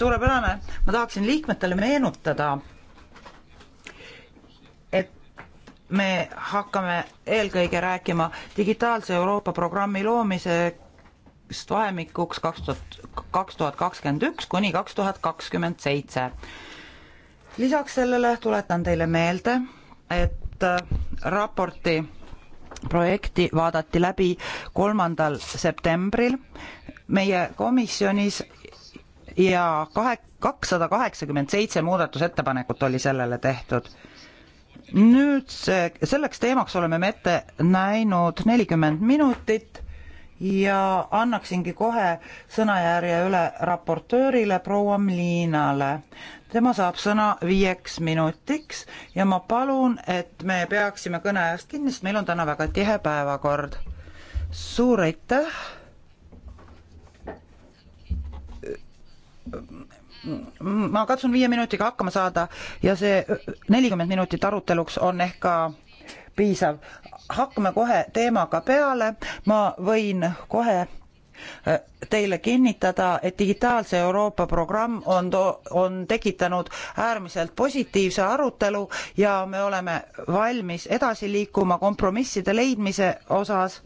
suurepärane, ma tahaksin liikmetele meenutada, et me hakkame eelkõige rääkima digitaalse Euroopa programmi loomisest vahemikuks kaks tuhat, kaks tuhat kakskümmend üks kuni kaks tuhat kakskümmend seitse. lisaks sellele tuletan teile meelde, et raporti projekti vaadati läbi kolmandal septembril meie komisjonis ja kahe, kakssada kaheksakümmend seitse muudatusettepanekut oli sellele tehtud. nüüd see, selleks teemaks oleme me ette näinud nelikümmend minutit ja annaksingi kohe sõnajärje üle raportöörile proua Mliinale. tema saab sõna viieks minutiks ja ma palun, et me peaksime kõne ajast kinni, sest meil on täna väga tihe päevakord. suur aitäh ma katsun viie minutiga hakkama saada ja see nelikümmend minutit aruteluks on ehk ka piisav. hakkame kohe teemaga peale, ma võin kohe Äh, teile kinnitada, et Digitaalse Euroopa programm on, on tekitanud äärmiselt positiivse arutelu ja me oleme valmis edasi liikuma kompromisside leidmise osas.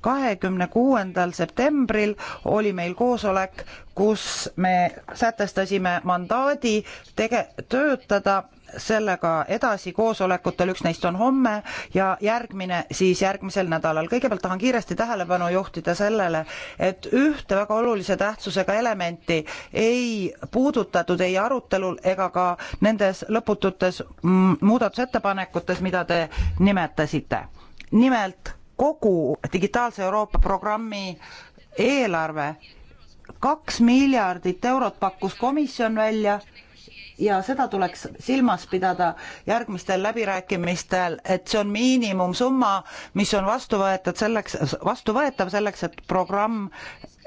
kahekümne kuuendal septembril oli meil koosolek, kus me sätestasime mandaadi tege-, töötada sellega edasi koosolekutel, üks neist on homme ja järgmine siis järgmisel nädalal. kõigepealt tahan kiiresti tähelepanu juhtida sellele, et ühte väga olulise tähtsusega elementi ei puudutatud ei arutelul ega ka nendes lõpututes mm, muudatusettepanekutes, mida te nimetasite. nimelt kogu Digitaalse Euroopa programmi eelarve kaks miljardit eurot pakkus komisjon välja ja seda tuleks silmas pidada järgmistel läbirääkimistel, et see on miinimumsumma, mis on vastu võetud selleks, vastuvõetav selleks, et programm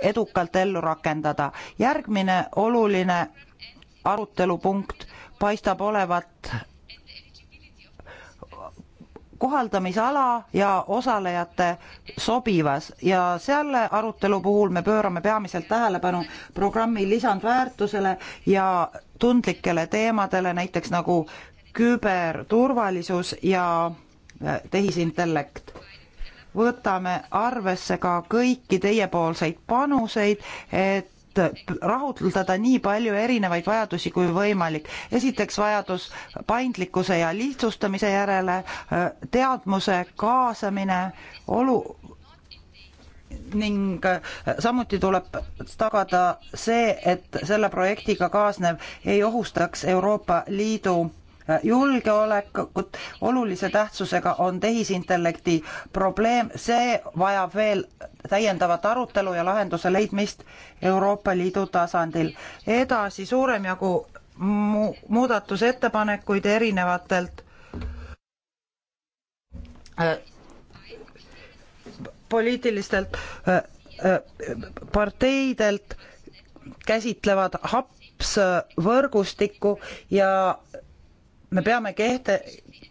edukalt ellu rakendada. järgmine oluline arutelupunkt paistab olevat kohaldamisala ja osalejate sobivas ja selle arutelu puhul me pöörame peamiselt tähelepanu programmi lisandväärtusele ja tundlikele teemadele, näiteks nagu küberturvalisus ja äh, tehisintellekt. võtame arvesse ka kõiki teiepoolseid panuseid, et rahuldada nii palju erinevaid vajadusi kui võimalik. esiteks vajadus paindlikkuse ja lihtsustamise järele, äh, teadmuse kaasamine, olu ning äh, samuti tuleb tagada see, et selle projektiga kaasnev ei ohustaks Euroopa Liidu julgeolekut, olulise tähtsusega on tehisintellekti probleem, see vajab veel täiendavat arutelu ja lahenduse leidmist Euroopa Liidu tasandil. edasi suurem jagu mu muudatusettepanekuid erinevatelt äh, poliitilistelt äh, äh parteidelt käsitlevad haps võrgustikku ja me peame kehte-,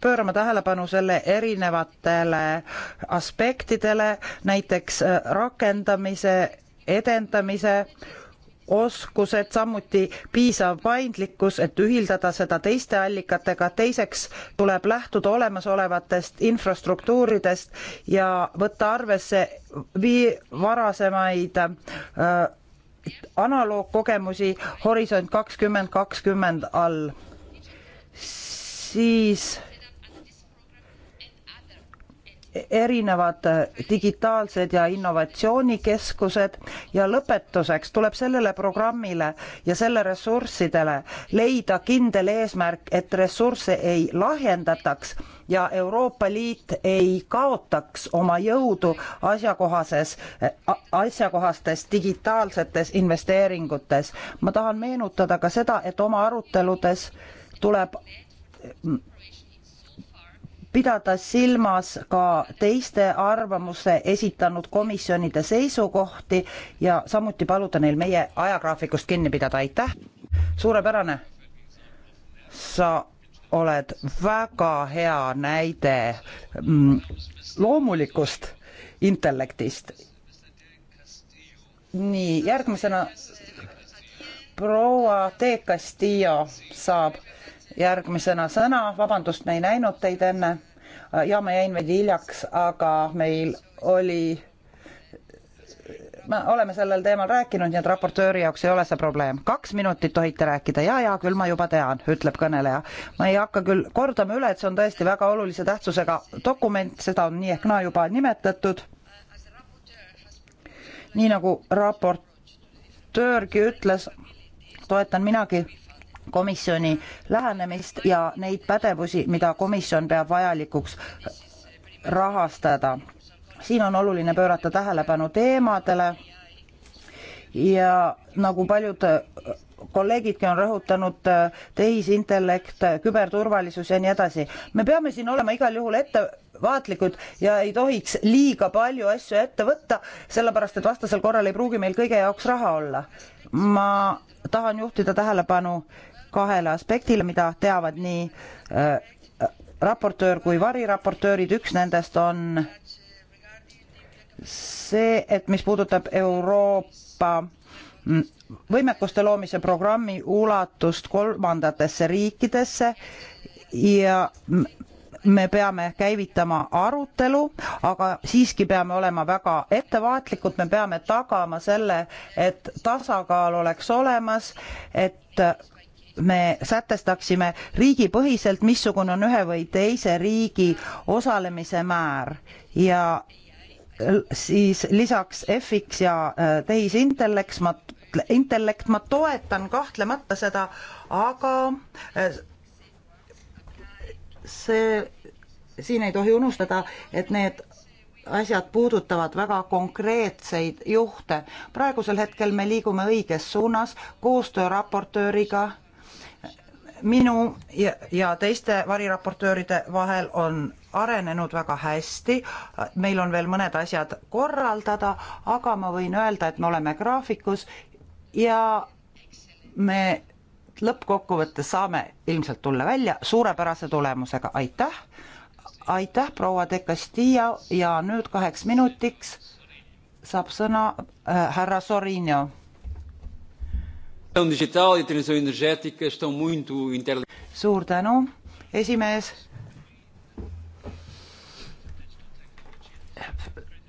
pöörama tähelepanu selle erinevatele aspektidele, näiteks äh, rakendamise, edendamise, oskused, samuti piisav paindlikkus, et ühildada seda teiste allikatega, teiseks tuleb lähtuda olemasolevatest infrastruktuuridest ja võtta arvesse vii-, varasemaid äh, analoogkogemusi Horisont kakskümmend kakskümmend all siis erinevad digitaalsed ja innovatsioonikeskused ja lõpetuseks tuleb sellele programmile ja selle ressurssidele leida kindel eesmärk, et ressursse ei lahjendataks ja Euroopa Liit ei kaotaks oma jõudu asjakohases, asjakohastes digitaalsetes investeeringutes. ma tahan meenutada ka seda, et oma aruteludes tuleb pidada silmas ka teiste arvamuse esitanud komisjonide seisukohti ja samuti paluda neil meie ajagraafikust kinni pidada, aitäh! suurepärane! sa oled väga hea näide mm, loomulikust intellektist. nii, järgmisena proua De Castillo saab järgmisena sõna, vabandust, me ei näinud teid enne ja ma jäin veidi hiljaks, aga meil oli, me oleme sellel teemal rääkinud, nii et raportööri jaoks ei ole see probleem. kaks minutit tohite rääkida ja, ja küll ma juba tean, ütleb kõneleja. ma ei hakka küll kordama üle, et see on tõesti väga olulise tähtsusega dokument, seda on nii ehk naa juba nimetatud. nii nagu raportöörgi ütles, toetan minagi komisjoni lähenemist ja neid pädevusi, mida komisjon peab vajalikuks rahastada. siin on oluline pöörata tähelepanu teemadele ja nagu paljud äh, kolleegidki on rõhutanud äh, tehisintellekt, äh, küberturvalisus ja nii edasi. me peame siin olema igal juhul ettevaatlikud ja ei tohiks liiga palju asju ette võtta, sellepärast et vastasel korral ei pruugi meil kõige jaoks raha olla. ma tahan juhtida tähelepanu kahele aspektile, mida teavad nii äh, raportöör kui variraportöörid, üks nendest on see, et mis puudutab Euroopa mm, võimekuste loomise programmi ulatust kolmandatesse riikidesse ja me peame käivitama arutelu, aga siiski peame olema väga ettevaatlikud, me peame tagama selle, et tasakaal oleks olemas, et me sätestaksime riigipõhiselt, missugune on ühe või teise riigi osalemise määr ja siis lisaks FX ja äh, tehisintelleks, ma, intellekt, ma toetan kahtlemata seda, aga äh, see, siin ei tohi unustada, et need asjad puudutavad väga konkreetseid juhte. praegusel hetkel me liigume õiges suunas koostöö raportööriga minu ja, ja teiste variraportööride vahel on arenenud väga hästi, meil on veel mõned asjad korraldada, aga ma võin öelda, et me oleme graafikus ja me lõppkokkuvõttes saame ilmselt tulla välja suurepärase tulemusega, aitäh, aitäh, proua De Castillo ja nüüd kaheks minutiks saab sõna äh, härra Sorinio transição digital e transição energética estão muito interligadas. Suur tänu, esimees.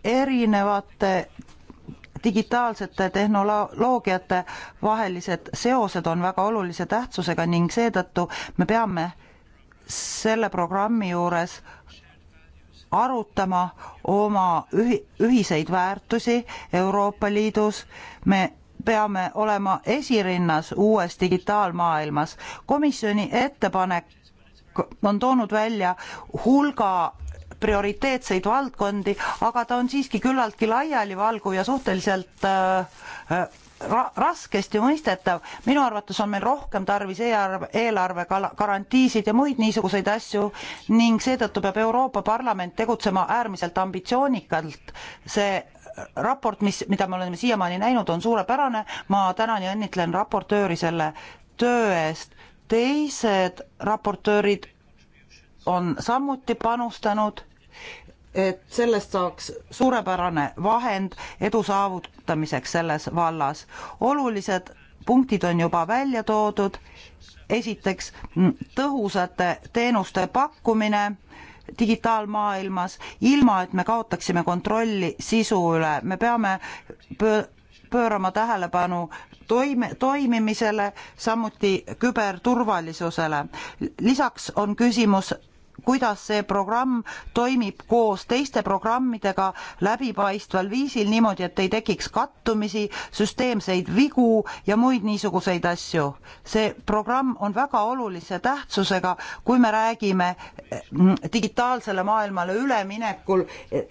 Erinevate digitaalsete tehnoloogiate vahelised seosed on väga olulise tähtsusega ning seetõttu me peame selle programmi juures arutama oma ühi, ühiseid väärtusi Euroopa Liidus. Me peame olema esirinnas uues digitaalmaailmas. komisjoni ettepanek on toonud välja hulga prioriteetseid valdkondi, aga ta on siiski küllaltki laialivalguv ja suhteliselt äh, äh ra raskesti mõistetav. minu arvates on meil rohkem tarvis eelarve, eelarve garantiisid ja muid niisuguseid asju ning seetõttu peab Euroopa Parlament tegutsema äärmiselt ambitsioonikalt. see raport, mis, mida me oleme siiamaani näinud, on suurepärane, ma tänan ja õnnitlen raportööri selle töö eest, teised raportöörid on samuti panustanud, et sellest saaks suurepärane vahend edu saavutamiseks selles vallas. olulised punktid on juba välja toodud, esiteks tõhusate teenuste pakkumine digitaalmaailmas, ilma et me kaotaksime kontrolli sisu üle, me peame pöörama tähelepanu toime, toimimisele, samuti küberturvalisusele. lisaks on küsimus kuidas see programm toimib koos teiste programmidega läbipaistval viisil, niimoodi, et ei tekiks kattumisi, süsteemseid vigu ja muid niisuguseid asju. see programm on väga olulise tähtsusega, kui me räägime mm, digitaalsele maailmale üleminekul, e,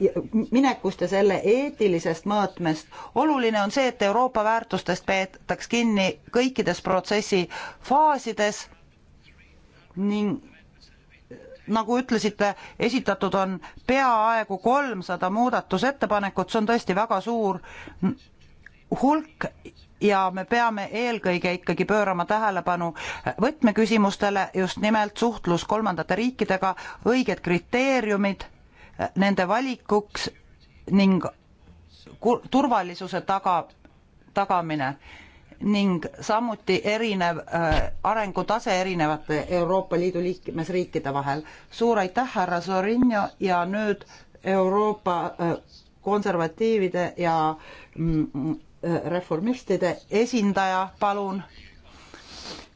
minekust ja selle eetilisest mõõtmest. oluline on see, et Euroopa väärtustest peetaks kinni kõikides protsessi faasides ning nagu ütlesite, esitatud on peaaegu kolmsada muudatusettepanekut, see on tõesti väga suur hulk ja me peame eelkõige ikkagi pöörama tähelepanu võtmeküsimustele, just nimelt suhtlus kolmandate riikidega, õiged kriteeriumid nende valikuks ning turvalisuse taga, tagamine ning samuti erinev äh, arengutase erinevate Euroopa Liidu liikmesriikide vahel. suur aitäh, härra Sorinio ja nüüd Euroopa äh, konservatiivide ja mm, äh, reformistide esindaja, palun,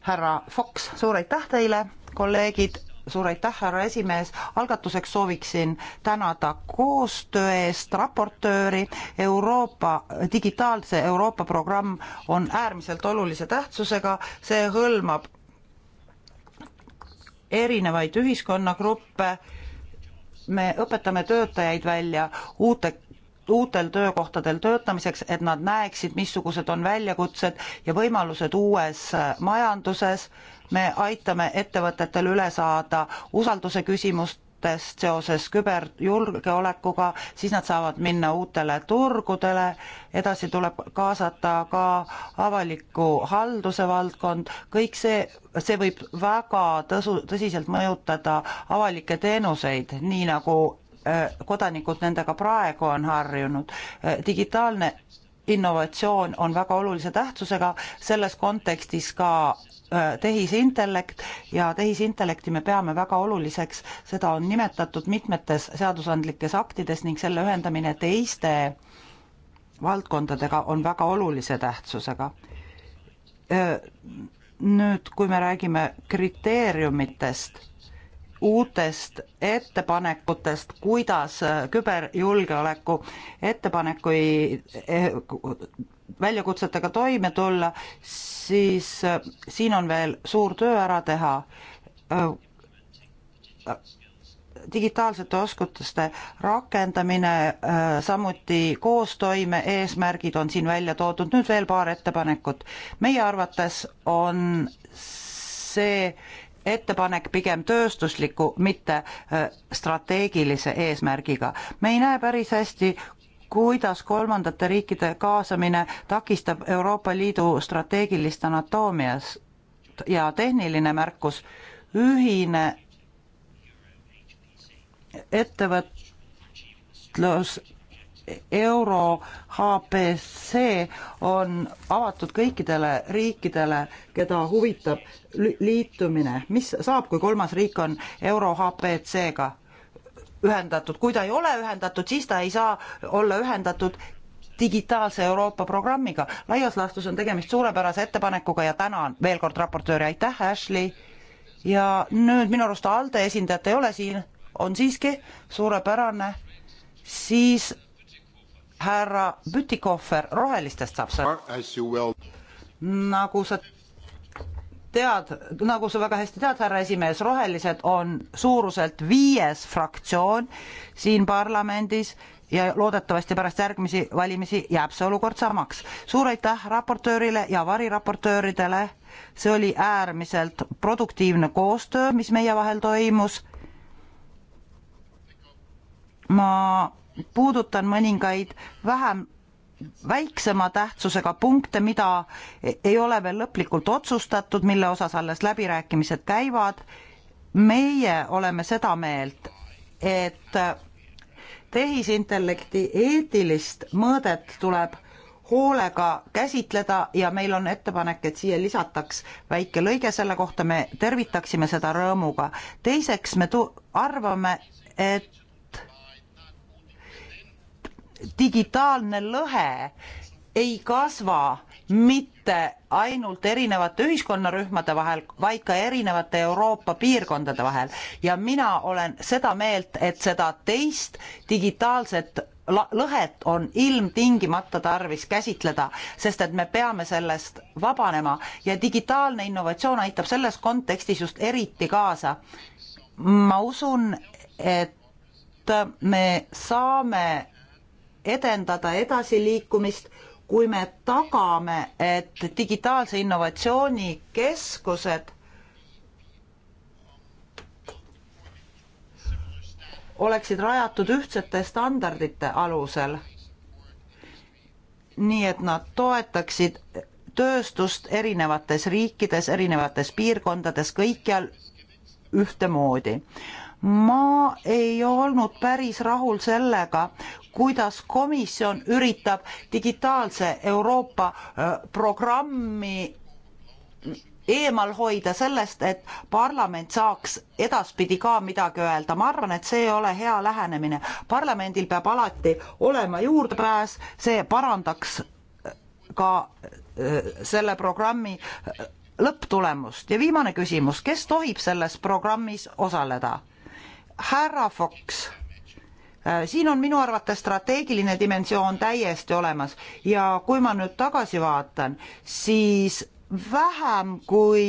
härra Fox, suur aitäh teile, kolleegid suur aitäh, härra esimees, algatuseks sooviksin tänada koostöö eest raportööri, Euroopa, digitaalse Euroopa programm on äärmiselt olulise tähtsusega, see hõlmab erinevaid ühiskonnagruppe, me õpetame töötajaid välja uute uutel töökohtadel töötamiseks, et nad näeksid, missugused on väljakutsed ja võimalused uues majanduses me aitame ettevõtetel üle saada usalduse küsimust, seoses küberjulgeolekuga, siis nad saavad minna uutele turgudele, edasi tuleb kaasata ka avaliku halduse valdkond, kõik see, see võib väga tõsu, tõsiselt mõjutada avalikke teenuseid, nii nagu äh, kodanikud nendega praegu on harjunud. Äh, digitaalne innovatsioon on väga olulise tähtsusega, selles kontekstis ka Äh, tehisintellekt ja tehisintellekti me peame väga oluliseks, seda on nimetatud mitmetes seadusandlikes aktides ning selle ühendamine teiste valdkondadega on väga olulise tähtsusega. Äh, nüüd, kui me räägime kriteeriumitest uutest ettepanekutest, kuidas küberjulgeoleku ettepanekuid, eh, väljakutsetega toime tulla, siis eh, siin on veel suur töö ära teha. Eh, digitaalsete oskuste rakendamine, samuti koostoime eesmärgid on siin välja toodud, nüüd veel paar ettepanekut. meie arvates on see äh, ettepanek pigem tööstusliku, mitte äh, strateegilise eesmärgiga. me ei näe päris hästi, kuidas kolmandate riikide kaasamine takistab Euroopa Liidu strateegilist anatoomias ja tehniline märkus, ühine ettevõtlus euro HBC on avatud kõikidele riikidele, keda huvitab liitumine. mis saab, kui kolmas riik on euro HBC-ga ühendatud, kui ta ei ole ühendatud, siis ta ei saa olla ühendatud digitaalse Euroopa programmiga. laias laastus on tegemist suurepärase ettepanekuga ja tänan veel kord raportööri, aitäh, Ashley. ja nüüd minu arust ALDE esindajat ei ole siin, on siiski suurepärane, siis härra Bütikofer Rohelistest saab sõna. nagu sa tead, nagu sa väga hästi tead, härra esimees, Rohelised on suuruselt viies fraktsioon siin parlamendis ja loodetavasti pärast järgmisi valimisi jääb see olukord samaks. suur aitäh raportöörile ja variraportööridele, see oli äärmiselt produktiivne koostöö, mis meie vahel toimus. ma puudutan mõningaid vähem väiksema tähtsusega punkte, mida ei ole veel lõplikult otsustatud, mille osas alles läbirääkimised käivad. meie oleme seda meelt, et tehisintellekti eetilist mõõdet tuleb hoolega käsitleda ja meil on ettepanek, et siia lisataks väike lõige selle kohta, me tervitaksime seda rõõmuga. teiseks me tu-, arvame, et digitaalne lõhe ei kasva mitte ainult erinevate ühiskonnarühmade vahel, vaid ka erinevate Euroopa piirkondade vahel ja mina olen seda meelt, et seda teist digitaalset lõhet on ilmtingimata tarvis käsitleda, sest et me peame sellest vabanema ja digitaalne innovatsioon aitab selles kontekstis just eriti kaasa. ma usun, et me saame edendada edasiliikumist, kui me tagame, et digitaalse innovatsiooni keskused oleksid rajatud ühtsete standardite alusel, nii et nad toetaksid tööstust erinevates riikides, erinevates piirkondades, kõikjal ühtemoodi ma ei olnud päris rahul sellega, kuidas komisjon üritab digitaalse Euroopa programmi eemal hoida sellest, et parlament saaks edaspidi ka midagi öelda, ma arvan, et see ei ole hea lähenemine. parlamendil peab alati olema juurdepääs, see parandaks ka selle programmi lõpptulemust ja viimane küsimus, kes tohib selles programmis osaleda? härra Fox, äh, siin on minu arvates strateegiline dimensioon täiesti olemas ja kui ma nüüd tagasi vaatan, siis vähem kui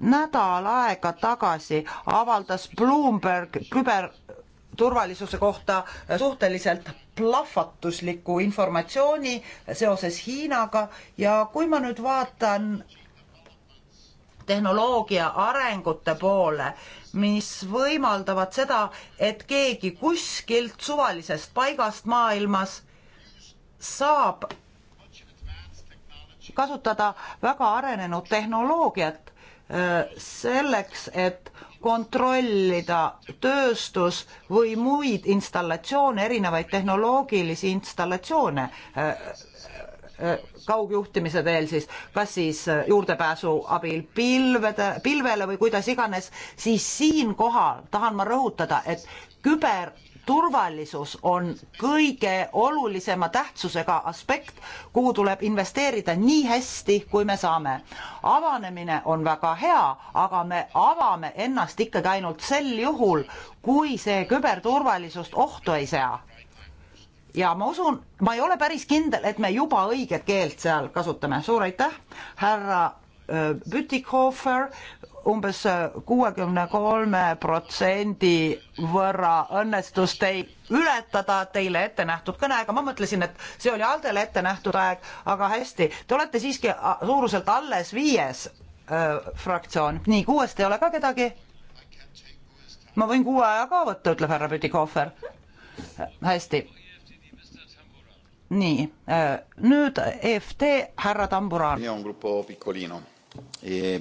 nädal aega tagasi avaldas Bloomberg küberturvalisuse kohta suhteliselt plahvatusliku informatsiooni seoses Hiinaga ja kui ma nüüd vaatan tehnoloogia arengute poole, mis võimaldavad seda, et keegi kuskilt suvalisest paigast maailmas saab kasutada väga arenenud tehnoloogiat äh, selleks, et kontrollida tööstus või muid installatsioone, erinevaid tehnoloogilisi installatsioone äh, Äh, kaugjuhtimise teel siis, kas siis äh, juurdepääsu abil pilvede, pilvele või kuidas iganes, siis siinkohal tahan ma rõhutada, et küberturvalisus on kõige olulisema tähtsusega aspekt, kuhu tuleb investeerida nii hästi, kui me saame. avanemine on väga hea, aga me avame ennast ikkagi ainult sel juhul, kui see küberturvalisust ohtu ei sea ja ma usun, ma ei ole päris kindel, et me juba õiget keelt seal kasutame. suur aitäh, härra äh, Bütikofer, umbes äh, kuuekümne kolme protsendi võrra õnnestus teil ületada teile ette nähtud kõneaega, ma mõtlesin, et see oli Aldele ette nähtud aeg, aga hästi, te olete siiski äh, suuruselt alles viies äh, fraktsioon, nii kuuest ei ole ka kedagi? ma võin kuue aja ka võtta, ütleb härra Bütikofer. hästi nii, äh, nüüd EFT, härra Tamburan. E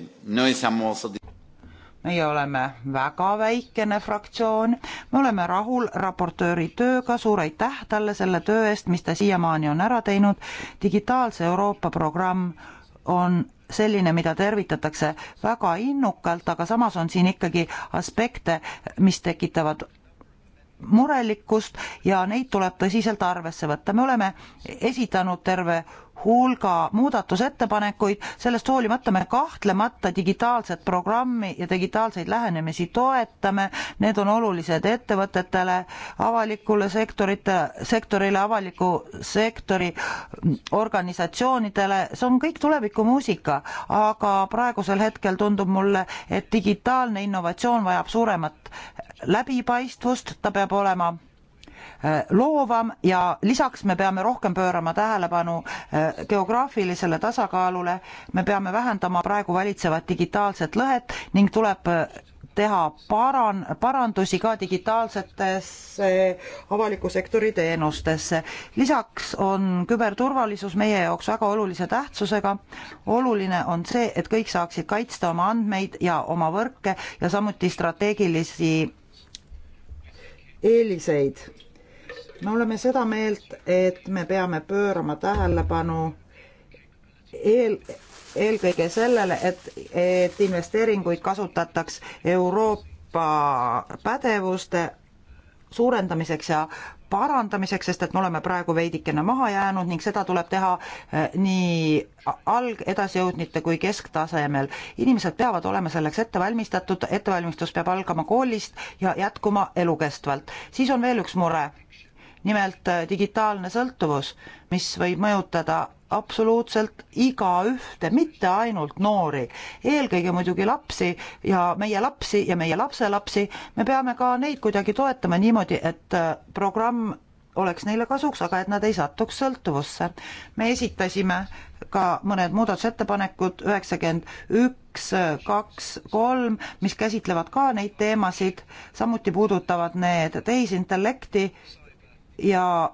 meie oleme väga väikene fraktsioon, me oleme rahul raportööri tööga, suur aitäh talle selle töö eest, mis ta siiamaani on ära teinud. digitaalse Euroopa programm on selline, mida tervitatakse väga innukalt, aga samas on siin ikkagi aspekte, mis tekitavad murelikkust ja neid tuleb tõsiselt arvesse võtta. me oleme esitanud terve hulga muudatusettepanekuid, sellest hoolimata me kahtlemata digitaalset programmi ja digitaalseid lähenemisi toetame, need on olulised ettevõtetele, avalikule sektorite, sektorile, avaliku sektori organisatsioonidele, see on kõik tulevikumuusika, aga praegusel hetkel tundub mulle, et digitaalne innovatsioon vajab suuremat läbipaistvust, ta peab olema Äh, loovam ja lisaks me peame rohkem pöörama tähelepanu äh, geograafilisele tasakaalule, me peame vähendama praegu valitsevat digitaalset lõhet ning tuleb äh, teha paran-, parandusi ka digitaalsetesse avaliku sektori teenustesse. lisaks on küberturvalisus meie jaoks väga olulise tähtsusega. oluline on see, et kõik saaksid kaitsta oma andmeid ja oma võrke ja samuti strateegilisi eeliseid me oleme seda meelt, et me peame pöörama tähelepanu eel, eelkõige sellele, et, et investeeringuid kasutataks Euroopa pädevuste suurendamiseks ja parandamiseks, sest et me oleme praegu veidikene maha jäänud ning seda tuleb teha eh, nii alg-, edasijõudnite kui kesktasemel. inimesed peavad olema selleks ette valmistatud, ettevalmistus peab algama koolist ja jätkuma elukestvalt. siis on veel üks mure nimelt äh, digitaalne sõltuvus, mis võib mõjutada absoluutselt igaühte, mitte ainult noori, eelkõige muidugi lapsi ja meie lapsi ja meie lapselapsi, me peame ka neid kuidagi toetama niimoodi, et äh, programm oleks neile kasuks, aga et nad ei satuks sõltuvusse. me esitasime ka mõned muudatusettepanekud üheksakümmend üks, kaks, kolm, mis käsitlevad ka neid teemasid, samuti puudutavad need tehisintellekti ja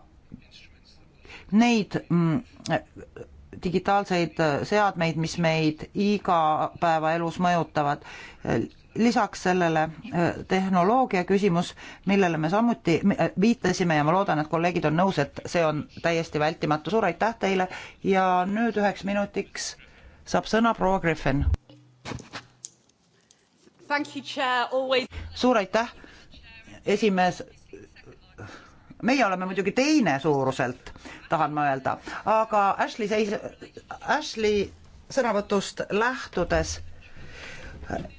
neid mm, digitaalseid seadmeid, mis meid igapäevaelus mõjutavad. lisaks sellele eh, tehnoloogia küsimus, millele me samuti eh, viitasime ja ma loodan, et kolleegid on nõus, et see on täiesti vältimatu. suur aitäh teile ja nüüd üheks minutiks saab sõna proua Griffin. suur aitäh, esimees meie oleme muidugi teine suuruselt, tahan ma öelda, aga Ashley seis-, Ashley sõnavõtust lähtudes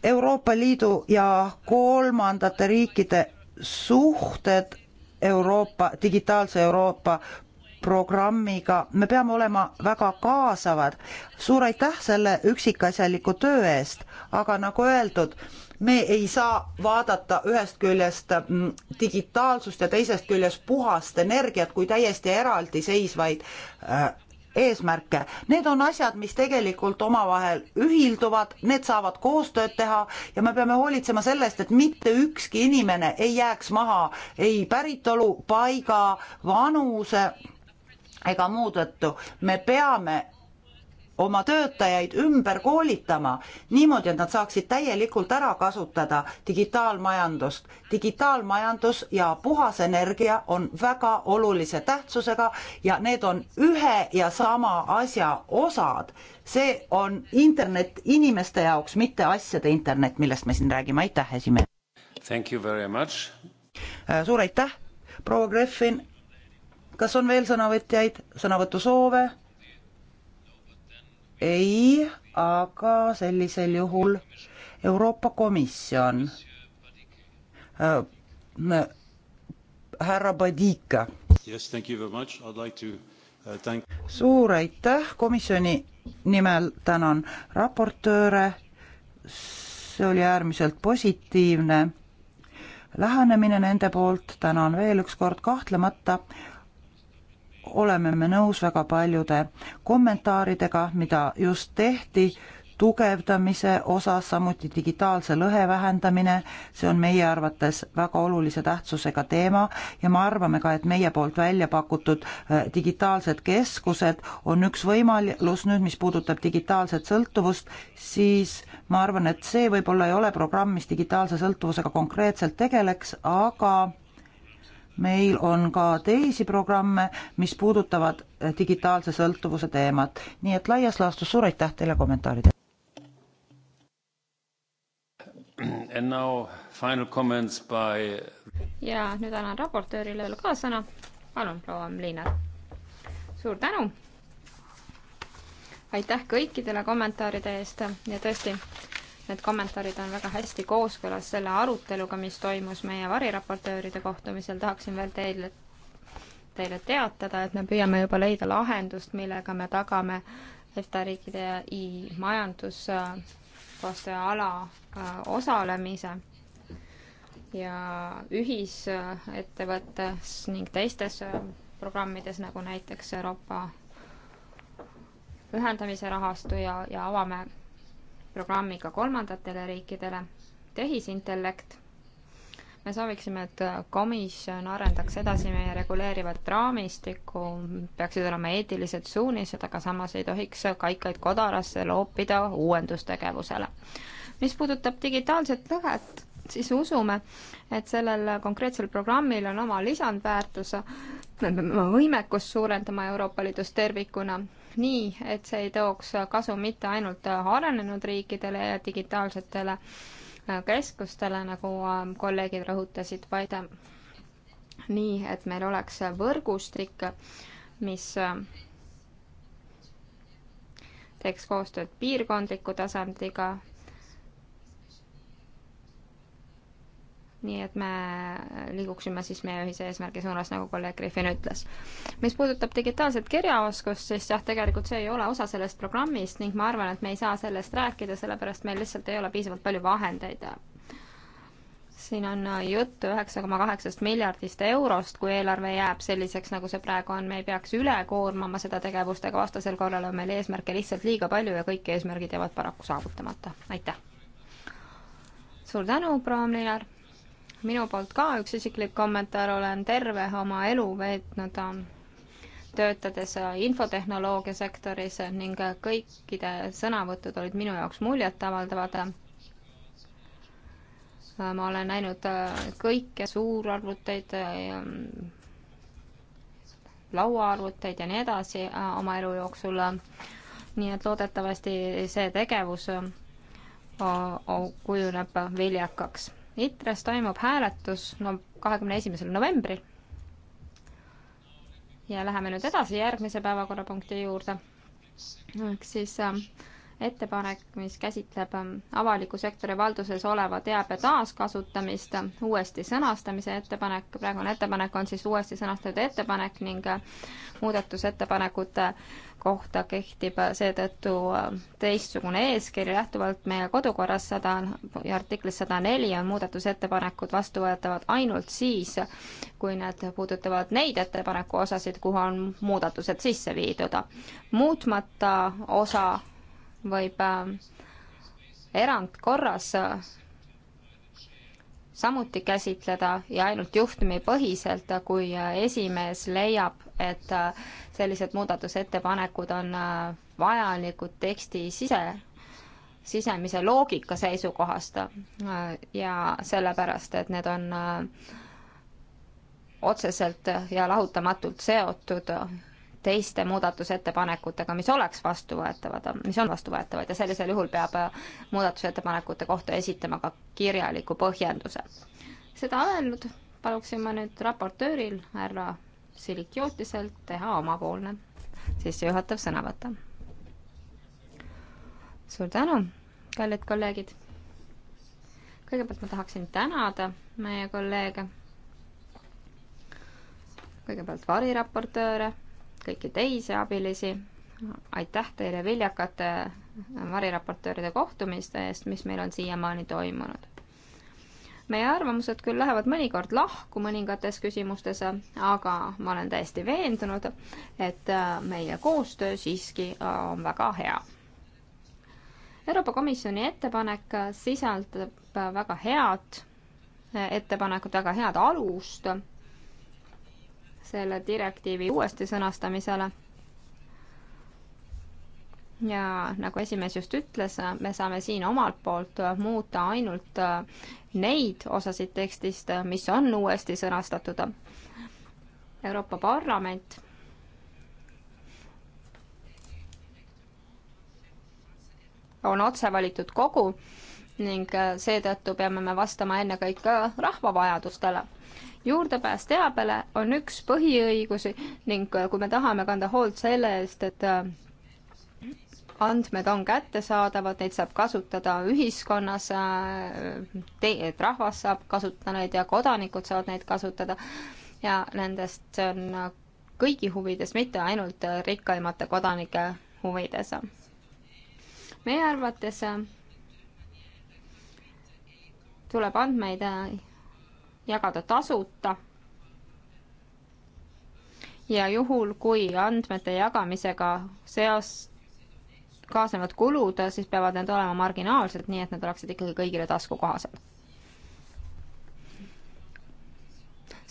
Euroopa Liidu ja kolmandate riikide suhted Euroopa, digitaalse Euroopa programmiga, me peame olema väga kaasavad. suur aitäh selle üksikasjaliku töö eest, aga nagu öeldud, me ei saa vaadata ühest küljest mm, digitaalsust ja teisest küljest puhast energiat kui täiesti eraldiseisvaid äh, eesmärke. Need on asjad, mis tegelikult omavahel ühilduvad, need saavad koostööd teha ja me peame hoolitsema sellest, et mitte ükski inimene ei jääks maha ei päritolu, paiga, vanuse ega muu tõttu. me peame oma töötajaid ümber koolitama niimoodi, et nad saaksid täielikult ära kasutada digitaalmajandust. digitaalmajandus ja puhas energia on väga olulise tähtsusega ja need on ühe ja sama asja osad. see on internet inimeste jaoks, mitte asjade internet, millest me siin räägime. aitäh, esimees! Thank you very much! Äh, suur aitäh, proua Greffin! kas on veel sõnavõtjaid, sõnavõtusoove? ei, aga sellisel juhul Euroopa Komisjon äh,. härra Padika yes,. Like to, uh, thank... suur aitäh, komisjoni nimel tänan raportööre. see oli äärmiselt positiivne lähenemine nende poolt, tänan veel ükskord, kahtlemata oleme me nõus väga paljude kommentaaridega, mida just tehti tugevdamise osas, samuti digitaalse lõhe vähendamine, see on meie arvates väga olulise tähtsusega teema ja me arvame ka, et meie poolt välja pakutud äh, digitaalsed keskused on üks võimalus nüüd, mis puudutab digitaalset sõltuvust, siis ma arvan, et see võib-olla ei ole programm, mis digitaalse sõltuvusega konkreetselt tegeleks, aga meil on ka teisi programme, mis puudutavad digitaalse sõltuvuse teemat. nii et laias laastus suur aitäh teile kommentaaride. By... ja nüüd annan raportöörile veel ka sõna. palun, proua Liinar. suur tänu. aitäh kõikidele kommentaaride eest ja tõesti Need kommentaarid on väga hästi kooskõlas selle aruteluga, mis toimus meie variraportööride kohtumisel, tahaksin veel teile, teile teatada, et me püüame juba leida lahendust, millega me tagame EFTA riikide ja I majanduskoostöö ala äh, osalemise ja ühisettevõttes ning teistes äh, programmides, nagu näiteks Euroopa ühendamise rahastu ja, ja avame programmiga kolmandatele riikidele. tehisintellekt. me sooviksime, et komisjon arendaks edasi meie reguleerivat raamistikku, peaksid olema eetilised suunised, aga samas ei tohiks kaikaid kodarasse loopida uuendustegevusele. mis puudutab digitaalset lõhet, siis usume, et sellel konkreetsel programmil on oma lisandväärtus, me peame oma võimekust suurendama Euroopa Liidus tervikuna nii, et see ei tooks kasu mitte ainult arenenud riikidele ja digitaalsetele äh, keskustele, nagu ähm, kolleegid rõhutasid, vaid ähm, nii, et meil oleks võrgustik, mis ähm, teeks koostööd piirkondliku tasandiga, nii et me liiguksime siis meie ühise eesmärgi suunas, nagu kolleeg Griffin ütles. mis puudutab digitaalset kirjaoskust, siis jah, tegelikult see ei ole osa sellest programmist ning ma arvan, et me ei saa sellest rääkida, sellepärast meil lihtsalt ei ole piisavalt palju vahendeid. siin on äh, juttu üheksa koma kaheksast miljardist eurost, kui eelarve jääb selliseks, nagu see praegu on, me ei peaks üle koormama seda tegevust, aga vastasel korral on meil eesmärke lihtsalt liiga palju ja kõik eesmärgid jäävad paraku saavutamata. aitäh! suur tänu, proua Mlinar! minu poolt ka üks isiklik kommentaar, olen terve oma elu veetnud ähm, töötades äh, infotehnoloogia sektoris ning äh, kõikide sõnavõtud olid minu jaoks muljetavaldavad. Äh, ma olen näinud kõike, suurarvuteid, ähm, lauaarvuteid ja nii edasi oma elu jooksul. nii et loodetavasti see tegevus kujuneb viljakaks ITRES toimub hääletus no kahekümne esimesel novembril. ja läheme nüüd edasi järgmise päevakorrapunkti juurde. ehk siis äh, ettepanek, mis käsitleb ähm, avaliku sektori valduses oleva teabe taaskasutamist, ähm, uuesti sõnastamise ettepanek, praegune ettepanek on siis uuesti sõnastatud ettepanek ning äh, muudatusettepanekute kohta kehtib äh, seetõttu äh, teistsugune eeskiri, lähtuvalt meie kodukorras sada ja artiklis sada neli on muudatusettepanekud vastuvõetavad ainult siis, kui need puudutavad neid ettepaneku osasid, kuhu on muudatused sisse viidud. muutmata osa võib äh, erandkorras äh, samuti käsitleda ja ainult juhtumipõhiselt, äh, kui esimees leiab, et sellised muudatusettepanekud on vajalikud teksti sise, sisemise loogika seisukohast ja sellepärast, et need on otseselt ja lahutamatult seotud teiste muudatusettepanekutega, mis oleks vastuvõetavad, mis on vastuvõetavad ja sellisel juhul peab äh, muudatusettepanekute kohta esitama ka kirjaliku põhjenduse. seda öelnud, paluksin ma nüüd raportööril, härra Silikiotiselt, teha omapoolne sissejuhatav sõnavõtt. suur tänu, kallid kolleegid! kõigepealt ma tahaksin tänada meie kolleege, kõigepealt variraportööre kõiki teisi abilisi. aitäh teile viljakate variraportööride kohtumiste eest, mis meil on siiamaani toimunud. meie arvamused küll lähevad mõnikord lahku mõningates küsimustes, aga ma olen täiesti veendunud, et meie koostöö siiski on väga hea. Euroopa Komisjoni ettepanek sisaldab väga head ettepanekut, väga head alust selle direktiivi uuesti sõnastamisele. ja nagu esimees just ütles, me saame siin omalt poolt muuta ainult neid osasid tekstist, mis on uuesti sõnastatud. Euroopa Parlament on otsevalitud kogu ning seetõttu peame me vastama ennekõike rahva vajadustele juurdepääs teabele on üks põhiõigusi ning äh, kui me tahame kanda hoolt selle eest, et äh, andmed on kättesaadavad, neid saab kasutada ühiskonnas, äh, et rahvas saab kasutada neid ja kodanikud saavad neid kasutada ja nendest on kõigi huvides, mitte ainult rikkaimate kodanike huvides. meie arvates tuleb andmeid jagada tasuta ja juhul, kui andmete jagamisega seos kaasnevad kulud, siis peavad need olema marginaalsed, nii et need oleksid ikkagi kõigile taskukohased.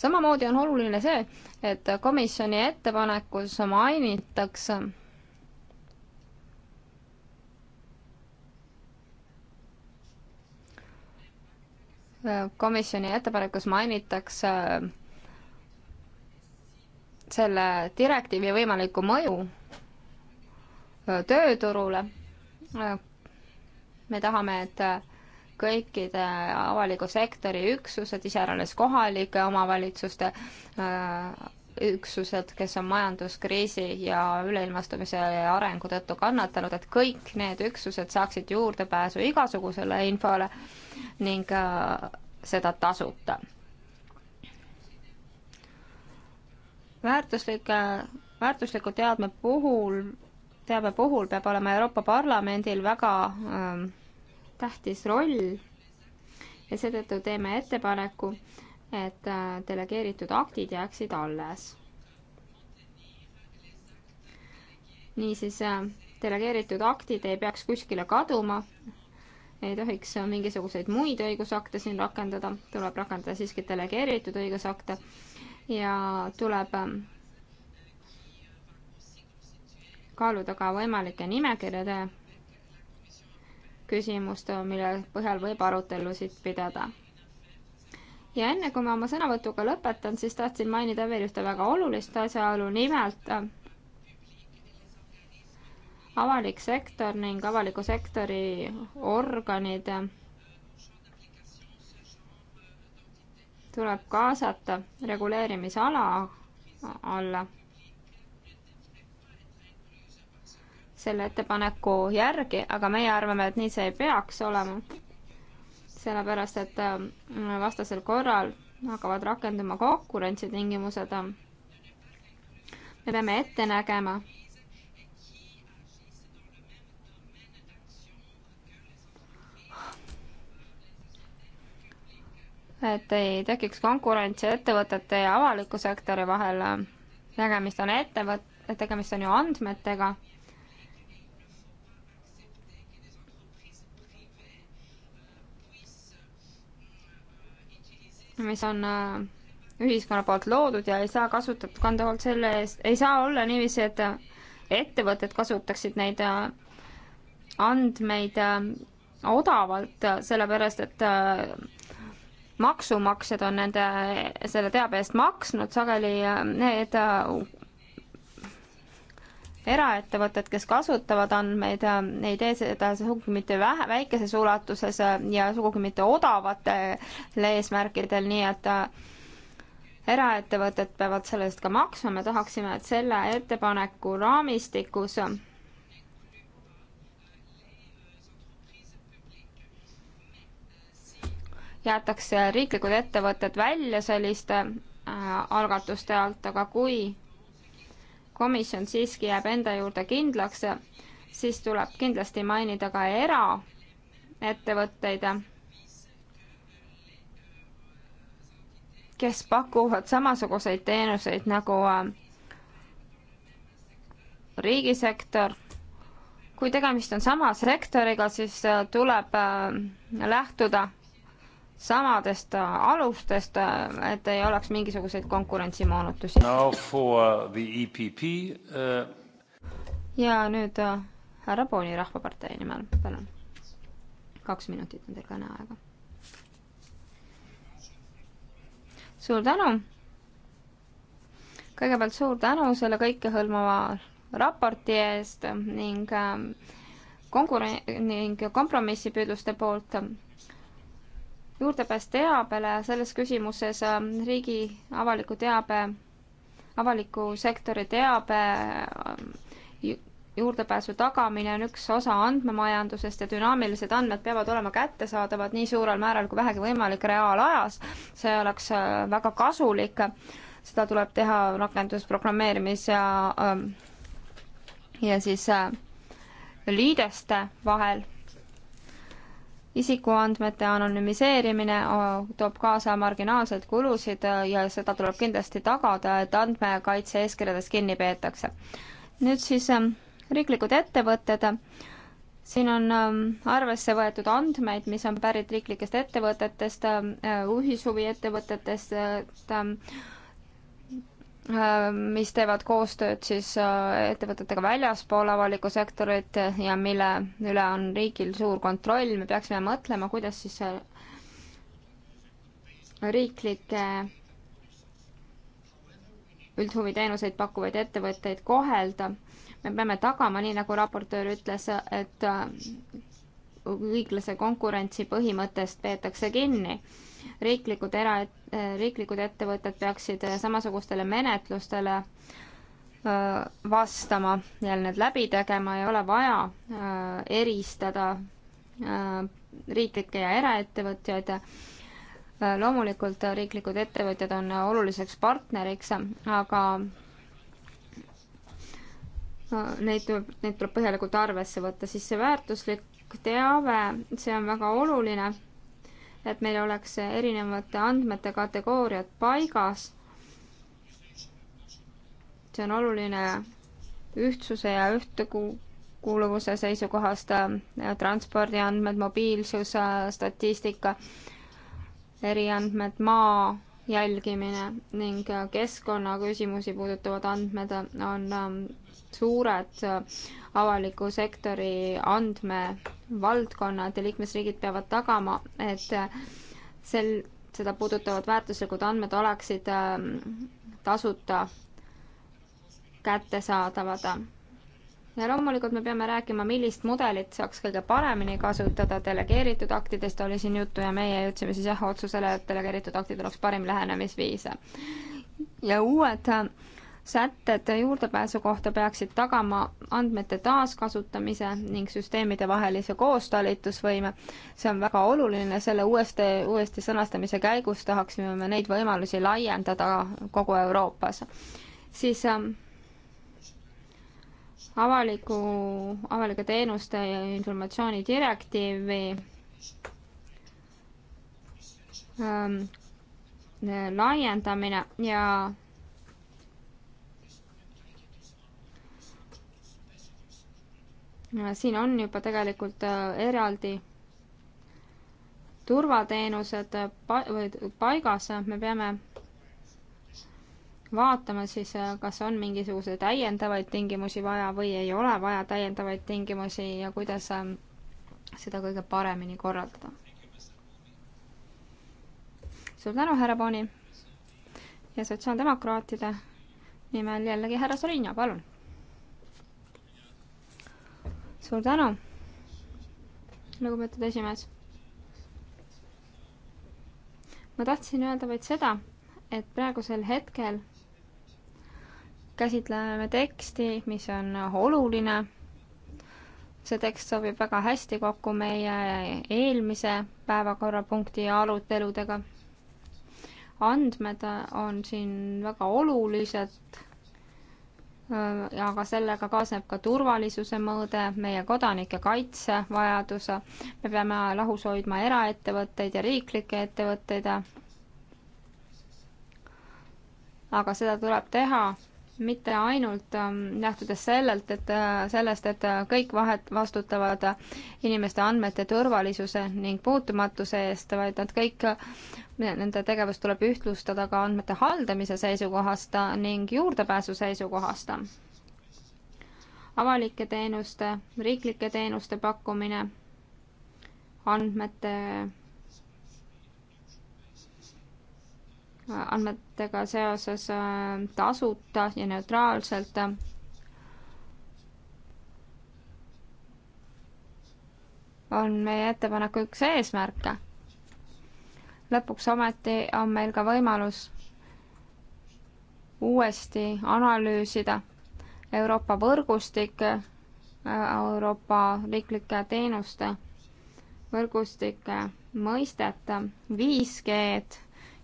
samamoodi on oluline see, et komisjoni ettepanekus mainitakse komisjoni ettepanekus mainitakse äh, selle direktiivi võimalikku mõju äh, tööturule. Äh, me tahame, et kõikide avaliku sektori üksused, iseäranis kohalike omavalitsuste üksused, kes on majanduskriisi ja üleilmastumise ja arengu tõttu kannatanud, et kõik need üksused saaksid juurdepääsu igasugusele infole ning äh, seda tasuta. väärtuslike, äh, väärtusliku teadme puhul, teabe puhul peab olema Euroopa Parlamendil väga ähm, tähtis roll ja seetõttu teeme ettepaneku äh, et äh, delegeeritud aktid jääksid alles. niisiis, äh, delegeeritud aktid ei peaks kuskile kaduma, ei tohiks äh, mingisuguseid muid õigusakte siin rakendada, tuleb rakendada siiski delegeeritud õigusakte ja tuleb ähm, kaaluda ka võimalike nimekirjade küsimust, mille põhjal võib arutelusid pidada ja enne, kui ma oma sõnavõtuga lõpetan, siis tahtsin mainida veel ühte väga olulist asjaolu, nimelt avalik sektor ning avaliku sektori organid tuleb kaasata reguleerimisala alla. selle ettepaneku järgi, aga meie arvame, et nii see ei peaks olema sellepärast et äh, vastasel korral hakkavad rakenduma konkurentsitingimused. me peame ette nägema, et ei tekiks konkurentsi ettevõtete ja avaliku sektori vahel. tegemist on ettevõt-, tegemist on ju andmetega mis on äh, ühiskonna poolt loodud ja ei saa kasutada, kanda hoolt selle eest, ei saa olla niiviisi, et äh, ettevõtted kasutaksid neid äh, andmeid odavalt, sellepärast et maksumaksjad on nende, selle teabe eest maksnud, sageli need eraettevõtted, kes kasutavad andmeid, äh, ei tee seda sugugi mitte vähe, väikeses ulatuses äh, ja sugugi mitte odavatel eesmärkidel, nii et äh, eraettevõtted peavad selle eest ka maksma, me tahaksime, et selle ettepaneku raamistikus jäetakse riiklikud ettevõtted välja selliste algatuste alt, aga kui komisjon siiski jääb enda juurde kindlaks, siis tuleb kindlasti mainida ka eraettevõtteid, kes pakuvad samasuguseid teenuseid nagu äh, riigisektor. kui tegemist on sama sektoriga, siis äh, tuleb äh, lähtuda samadest äh, alustest, äh, et ei oleks mingisuguseid konkurentsimoonutusi. Uh... ja nüüd härra Pooli Rahvapartei nimel, palun. kaks minutit on teil kõneaega. suur tänu. kõigepealt suur tänu selle kõikehõlmava raporti eest ning konkurent- ning kompromissipüüdluste poolt juurdepääs teabele selles küsimuses ähm, riigi avaliku teabe, avaliku sektori teabe ähm, juurdepääsu tagamine on üks osa andmemajandusest ja dünaamilised andmed peavad olema kättesaadavad nii suurel määral kui vähegi võimalik reaalajas. see oleks äh, väga kasulik. seda tuleb teha rakendusprogrammeerimis ja ähm, ja siis äh, liideste vahel isikuandmete anonüümiseerimine toob kaasa marginaalseid kulusid äh, ja seda tuleb kindlasti tagada, et andmekaitse eeskirjadest kinni peetakse. nüüd siis ähm, riiklikud ettevõtted. siin on ähm, arvesse võetud andmeid, mis on pärit riiklikest ettevõtetest, äh, äh, ühishuvi ettevõtetest, ähm, Äh, mis teevad koostööd siis äh, ettevõtetega väljaspool avalikku sektorit ja mille üle on riigil suur kontroll, me peaksime mõtlema, kuidas siis äh, riiklikke üldhuviteenuseid pakkuvaid ettevõtteid kohelda. me peame tagama, nii nagu raportöör ütles, et õiglase konkurentsi põhimõttest peetakse kinni riiklikud era, eh, riiklikud ettevõtted peaksid eh, samasugustele menetlustele eh, vastama, jälle need läbi tegema, ei ole vaja eristada riiklikke ja eraettevõtjaid loomulikult riiklikud ettevõtjad on oluliseks partneriks, aga neid tuleb, neid tuleb põhjalikult arvesse võtta, siis see väärtuslik teave, see on väga oluline et meil oleks erinevate andmete kategooriad paigas. see on oluline ühtsuse ja ühtekuuluvuse seisukohast, transpordiandmed, mobiilsus, statistika, eriandmed, maa jälgimine ning keskkonnaküsimusi puudutavad andmed on suured äh, avaliku sektori andmevaldkonnad ja liikmesriigid peavad tagama, et äh, sel, seda puudutavad väärtuslikud andmed oleksid äh, tasuta kättesaadavad. ja loomulikult me peame rääkima, millist mudelit saaks kõige paremini kasutada, delegeeritud aktidest oli siin juttu ja meie jõudsime siis jah otsusele, et delegeeritud aktid oleks parim lähenemisviis. ja uued sätted juurdepääsu kohta peaksid tagama andmete taaskasutamise ning süsteemide vahelise koostalitusvõime. see on väga oluline, selle uuesti, uuesti sõnastamise käigus tahaksime me neid võimalusi laiendada kogu Euroopas. siis ähm, avaliku, avalike teenuste ja informatsiooni direktiivi ähm, laiendamine ja Äh, siin on juba tegelikult äh, eraldi turvateenused äh, pa-, või paigas, me peame vaatama siis, kas on mingisuguseid täiendavaid tingimusi vaja või ei ole vaja täiendavaid tingimusi ja kuidas ähm, seda kõige paremini korraldada. suur tänu, härra Boni! ja sotsiaaldemokraatide nimel jällegi härra Sorinja, palun! suur tänu, lugupeetud esimees. ma tahtsin öelda vaid seda, et praegusel hetkel käsitleme teksti, mis on oluline. see tekst sobib väga hästi kokku meie eelmise päevakorrapunkti aruteludega. andmed on siin väga olulised aga äh, sellega kaasneb ka turvalisuse mõõde, meie kodanike kaitse vajadus, me peame lahus hoidma eraettevõtteid ja riiklikke ettevõtteid. aga seda tuleb teha mitte ainult ähm, lähtudes sellelt, et äh, sellest, et äh, kõik vahet vastutavad äh, inimeste andmete turvalisuse ning puutumatuse eest, vaid nad kõik, nende tegevus tuleb ühtlustada ka andmete haldamise seisukohast ning juurdepääsu seisukohast. avalike teenuste, riiklike teenuste pakkumine, andmete andmetega seoses äh, tasuta ja neutraalselt. on meie ettepaneku üks eesmärke. lõpuks ometi on meil ka võimalus uuesti analüüsida Euroopa võrgustik, äh, Euroopa riiklike teenuste võrgustike mõistet, 5G-d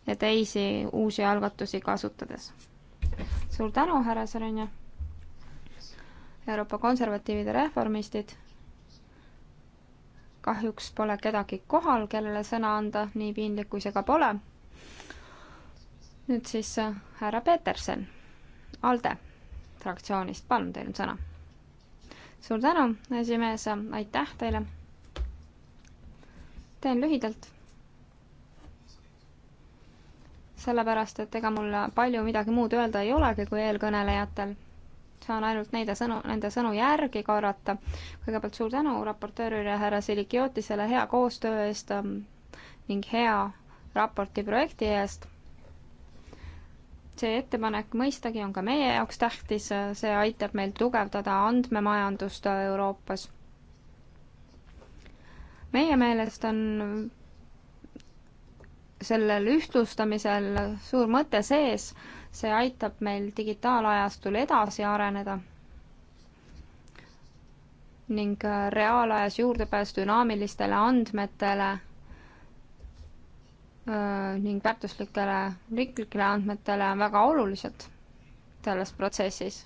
ja teisi uusi algatusi kasutades. suur tänu, härra Sõrõnja! Euroopa konservatiivid ja reformistid. kahjuks pole kedagi kohal, kellele sõna anda, nii piinlik kui see ka pole. nüüd siis äh, härra Peterson, ALDE fraktsioonist, palun, teil on sõna. suur tänu, esimees, äh, aitäh teile. teen lühidalt sellepärast et ega mul palju midagi muud öelda ei olegi kui eelkõnelejatel. saan ainult neid sõnu, nende sõnu järgi korrata. kõigepealt suur tänu raportöörile härra Silikiotisele hea koostöö eest ähm, ning hea raporti projekti eest. see ettepanek mõistagi on ka meie jaoks tähtis, see aitab meil tugevdada andmemajandust Euroopas meie meelest on sellel ühtlustamisel suur mõte sees, see aitab meil digitaalajastul edasi areneda ning äh, reaalajas juurdepääs dünaamilistele andmetele äh, ning väärtuslikele riiklikele andmetele on väga olulised selles protsessis.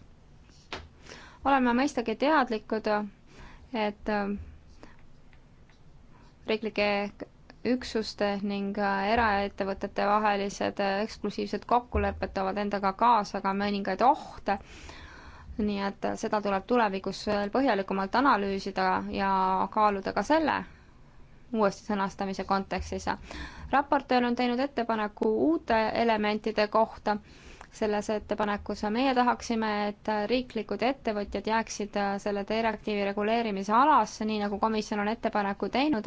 oleme mõistagi teadlikud, et äh, riiklike üksuste ning äh, eraettevõtete vahelised äh, eksklusiivsed kokkulepped toovad endaga kaasa ka mõningaid ohte, nii et äh, seda tuleb tulevikus veel põhjalikumalt analüüsida ja kaaluda ka selle uuesti sõnastamise kontekstis. raportöör on teinud ettepaneku uute elementide kohta selles ettepanekus. meie tahaksime, et riiklikud ettevõtjad jääksid selle direktiivi reguleerimise alasse, nii nagu komisjon on ettepaneku teinud.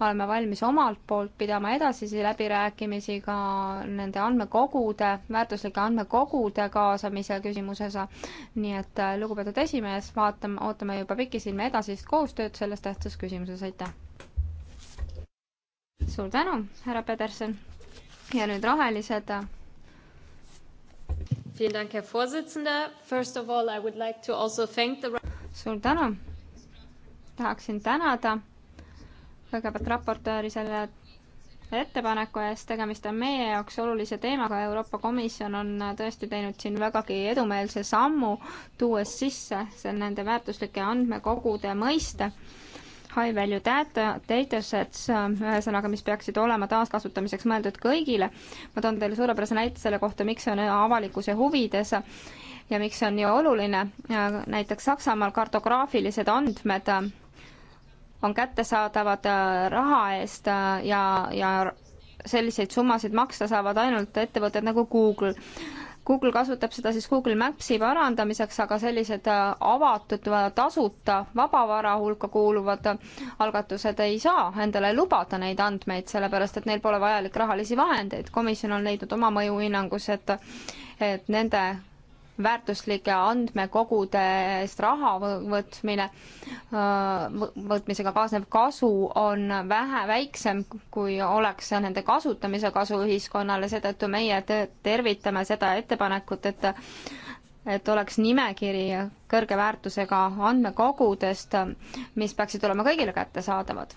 oleme valmis omalt poolt pidama edasisi läbirääkimisi ka nende andmekogude, väärtuslike andmekogude kaasamise küsimuses. nii et lugupeetud esimees, vaatame, ootame juba pikisilme edasist koostööd selles tähtsas küsimuses, aitäh! suur tänu, härra Pedersen! ja nüüd rohelised suur tänu. tahaksin tänada kõigepealt raportööri selle ettepaneku eest, tegemist on meie jaoks olulise teemaga, Euroopa Komisjon on tõesti teinud siin vägagi edumeelse sammu, tuues sisse see nende väärtuslike andmekogude mõiste high value data, uh, data sets, um, ühesõnaga, mis peaksid olema taaskasutamiseks mõeldud kõigile. ma toon teile suurepärase näite selle kohta, miks see on avalikkuse huvides ja miks see on nii oluline. näiteks Saksamaal kartograafilised andmed uh, on kättesaadavad uh, raha eest ja, ja selliseid summasid maksta saavad ainult ettevõtted nagu Google Google kasutab seda siis Google Maps'i parandamiseks, aga sellised äh, avatud, tasuta, vabavara hulka kuuluvad äh, algatused ei saa endale lubada neid andmeid, sellepärast et neil pole vajalik rahalisi vahendeid. komisjon on leidnud oma mõjuhinnangus, et, et nende väärtuslike andmekogudest raha võtmine, äh, võtmisega kaasnev kasu on vähe väiksem, kui oleks nende kasutamise kasu ühiskonnale, seetõttu meie tervitame seda ettepanekut, et et oleks nimekiri kõrge väärtusega andmekogudest, mis peaksid olema kõigile kättesaadavad.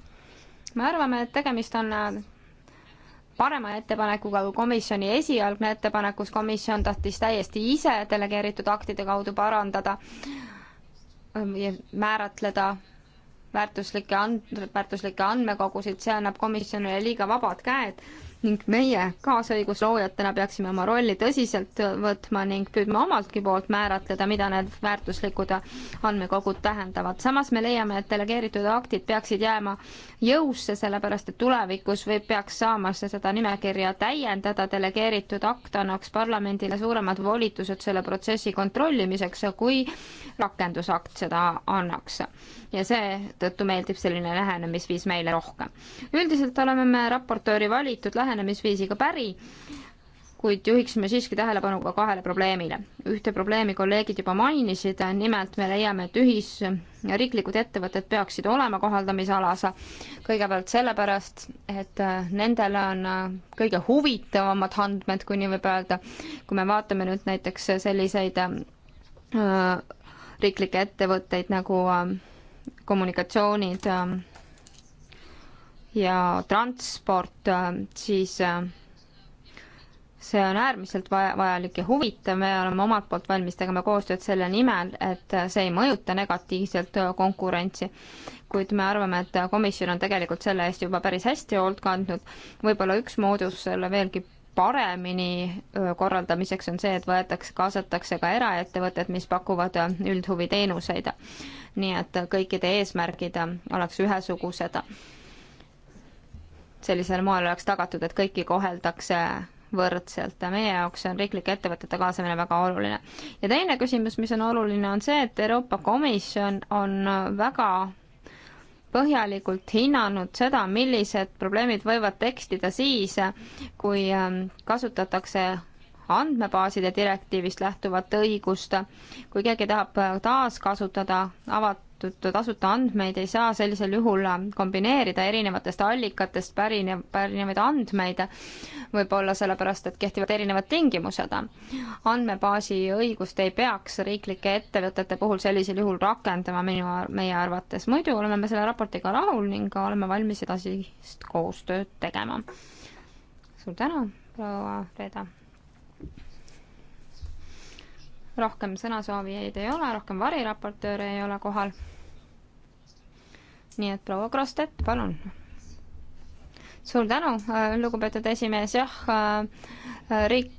me arvame, et tegemist on parema ettepanekuga kui komisjoni esialgne ettepanekus, komisjon tahtis täiesti ise delegeeritud aktide kaudu parandada ähm, ja määratleda väärtuslikke and-, väärtuslikke andmekogusid, see annab komisjonile liiga vabad käed ning meie kaasõigusloojatena peaksime oma rolli tõsiselt võtma ning püüdma omaltki poolt määratleda, mida need väärtuslikud andmekogud tähendavad. samas me leiame, et delegeeritud aktid peaksid jääma jõusse, sellepärast et tulevikus võib, peaks saama seda nimekirja täiendada, delegeeritud akt annaks parlamendile suuremad volitused selle protsessi kontrollimiseks, kui rakendusakt seda annaks. ja seetõttu meeldib selline lähenemisviis meile rohkem. üldiselt oleme me raportööri valitud lähe-, lähenemisviisiga päri, kuid juhiksime siiski tähelepanu ka kahele probleemile. ühte probleemi kolleegid juba mainisid, nimelt me leiame, et ühisriiklikud ettevõtted peaksid olema kohaldamisalas kõigepealt sellepärast, et äh, nendel on äh, kõige huvitavamad andmed, kui nii võib öelda, kui me vaatame nüüd näiteks selliseid äh, riiklikke ettevõtteid nagu kommunikatsioonid, ja transport, äh, siis äh, see on äärmiselt vaja, vajalik ja huvitav, me oleme omalt poolt valmis tegema koostööd selle nimel, et äh, see ei mõjuta negatiivselt konkurentsi. kuid me arvame, et komisjon on tegelikult selle eest juba päris hästi hoolt kandnud, võib-olla üks moodus selle veelgi paremini korraldamiseks on see, et võetakse, kaasatakse ka eraettevõtted, mis pakuvad üldhuviteenuseid. nii et kõikide eesmärgid oleks ühesugused sellisel moel oleks tagatud, et kõiki koheldakse võrdselt ja meie jaoks on riiklike ettevõtete kaasamine väga oluline. ja teine küsimus, mis on oluline, on see, et Euroopa Komisjon on väga põhjalikult hinnanud seda, millised probleemid võivad tekstida siis, kui ähm, kasutatakse andmebaaside direktiivist lähtuvat õigust, kui keegi tahab taaskasutada avat-, kogutud tasuta andmeid ei saa sellisel juhul kombineerida erinevatest allikatest pärinev, pärinevaid andmeid, võib-olla sellepärast, et kehtivad erinevad tingimused. andmebaasi õigust ei peaks riiklike ettevõtete puhul sellisel juhul rakendama minu, meie arvates, muidu oleme me selle raportiga rahul ning oleme valmis edasist koostööd tegema. suur tänu, proua Reeda! rohkem sõnasoovijaid ei ole, rohkem variraportööre ei ole kohal. nii et proua Krostet, palun. suur tänu, äh, lugupeetud esimees, jah, äh, äh, riik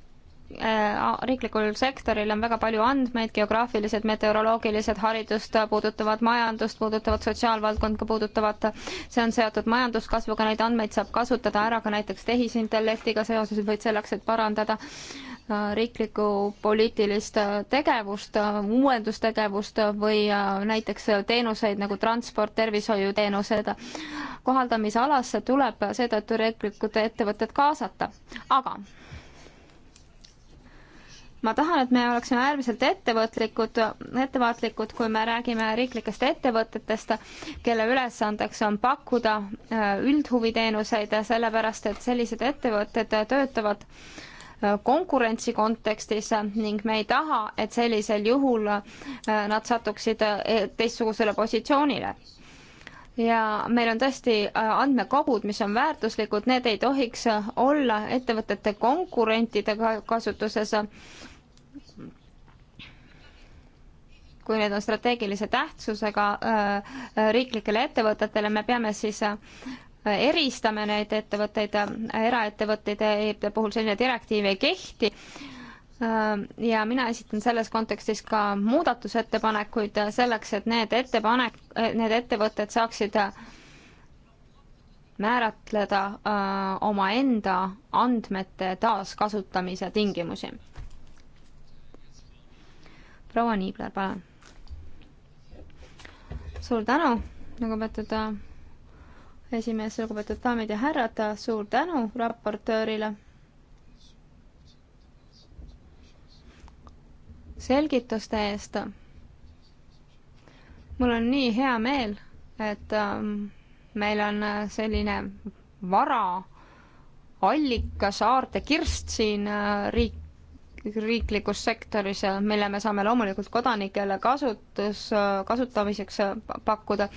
riiklikul sektoril on väga palju andmeid, geograafilised, meteoroloogilised, haridust puudutavad, majandust puudutavad, sotsiaalvaldkonda puudutavad, see on seotud majanduskasvuga, neid andmeid saab kasutada ära ka näiteks tehisintellektiga seoses, vaid selleks, et parandada äh, riiklikku poliitilist tegevust, uuendustegevust või äh, näiteks teenuseid nagu transport, tervishoiuteenused kohaldamisalasse tuleb seetõttu riiklikud ettevõtted kaasata, aga ma tahan, et me oleksime äärmiselt ettevõtlikud, ettevaatlikud, kui me räägime riiklikest ettevõtetest, kelle ülesandeks on pakkuda äh, üldhuviteenuseid, sellepärast et sellised ettevõtted töötavad äh, konkurentsi kontekstis ning me ei taha, et sellisel juhul äh, nad satuksid äh, teistsugusele positsioonile ja meil on tõesti äh, andmekogud, mis on väärtuslikud, need ei tohiks olla ettevõtete konkurentide kasutuses. kui need on strateegilise tähtsusega riiklikele ettevõtetele, me peame siis eristame neid ettevõtteid, eraettevõtete e-, puhul selline direktiiv ei kehti ja mina esitan selles kontekstis ka muudatusettepanekuid selleks, et need ettepanek, need ettevõtted saaksid määratleda äh, omaenda andmete taaskasutamise tingimusi. proua Niibler, palun. suur tänu, lugupeetud nagu esimees, lugupeetud daamid ja härrad, suur tänu raportöörile. selgituste eest. mul on nii hea meel, et ähm, meil on selline vara, allikas, aartekirst siin äh, riik, riiklikus sektoris, äh, mille me saame loomulikult kodanikele kasutus, kasutamiseks äh, pakkuda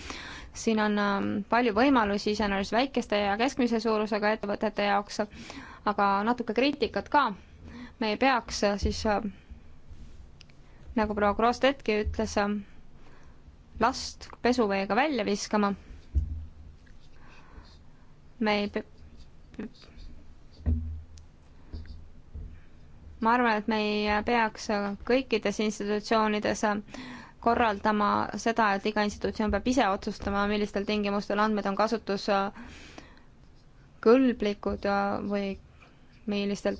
siin on ähm, palju võimalusi iseenesest väikeste ja keskmise suurusega ettevõtete jaoks, aga natuke kriitikat ka. me ei peaks äh, siis, äh, nagu proua Kroostetki ütles, äh, last pesuveega välja viskama. me ei ma arvan, et me ei peaks kõikides institutsioonides korraldama seda, et iga institutsioon peab ise otsustama, millistel tingimustel andmed on kasutuskõlblikud äh, äh, või millistel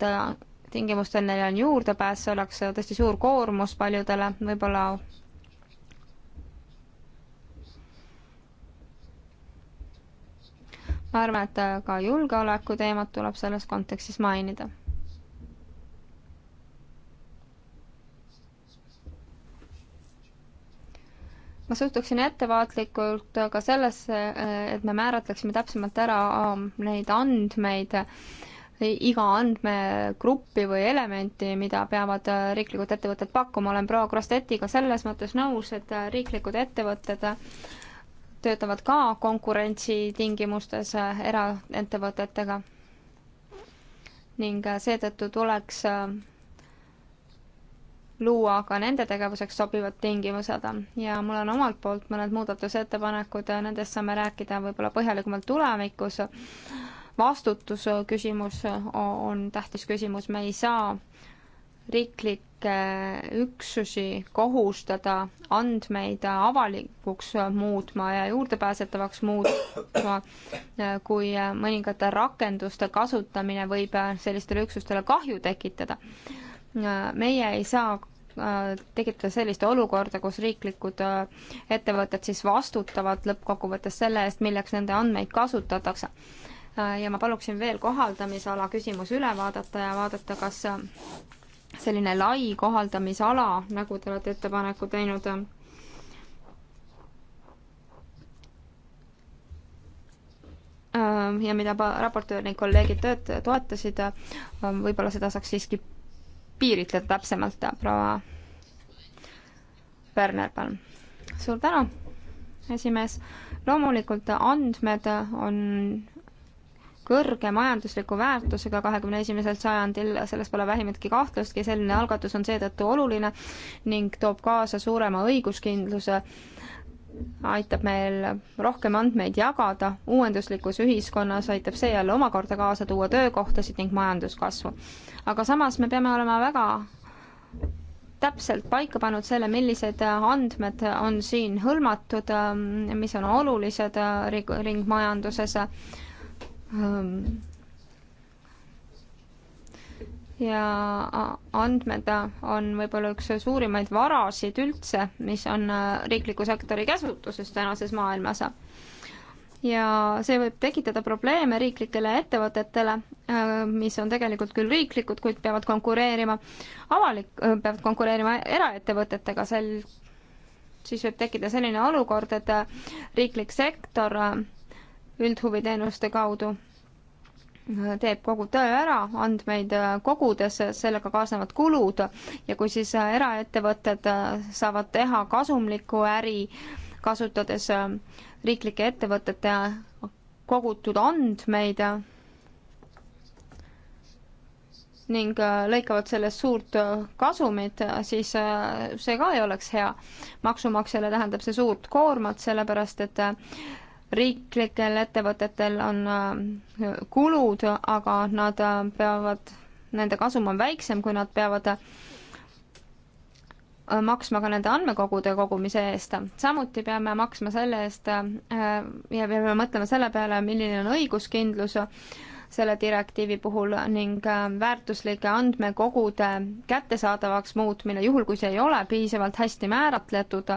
tingimustel neil on juurdepääs, see oleks äh, tõesti suur koormus paljudele, võib-olla ma arvan, et ka julgeoleku teemat tuleb selles kontekstis mainida ma suhtuksin ettevaatlikult ka sellesse, et me määratleksime täpsemalt ära ähm, neid andmeid, iga andmegruppi või elementi, mida peavad äh, riiklikud ettevõtted pakkuma, olen proua Krostetiga selles mõttes nõus, et äh, riiklikud ettevõtted äh, töötavad ka konkurentsitingimustes eraettevõtetega. ning seetõttu tuleks luua ka nende tegevuseks sobivad tingimused ja mul on omalt poolt mõned muudatusettepanekud, nendest saame rääkida võib-olla põhjalikumalt tulevikus. vastutuse küsimus on tähtis küsimus, me ei saa riiklikke üksusi kohustada andmeid avalikuks muutma ja juurdepääsetavaks muutma, kui mõningate rakenduste kasutamine võib sellistele üksustele kahju tekitada Äh, meie ei saa äh, tekitada sellist olukorda, kus riiklikud äh, ettevõtted siis vastutavad lõppkokkuvõttes selle eest, milleks nende andmeid kasutatakse. ja ma paluksin veel kohaldamisala küsimus üle vaadata ja vaadata, kas selline lai kohaldamisala, nagu te olete ettepaneku teinud, ja mida raportöör ning kolleegid tööt-, toetasid, võib-olla seda saaks siiski piiritleda täpsemalt, proua Werner, palun. suur tänu, esimees. loomulikult andmed on kõrge majandusliku väärtusega kahekümne esimesel sajandil, selles pole vähimatki kahtlustki, selline algatus on seetõttu oluline ning toob kaasa suurema õiguskindluse aitab meil rohkem andmeid jagada, uuenduslikus ühiskonnas aitab see jälle omakorda kaasa tuua töökohtasid ning majanduskasvu. aga samas me peame olema väga täpselt paika pannud selle, millised andmed on siin hõlmatud, mis on olulised ringmajanduses ja andmed on võib-olla üks suurimaid varasid üldse, mis on äh, riikliku sektori käsutuses tänases maailmas. ja see võib tekitada probleeme riiklikele ettevõtetele, äh, mis on tegelikult küll riiklikud, kuid peavad konkureerima avalik, äh, peavad konkureerima eraettevõtetega, sel, siis võib tekkida selline olukord, et riiklik sektor üldhuviteenuste kaudu teeb kogu töö ära, andmeid äh, kogudes, sellega kaasnevad kulud ja kui siis äh, eraettevõtted äh, saavad teha kasumlikku äri, kasutades riiklike ettevõtete kogutud andmeid ning lõikavad sellest suurt kasumit, siis see ka ei oleks hea. maksumaksjale tähendab see suurt koormat, sellepärast et riiklikel ettevõtetel on äh, kulud, aga nad äh, peavad, nende kasum on väiksem, kui nad peavad äh, maksma ka nende andmekogude kogumise eest. samuti peame maksma selle eest ja peame mõtlema selle peale, milline on õiguskindlus selle direktiivi puhul ning väärtuslike andmekogude kättesaadavaks muutmine, juhul kui see ei ole piisavalt hästi määratletud,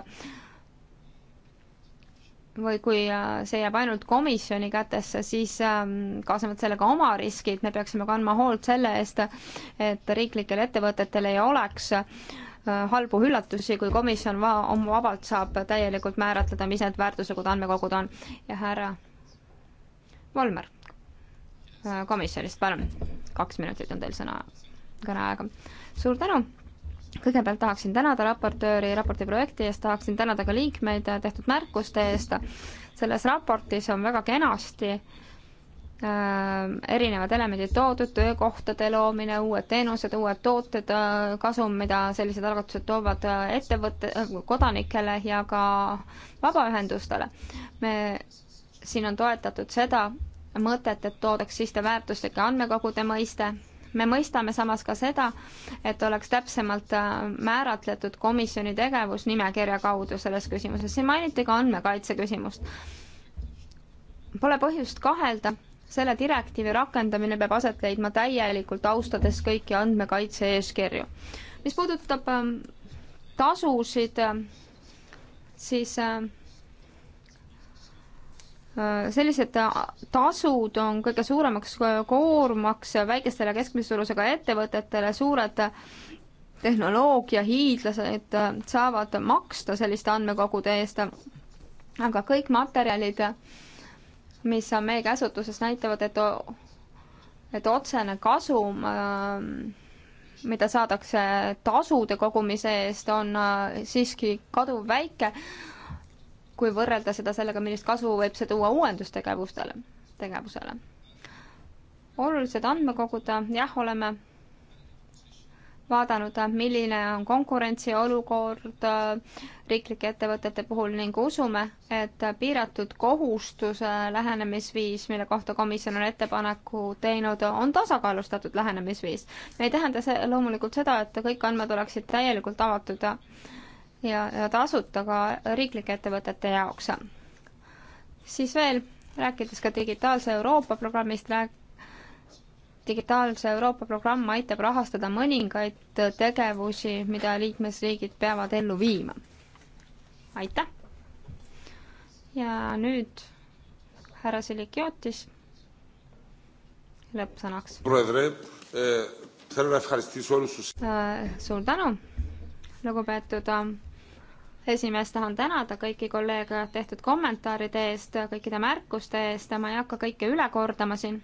või kui äh, see jääb ainult komisjoni kätesse, siis ähm, kaasnevad sellega oma riskid, me peaksime kandma hoolt selle eest, et riiklikel ettevõtetel ei oleks äh, halbu üllatusi, kui komisjon va-, oma vabalt saab täielikult määratleda, mis need väärtuslikud andmekogud on. ja härra Volmer äh, komisjonist, palun, kaks minutit on teil sõna, kõneaega. suur tänu! kõigepealt tahaksin tänada raportööri raporti projekti eest, tahaksin tänada ka liikmeid tehtud märkuste eest. selles raportis on väga kenasti äh, erinevad elemendid toodud, töökohtade loomine, uued teenused, uued tooted äh,, kasum, mida sellised algatused toovad äh, ettevõtte, äh, kodanikele ja ka vabaühendustele. me, siin on toetatud seda mõtet, et toodaks sisse väärtuslik andmekogude mõiste me mõistame samas ka seda, et oleks täpsemalt äh, määratletud komisjoni tegevus nimekirja kaudu selles küsimuses. siin mainiti ka andmekaitse küsimust. Pole põhjust kahelda, selle direktiivi rakendamine peab aset leidma täielikult, austades kõiki andmekaitse eeskirju. mis puudutab ähm, tasusid, äh, siis äh, Äh, sellised äh, tasud on kõige suuremaks äh, koormaks väikestele keskmise suurusega ettevõtetele, suured tehnoloogiahiidlased saavad maksta selliste andmekogude eest, aga kõik materjalid, mis on meie käsutuses, näitavad, et et otsene kasum, mida saadakse tasude kogumise eest, on siiski kaduv väike kui võrrelda seda sellega, millist kasu võib see tuua uuendustegevustele, tegevusele. olulised andmekogud, jah, oleme vaadanud, milline on konkurentsi olukord äh, riiklike ettevõtete puhul ning usume, et piiratud kohustuse lähenemisviis, mille kohta komisjon on ettepaneku teinud, on tasakaalustatud lähenemisviis. ei tähenda see loomulikult seda, et kõik andmed oleksid täielikult avatud ja, ja tasuta ka riiklike ettevõtete jaoks. siis veel, rääkides ka Digitaalse Euroopa programmist, digitaalse Euroopa programm aitab rahastada mõningaid tegevusi, mida liikmesriigid peavad ellu viima. aitäh! ja nüüd härra Silikiotis lõppsõnaks. Eh, äh, suur tänu, lugupeetud äh, esimees, tahan tänada kõiki kolleege tehtud kommentaaride eest, kõikide märkuste eest ja ma ei hakka kõike üle kordama siin.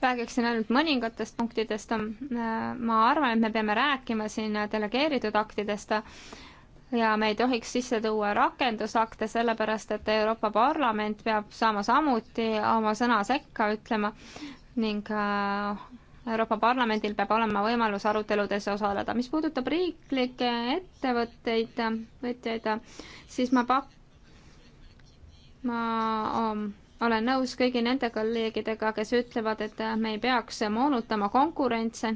räägiksin ainult mõningatest punktidest. ma arvan, et me peame rääkima siin delegeeritud aktidest ja me ei tohiks sisse tuua rakendusakte, sellepärast et Euroopa Parlament peab saama samuti oma sõna sekka ütlema ning äh, Euroopa Parlamendil peab olema võimalus aruteludes osaleda. mis puudutab riiklikke ettevõtteid, võtjaid, siis ma pak-, ma um, olen nõus kõigi nende kolleegidega, kes ütlevad, et me ei peaks moonutama konkurentse.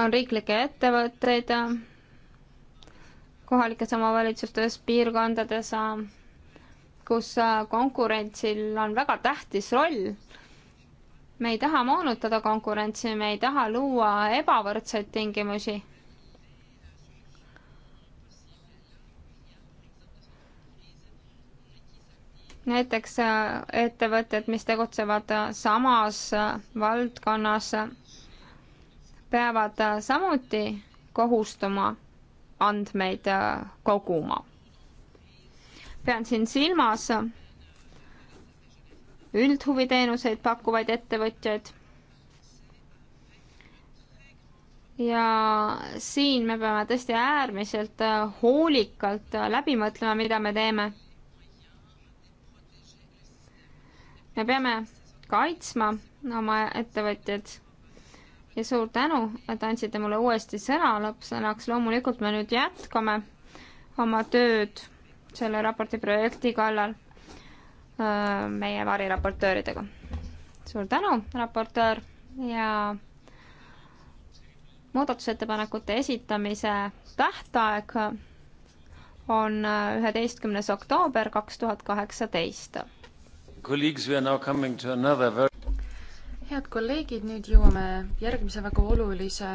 on riiklikke ettevõtteid kohalikes omavalitsustes, piirkondades kus äh, konkurentsil on väga tähtis roll. me ei taha moonutada konkurentsi, me ei taha luua ebavõrdseid tingimusi. näiteks äh, ettevõtted, mis tegutsevad äh, samas valdkonnas, peavad samuti kohustuma andmeid koguma pean siin silmas üldhuviteenuseid pakkuvaid ettevõtjaid. ja siin me peame tõesti äärmiselt hoolikalt läbi mõtlema, mida me teeme. me peame kaitsma oma ettevõtjaid ja suur tänu, et andsite mulle uuesti sõna lõppsõnaks. loomulikult me nüüd jätkame oma tööd selle raporti projekti kallal meie variraportööridega. suur tänu, raportöör ja muudatusettepanekute esitamise tähtaeg on üheteistkümnes oktoober kaks tuhat kaheksateist. head kolleegid, nüüd jõuame järgmise väga olulise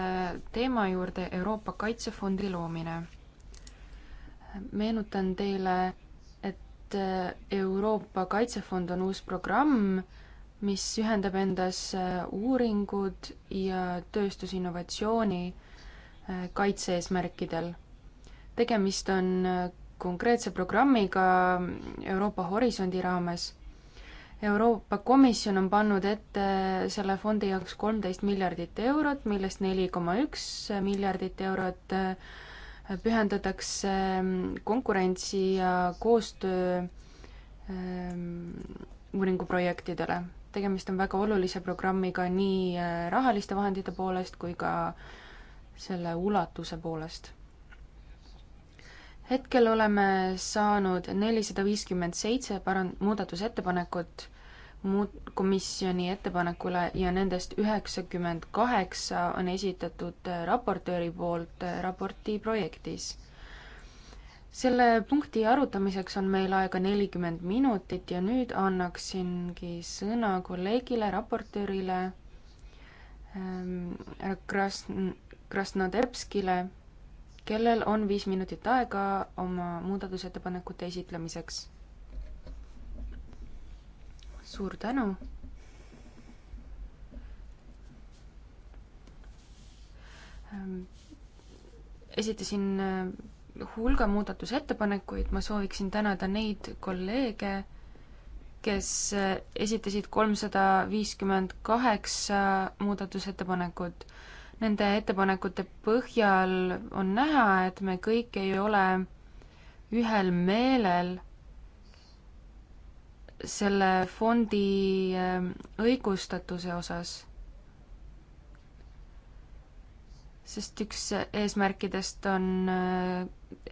teema juurde, Euroopa Kaitsefondi loomine meenutan teile, et äh, Euroopa Kaitsefond on uus programm, mis ühendab endas äh, uuringud ja tööstusinnovatsiooni äh, kaitse-eesmärkidel. tegemist on konkreetse programmiga Euroopa Horisondi raames. Euroopa Komisjon on pannud ette selle fondi jaoks kolmteist miljardit eurot, millest neli koma üks miljardit eurot pühendatakse ähm, konkurentsi ja koostöö ähm, uuringuprojektidele. tegemist on väga olulise programmiga nii äh, rahaliste vahendite poolest kui ka selle ulatuse poolest. hetkel oleme saanud nelisada viiskümmend seitse paran-, muudatusettepanekut muud komisjoni ettepanekule ja nendest üheksakümmend kaheksa on esitatud äh, raportööri poolt äh, raporti projektis. selle punkti arutamiseks on meil aega nelikümmend minutit ja nüüd annaksingi sõna kolleegile, raportöörile ähm, Krasn-, Krasnodebskile, kellel on viis minutit aega oma muudatusettepanekute esitlemiseks suur tänu. Ähm, esitasin äh, hulga muudatusettepanekuid, ma sooviksin tänada neid kolleege, kes äh, esitasid kolmsada viiskümmend kaheksa muudatusettepanekut. Nende ettepanekute põhjal on näha, et me kõik ei ole ühel meelel selle fondi ähm, õigustatuse osas, sest üks eesmärkidest on äh,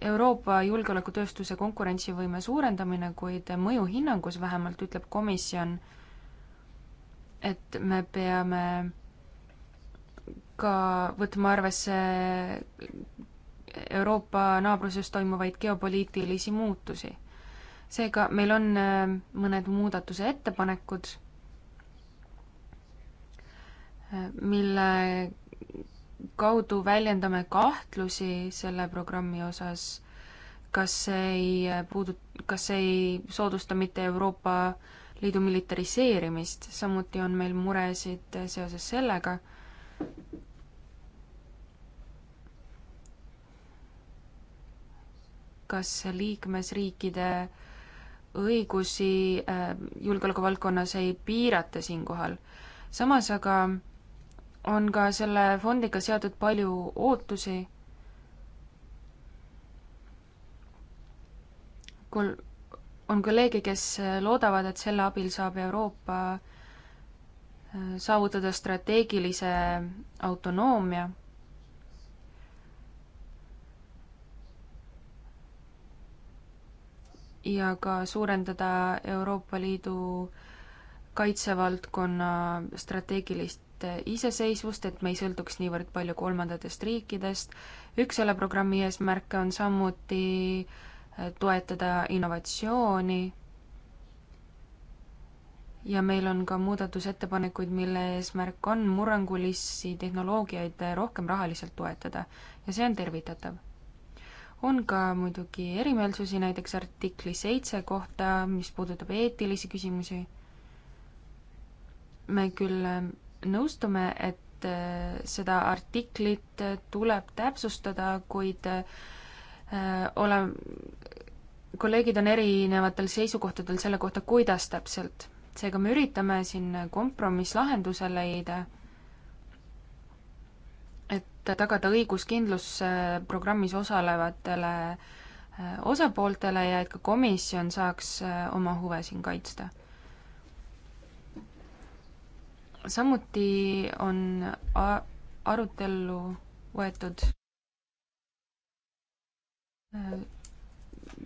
Euroopa julgeolekutööstuse konkurentsivõime suurendamine, kuid mõjuhinnangus vähemalt ütleb komisjon, et me peame ka võtma arvesse Euroopa naabruses toimuvaid geopoliitilisi muutusi seega meil on äh, mõned muudatuse ettepanekud, äh, mille kaudu väljendame kahtlusi selle programmi osas, kas see ei äh, puudu, kas see ei soodusta mitte Euroopa Liidu militariseerimist, samuti on meil muresid seoses sellega, kas liikmesriikide õigusi äh, julgeolekuvaldkonnas ei piirata siinkohal. samas aga on ka selle fondiga seatud palju ootusi kol-, on kolleege, kes loodavad, et selle abil saab Euroopa äh, saavutada strateegilise autonoomia ja ka suurendada Euroopa Liidu kaitsevaldkonna strateegilist iseseisvust, et me ei sõltuks niivõrd palju kolmandatest riikidest. üks selle programmi eesmärke on samuti äh, toetada innovatsiooni ja meil on ka muudatusettepanekuid, mille eesmärk on murrangulisi tehnoloogiaid rohkem rahaliselt toetada ja see on tervitatav on ka muidugi erimeelsusi näiteks artikli seitse kohta, mis puudutab eetilisi küsimusi. me küll ähm, nõustume, et äh, seda artiklit äh, tuleb täpsustada, kuid äh, ole, kolleegid on erinevatel seisukohtadel selle kohta, kuidas täpselt. seega me üritame siin kompromisslahenduse leida et tagada õiguskindlus äh, programmis osalevatele äh, osapooltele ja et ka komisjon saaks äh, oma huve siin kaitsta. samuti on arutellu võetud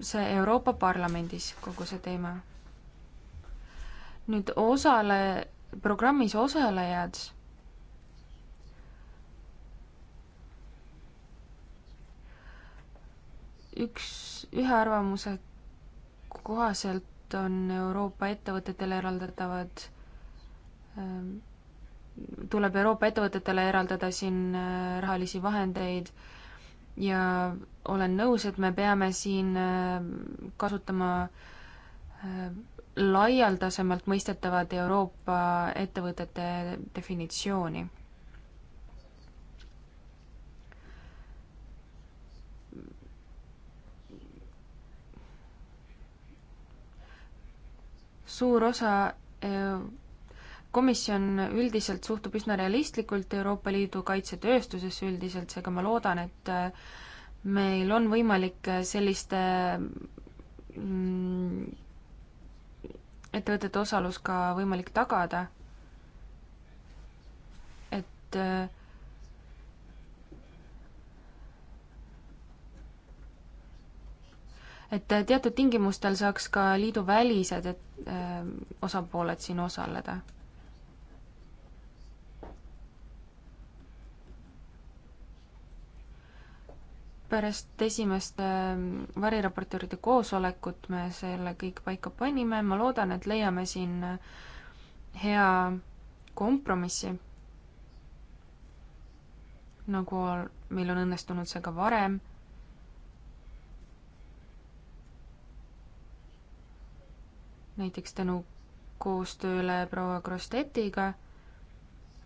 see Euroopa Parlamendis, kogu see teema. nüüd osale, programmis osalejad üks, ühe arvamuse kohaselt on Euroopa ettevõtetele eraldatavad, ähm, tuleb Euroopa ettevõtetele eraldada siin äh, rahalisi vahendeid ja olen nõus, et me peame siin ähm, kasutama ähm, laialdasemalt mõistetavat Euroopa ettevõtete definitsiooni suur osa eh, komisjon üldiselt suhtub üsna realistlikult Euroopa Liidu kaitsetööstusesse üldiselt, seega ma loodan, et eh, meil on võimalik eh, selliste mm, ettevõtete osalus ka võimalik tagada, et et äh, teatud tingimustel saaks ka liidu välised et, öö, äh, osapooled siin osaleda. pärast esimest ähm, variraportööride koosolekut me selle kõik paika panime, ma loodan, et leiame siin äh, hea kompromissi. nagu meil on õnnestunud see ka varem näiteks tänu koostööle proua Krostetiga.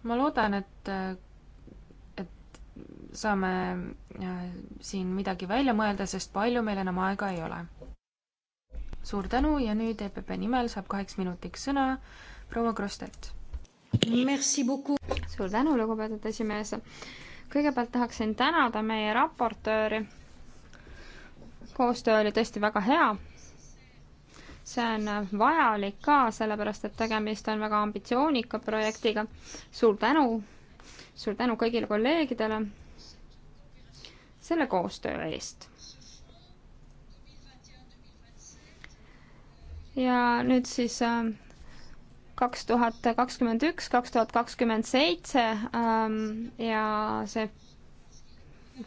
ma loodan, et, et saame äh, siin midagi välja mõelda, sest palju meil enam aega ei ole. suur tänu ja nüüd EPP nimel saab kaheks minutiks sõna proua Krostet. suur tänu, lugupeetud esimees. kõigepealt tahaksin tänada meie raportööri. koostöö oli tõesti väga hea see on vajalik ka, sellepärast et tegemist on väga ambitsioonika projektiga. suur tänu, suur tänu kõigile kolleegidele selle koostöö eest. ja nüüd siis äh, kaks tuhat kakskümmend üks, kaks tuhat kakskümmend seitse ähm, ja see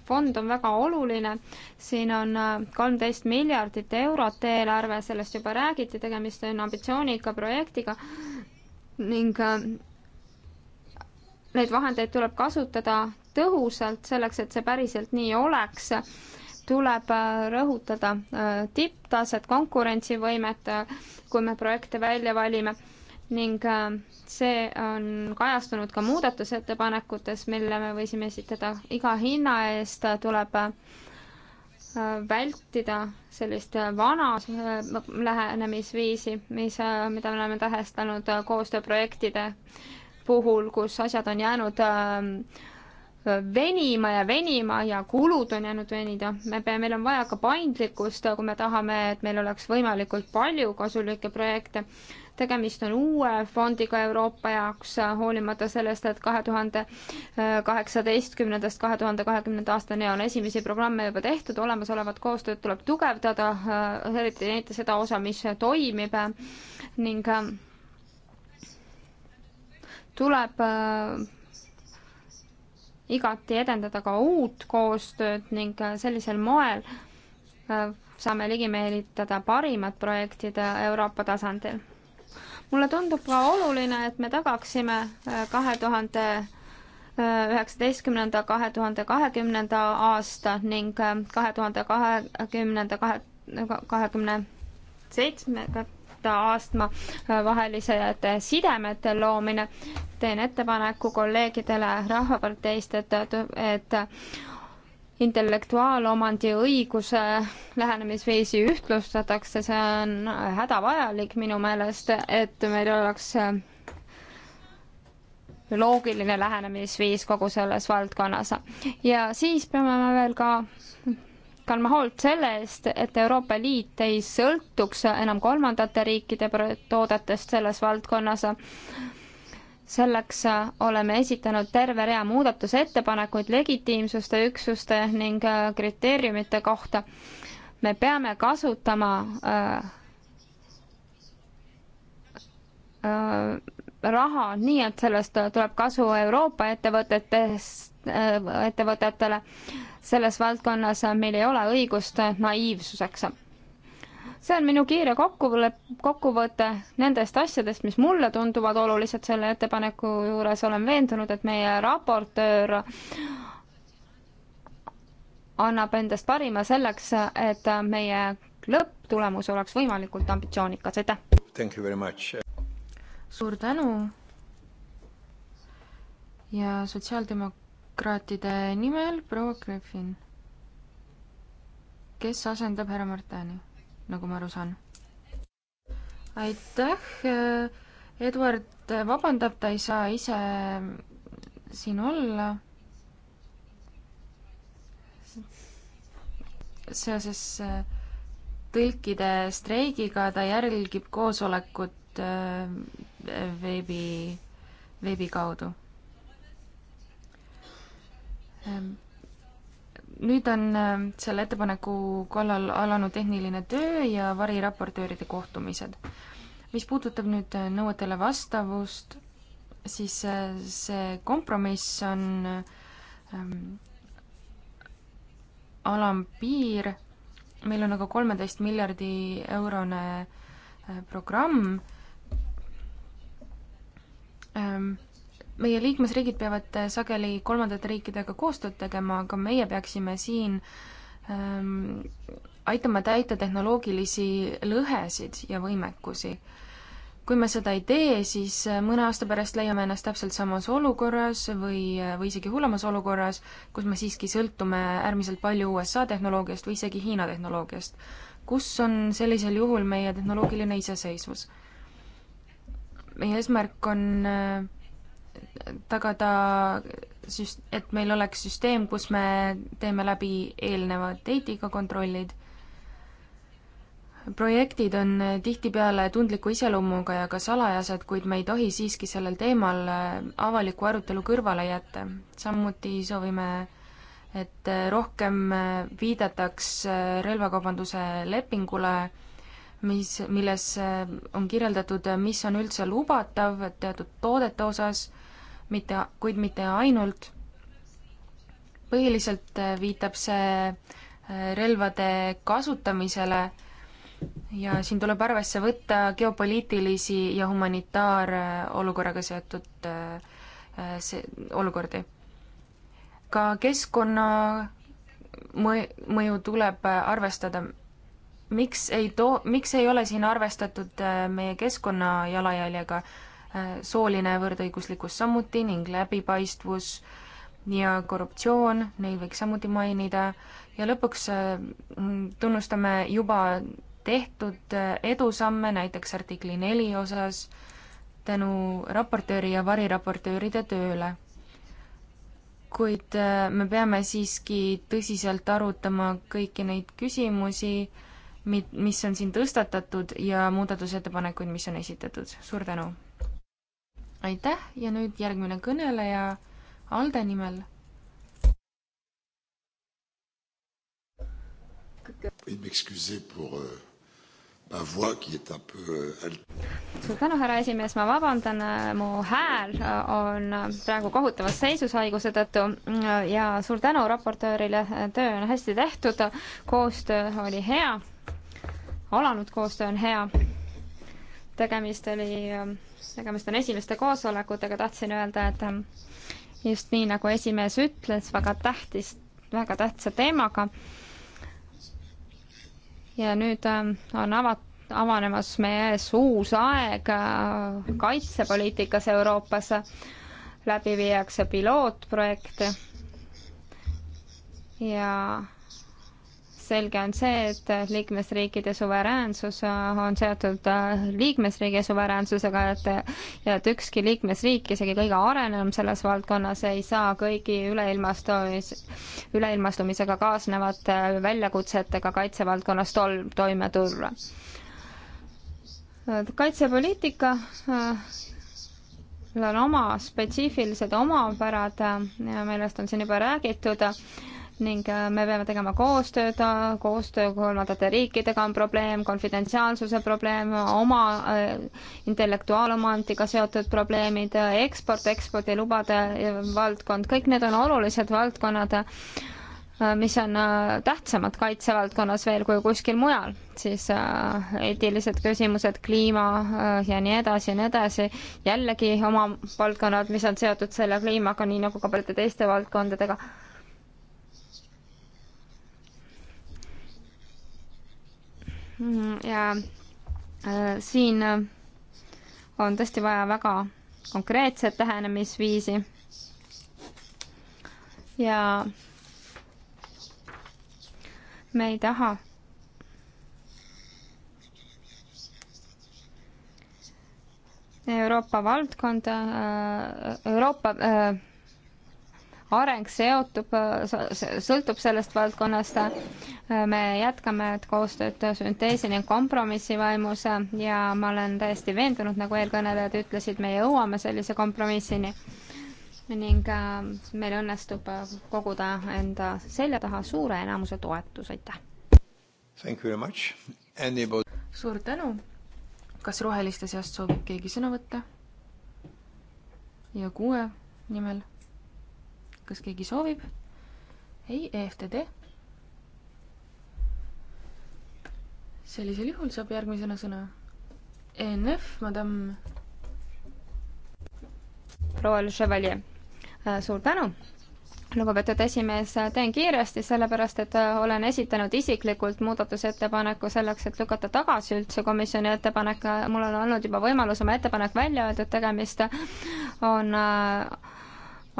fond on väga oluline, siin on äh, kolmteist miljardit eurot eelarve, sellest juba räägiti, tegemist on ambitsioonika projektiga ning äh, neid vahendeid tuleb kasutada tõhusalt, selleks et see päriselt nii oleks, tuleb äh, rõhutada tipptaset, konkurentsivõimet, kui me projekte välja valime ning äh, see on kajastunud ka muudatusettepanekutes, mille me võisime esitada. iga hinna eest tuleb äh, vältida sellist vana äh, lähenemisviisi, mis, mida me oleme tähestanud koostööprojektide puhul, kus asjad on jäänud venima ja venima ja kulud on jäänud venida. me peame, meil on vaja ka paindlikkust, kui me tahame, et meil oleks võimalikult palju kasulikke projekte tegemist on uue fondiga Euroopa jaoks, hoolimata sellest, et kahe tuhande äh, kaheksateistkümnendast kahe tuhande kahekümnenda aastani on esimesi programme juba tehtud, olemasolevat koostööd tuleb tugevdada, äh, eriti näite seda osa, mis toimib ning äh, tuleb igati edendada ka uut koostööd ning sellisel moel saame ligi meelitada parimad projektid Euroopa tasandil mulle tundub ka oluline, et me tagaksime äh, kahe tuhande üheksateistkümnenda, kahe tuhande kahekümnenda aasta ning kahe äh, tuhande kahekümnenda, kahe, kahekümne seitsmenda aastma äh, vahelised sidemete loomine. teen ettepaneku kolleegidele Rahvaparteist, et, et intellektuaalomandi õiguse lähenemisviisi ühtlustatakse, see on hädavajalik minu meelest, et meil oleks loogiline lähenemisviis kogu selles valdkonnas. ja siis peame me veel ka kandma hoolt selle eest, et Euroopa Liit ei sõltuks enam kolmandate riikide toodetest selles valdkonnas selleks äh, oleme esitanud terve rea muudatusettepanekuid legitiimsuste, üksuste ning äh, kriteeriumite kohta. me peame kasutama äh, äh, raha nii, et sellest tuleb kasu Euroopa ettevõtetest äh,, ettevõtetele selles valdkonnas, äh, meil ei ole õigust naiivsuseks see on minu kiire kokkuvõte, kokkuvõte nendest asjadest, mis mulle tunduvad olulised selle ettepaneku juures, olen veendunud, et meie raportöör annab endast parima selleks, et meie lõpptulemus oleks võimalikult ambitsioonikas, aitäh! suur tänu ja sotsiaaldemokraatide nimel proua Griffin, kes asendab härra Martani nagu ma aru saan. aitäh, Eduard vabandab, ta ei saa ise siin olla. seoses äh, tõlkide streigiga ta jälgib koosolekut äh, veebi, veebi kaudu ähm, nüüd on äh, selle ettepaneku kallal alanud tehniline töö ja variraportööride kohtumised. mis puudutab nüüd äh, nõuetele vastavust, siis äh, see kompromiss on ähm, alampiir, meil on aga kolmeteist miljardi eurone programm ähm,, meie liikmesriigid peavad äh, sageli kolmandate riikidega koostööd tegema, aga meie peaksime siin ähm, aitama täita tehnoloogilisi lõhesid ja võimekusi. kui me seda ei tee, siis äh, mõne aasta pärast leiame ennast täpselt samas olukorras või, äh, või isegi hullemas olukorras, kus me siiski sõltume äärmiselt palju USA tehnoloogiast või isegi Hiina tehnoloogiast. kus on sellisel juhul meie tehnoloogiline iseseisvus? meie eesmärk on äh, tagada, et meil oleks süsteem, kus me teeme läbi eelnevad eetikakontrollid. projektid on tihtipeale tundliku iseloomuga ja ka salajased, kuid me ei tohi siiski sellel teemal avaliku arutelu kõrvale jätta. samuti soovime et rohkem viidataks relvakaubanduse lepingule, mis, milles on kirjeldatud, mis on üldse lubatav teatud toodete osas mitte, kuid mitte ainult. põhiliselt äh, viitab see äh, relvade kasutamisele ja siin tuleb arvesse võtta geopoliitilisi ja humanitaarolukorraga seotud äh, see, olukordi. ka keskkonna mõju tuleb arvestada. miks ei too, miks ei ole siin arvestatud meie keskkonna jalajäljega? sooline võrdõiguslikkus samuti ning läbipaistvus ja korruptsioon, neid võiks samuti mainida, ja lõpuks äh, mm, tunnustame juba tehtud äh, edusamme, näiteks artikli neli osas, tänu raportööri ja variraportööride tööle. kuid äh, me peame siiski tõsiselt arutama kõiki neid küsimusi, mi-, mis on siin tõstatatud ja muudatusettepanekuid, mis on esitatud. suur tänu! aitäh ja nüüd järgmine kõneleja Alde nimel. Euh, euh, suur tänu, härra esimees, ma vabandan, äh, mu hääl äh, on äh, praegu kohutavas seisus haiguse tõttu mm, ja suur tänu raportöörile, töö on hästi tehtud, koostöö oli hea, alanud koostöö on hea, tegemist oli tegemist on esimeste koosolekutega, tahtsin öelda, et ähm, just nii, nagu esimees ütles, väga tähtis, väga tähtsa teemaga. ja nüüd ähm, on avat-, avanemas meie ees uus aeg äh, kaitsepoliitikas Euroopas, läbi viiakse pilootprojekte ja selge on see, et liikmesriikide suveräänsus äh, on seotud äh, liikmesriigi suveräänsusega, et äh, ja et ükski liikmesriik, isegi kõige arenenum selles valdkonnas, ei saa kõigi üleilmastumis, üleilmastumisega kaasnevate väljakutsetega kaitsevaldkonnas tol-, toime tulla. kaitsepoliitika on oma spetsiifilised omapärad, millest on siin juba räägitud ning äh, me peame tegema koostööd, koostöö kolmandate riikidega on probleem, konfidentsiaalsuse probleem, oma äh, intellektuaalomandiga seotud probleemid, eksport, ekspordilubade äh, valdkond, kõik need on olulised valdkonnad, mis on tähtsamad kaitsevaldkonnas veel kui kuskil mujal, siis eetilised küsimused, kliima ja nii edasi ja nii edasi, jällegi oma valdkonnad, mis on seotud selle kliimaga, nii nagu ka paljude teiste valdkondadega Mhm, ja äh, siin äh, on tõesti vaja väga konkreetset lähenemisviisi ja me ei taha Euroopa valdkonda, äh, Euroopa areng seotub, sõltub sellest valdkonnast. me jätkame koostööd sünteesi ning kompromissi vaimus ja ma olen täiesti veendunud, nagu eelkõnelejad ütlesid, me jõuame sellise kompromissini ning äh, meil õnnestub äh, koguda enda selja taha suure enamuse toetus, aitäh! suur tänu! kas roheliste seast soovib keegi sõna võtta? ja kuue nimel kas keegi soovib? ei, EFTD. sellisel juhul saab järgmisena sõna ENF, madam. proua Le Chevalier, äh, suur tänu lugupeetud esimees, äh, teen kiiresti, sellepärast et äh, olen esitanud isiklikult muudatusettepaneku selleks, et lükata tagasi üldse komisjoni ettepanek. mul on olnud juba võimalus oma ettepanek välja öelda, et tegemist on äh,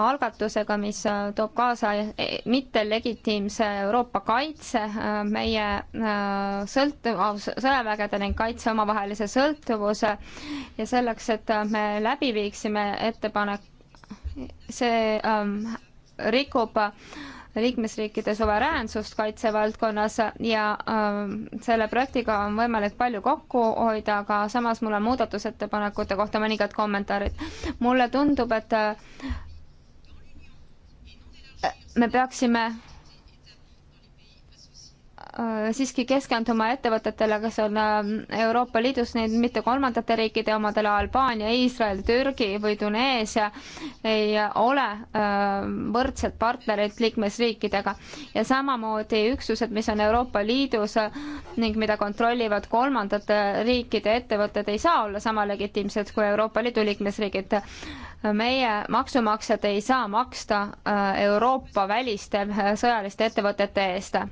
algatusega, mis äh, toob kaasa äh, mittelegitiimse Euroopa kaitse, äh, meie sõlt-, sõjavägede ning kaitse omavahelise sõltuvuse ja selleks, et me läbi viiksime ettepanek, see ähm, rikub liikmesriikide suveräänsust kaitsevaldkonnas ja äh, selle projektiga on võimalik palju kokku hoida, aga samas mul on muudatusettepanekute kohta mõningad kommentaarid. mulle tundub, et äh, me peaksime Äh, siiski keskenduma ettevõtetele, kes on äh, Euroopa Liidus, neid mitte kolmandate riikide omadele, Albaania, Iisrael, Türgi või Tuneesia ei ole äh, võrdsed partnerid liikmesriikidega. ja samamoodi üksused, mis on Euroopa Liidus ning mida kontrollivad kolmandate riikide ettevõtted, ei saa olla sama legitiimsed kui Euroopa Liidu liikmesriigid meie maksumaksjad ei saa maksta Euroopa väliste sõjaliste ettevõtete eest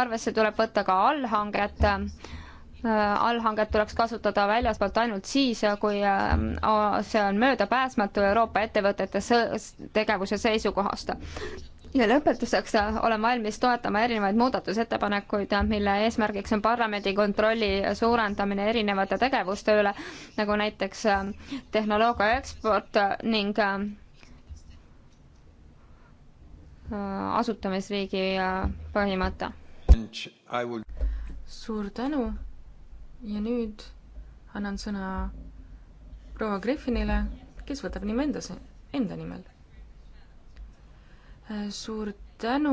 arvesse tuleb võtta ka allhanget äh, allhanget tuleks kasutada väljaspoolt ainult siis, kui äh, see on möödapääsmatu Euroopa ettevõtete tegevuse seisukohast. ja lõpetuseks äh, olen valmis toetama erinevaid muudatusettepanekuid, mille eesmärgiks on parlamendi kontrolli suurendamine erinevate tegevuste üle, nagu näiteks tehnoloogia eksport ning asutamisriigi põhimõte Will... suur tänu ja nüüd annan sõna proua Griffinile, kes võtab nime enda, enda nimel. Äh, suur tänu.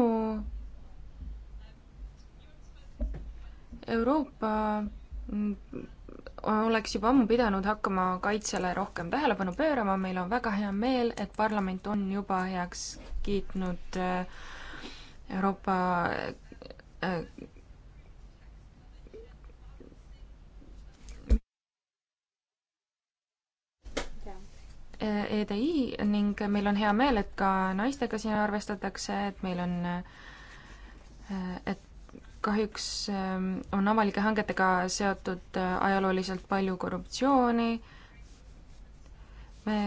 Euroopa mm, oleks juba ammu pidanud hakkama kaitsele rohkem tähelepanu pöörama, meil on väga hea meel, et parlament on juba heaks kiitnud äh, Euroopa EDI ning meil on hea meel, et ka naistega siin arvestatakse, et meil on, et kahjuks ähm, on avalike hangetega seotud äh, ajalooliselt palju korruptsiooni. me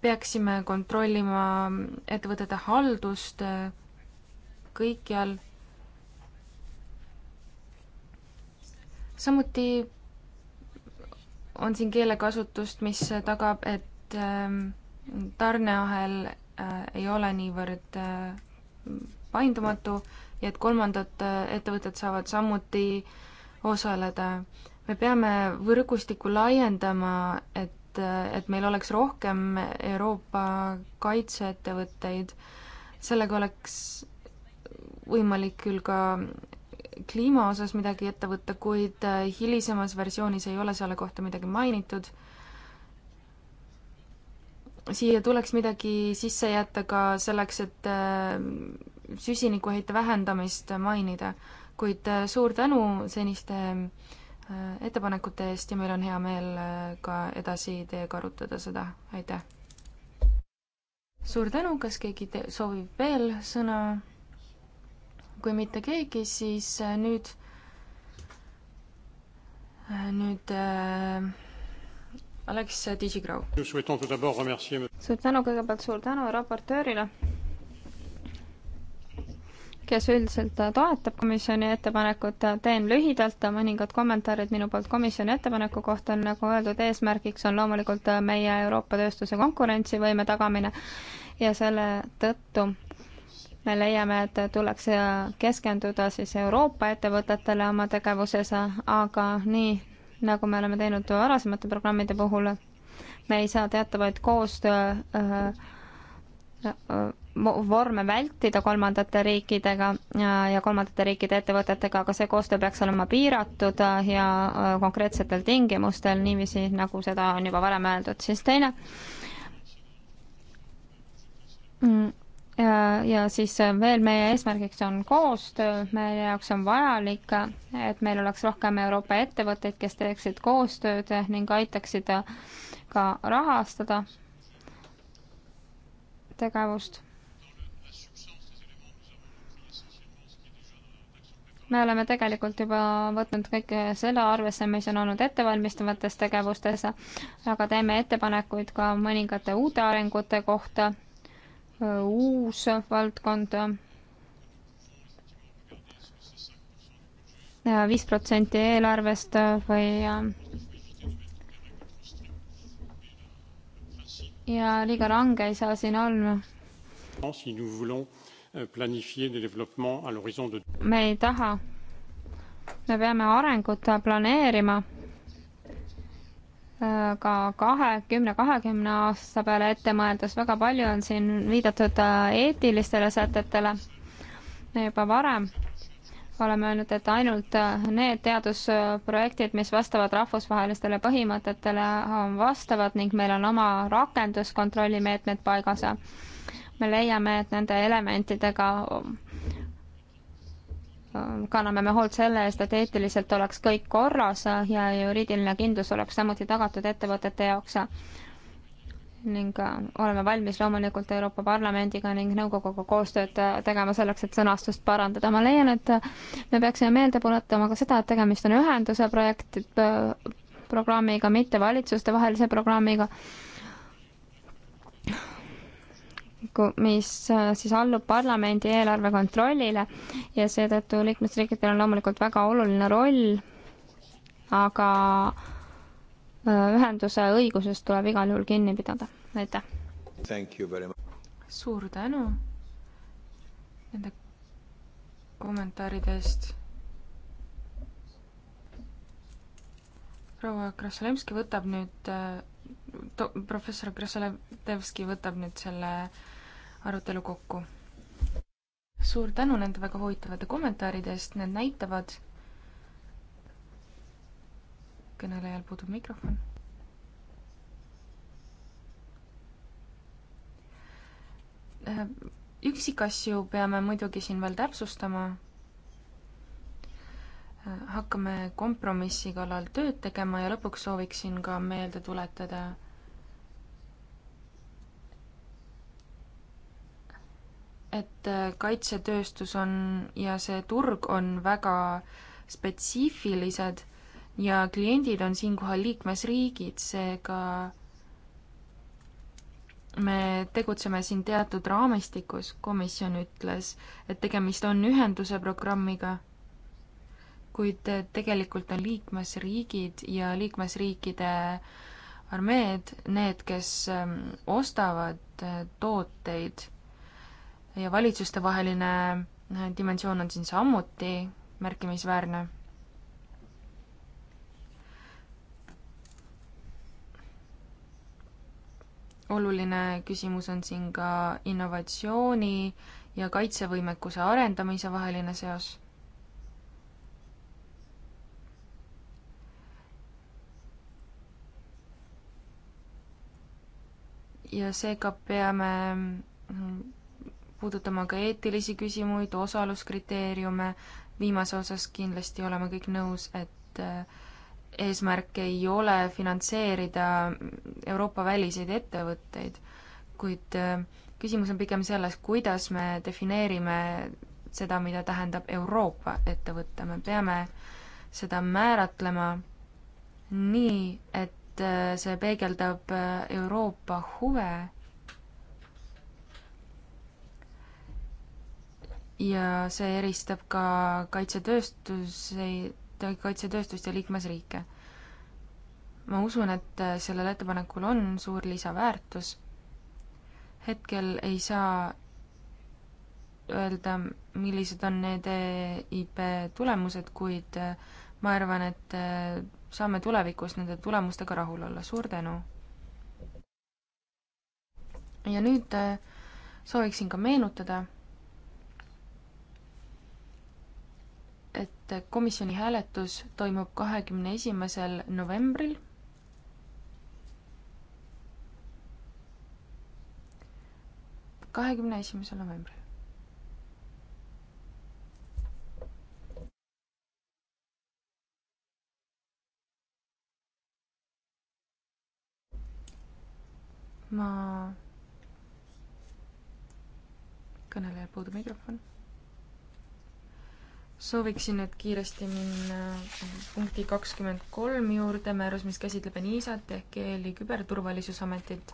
peaksime kontrollima ettevõtete haldust äh, kõikjal. samuti on siin keelekasutust, mis tagab, et ähm, tarneahel äh, ei ole niivõrd äh, paindumatu ja et kolmandad äh, ettevõtted saavad samuti osaleda. me peame võrgustikku laiendama, et et meil oleks rohkem Euroopa kaitseettevõtteid, sellega oleks võimalik küll ka kliima osas midagi ette võtta, kuid äh, hilisemas versioonis ei ole selle kohta midagi mainitud. siia tuleks midagi sisse jätta ka selleks, et äh, süsinikuheite vähendamist mainida, kuid äh, suur tänu seniste ettepanekute eest ja meil on hea meel ka edasi teiega arutada seda, aitäh! suur tänu, kas keegi soovib veel sõna? kui mitte keegi, siis äh, nüüd, äh, nüüd äh, Alex Digigrow. suur tänu, kõigepealt suur tänu raportöörile, kes üldiselt toetab komisjoni ettepanekut, teen lühidalt mõningad kommentaarid minu poolt komisjoni ettepaneku kohta, nagu öeldud, eesmärgiks on loomulikult meie Euroopa tööstuse konkurentsivõime tagamine ja selle tõttu me leiame, et tuleks keskenduda siis Euroopa ettevõtetele oma tegevuses, aga nii, nagu me oleme teinud varasemate programmide puhul, me ei saa teatavaid koostöö äh, äh, vorme vältida kolmandate riikidega ja kolmandate riikide ettevõtetega, aga see koostöö peaks olema piiratud ja äh, konkreetsetel tingimustel, niiviisi, nagu seda on juba varem öeldud. siis teine mm, ja, ja siis äh, veel meie eesmärgiks on koostöö, meie jaoks on vajalik, äh, et meil oleks rohkem Euroopa ettevõtteid, kes teeksid koostööd äh, ning aitaksid ka rahastada tegevust. me oleme tegelikult juba võtnud kõike selle arvesse, mis on olnud ettevalmistavates tegevustes, aga teeme ettepanekuid ka mõningate uute arengute kohta Äh, uus valdkond. Äh, viis protsenti eelarvest äh, või ja liiga range ei saa siin olla. Euh, me ei taha, me peame arengut planeerima ka kahe, kümne, kahekümne aasta peale ette mõeldes, väga palju on siin viidatud äh, eetilistele sätetele juba varem. oleme öelnud, et ainult äh, need teadusprojektid, mis vastavad rahvusvahelistele põhimõtetele, vastavad ning meil on oma rakenduskontrollimeetmed paigas. me leiame, et nende elementidega Äh, kanname me hoolt selle eest, et eetiliselt oleks kõik korras ja juriidiline kindlus oleks samuti tagatud ettevõtete jaoks. ning äh, oleme valmis loomulikult Euroopa Parlamendiga ning nõukoguga koostööd äh, tegema selleks, et sõnastust parandada. ma leian, et me peaksime meelde tuletama ka seda, et tegemist on ühenduse projekt, programmiga, mitte valitsustevahelise programmiga mis äh, siis allub parlamendi eelarve kontrollile ja seetõttu liikmesriikidel on loomulikult väga oluline roll, aga äh, ühenduse õigusest tuleb igal juhul kinni pidada. aitäh! suur tänu nende kommentaaride eest. proua Krasolevski võtab nüüd, äh, professor Krasolevski võtab nüüd selle äh, arutelu kokku. suur tänu nende väga huvitavate kommentaaride eest, need näitavad. kõnelejal puudub mikrofon. Äh, üksikasju peame muidugi siin veel täpsustama äh, hakkame kompromissi kallal tööd tegema ja lõpuks sooviksin ka meelde tuletada et äh, kaitsetööstus on ja see turg on väga spetsiifilised ja kliendid on siinkohal liikmesriigid, seega me tegutseme siin teatud raamistikus, komisjon ütles, et tegemist on ühenduse programmiga, kuid äh, tegelikult on liikmesriigid ja liikmesriikide armeed need, kes ähm, ostavad äh, tooteid ja valitsustevaheline äh, dimensioon on siin samuti märkimisväärne. oluline küsimus on siin ka innovatsiooni ja kaitsevõimekuse arendamise vaheline seos. ja seega peame mm, puudutama ka eetilisi küsimuid, osaluskriteeriume, viimase osas kindlasti oleme kõik nõus, et äh, eesmärk ei ole finantseerida Euroopa väliseid ettevõtteid, kuid äh, küsimus on pigem selles, kuidas me defineerime seda, mida tähendab Euroopa ettevõte, me peame seda määratlema nii, et äh, see peegeldab Euroopa huve ja see eristab ka kaitsetööstuseid, kaitsetööstust ja liikmesriike. ma usun, et sellel ettepanekul on suur lisaväärtus. hetkel ei saa öelda, millised on need EIP tulemused, kuid ma arvan, et saame tulevikus nende tulemustega rahul olla, suur tänu! ja nüüd sooviksin ka meenutada et komisjoni hääletus toimub kahekümne esimesel novembril. kahekümne esimesel novembril. ma, kõnelejal puudub mikrofon sooviksin nüüd kiiresti minna äh, punkti kakskümmend kolm juurde, määrus, mis käsitleb ENISA-t ehk EL-i küberturvalisusametit,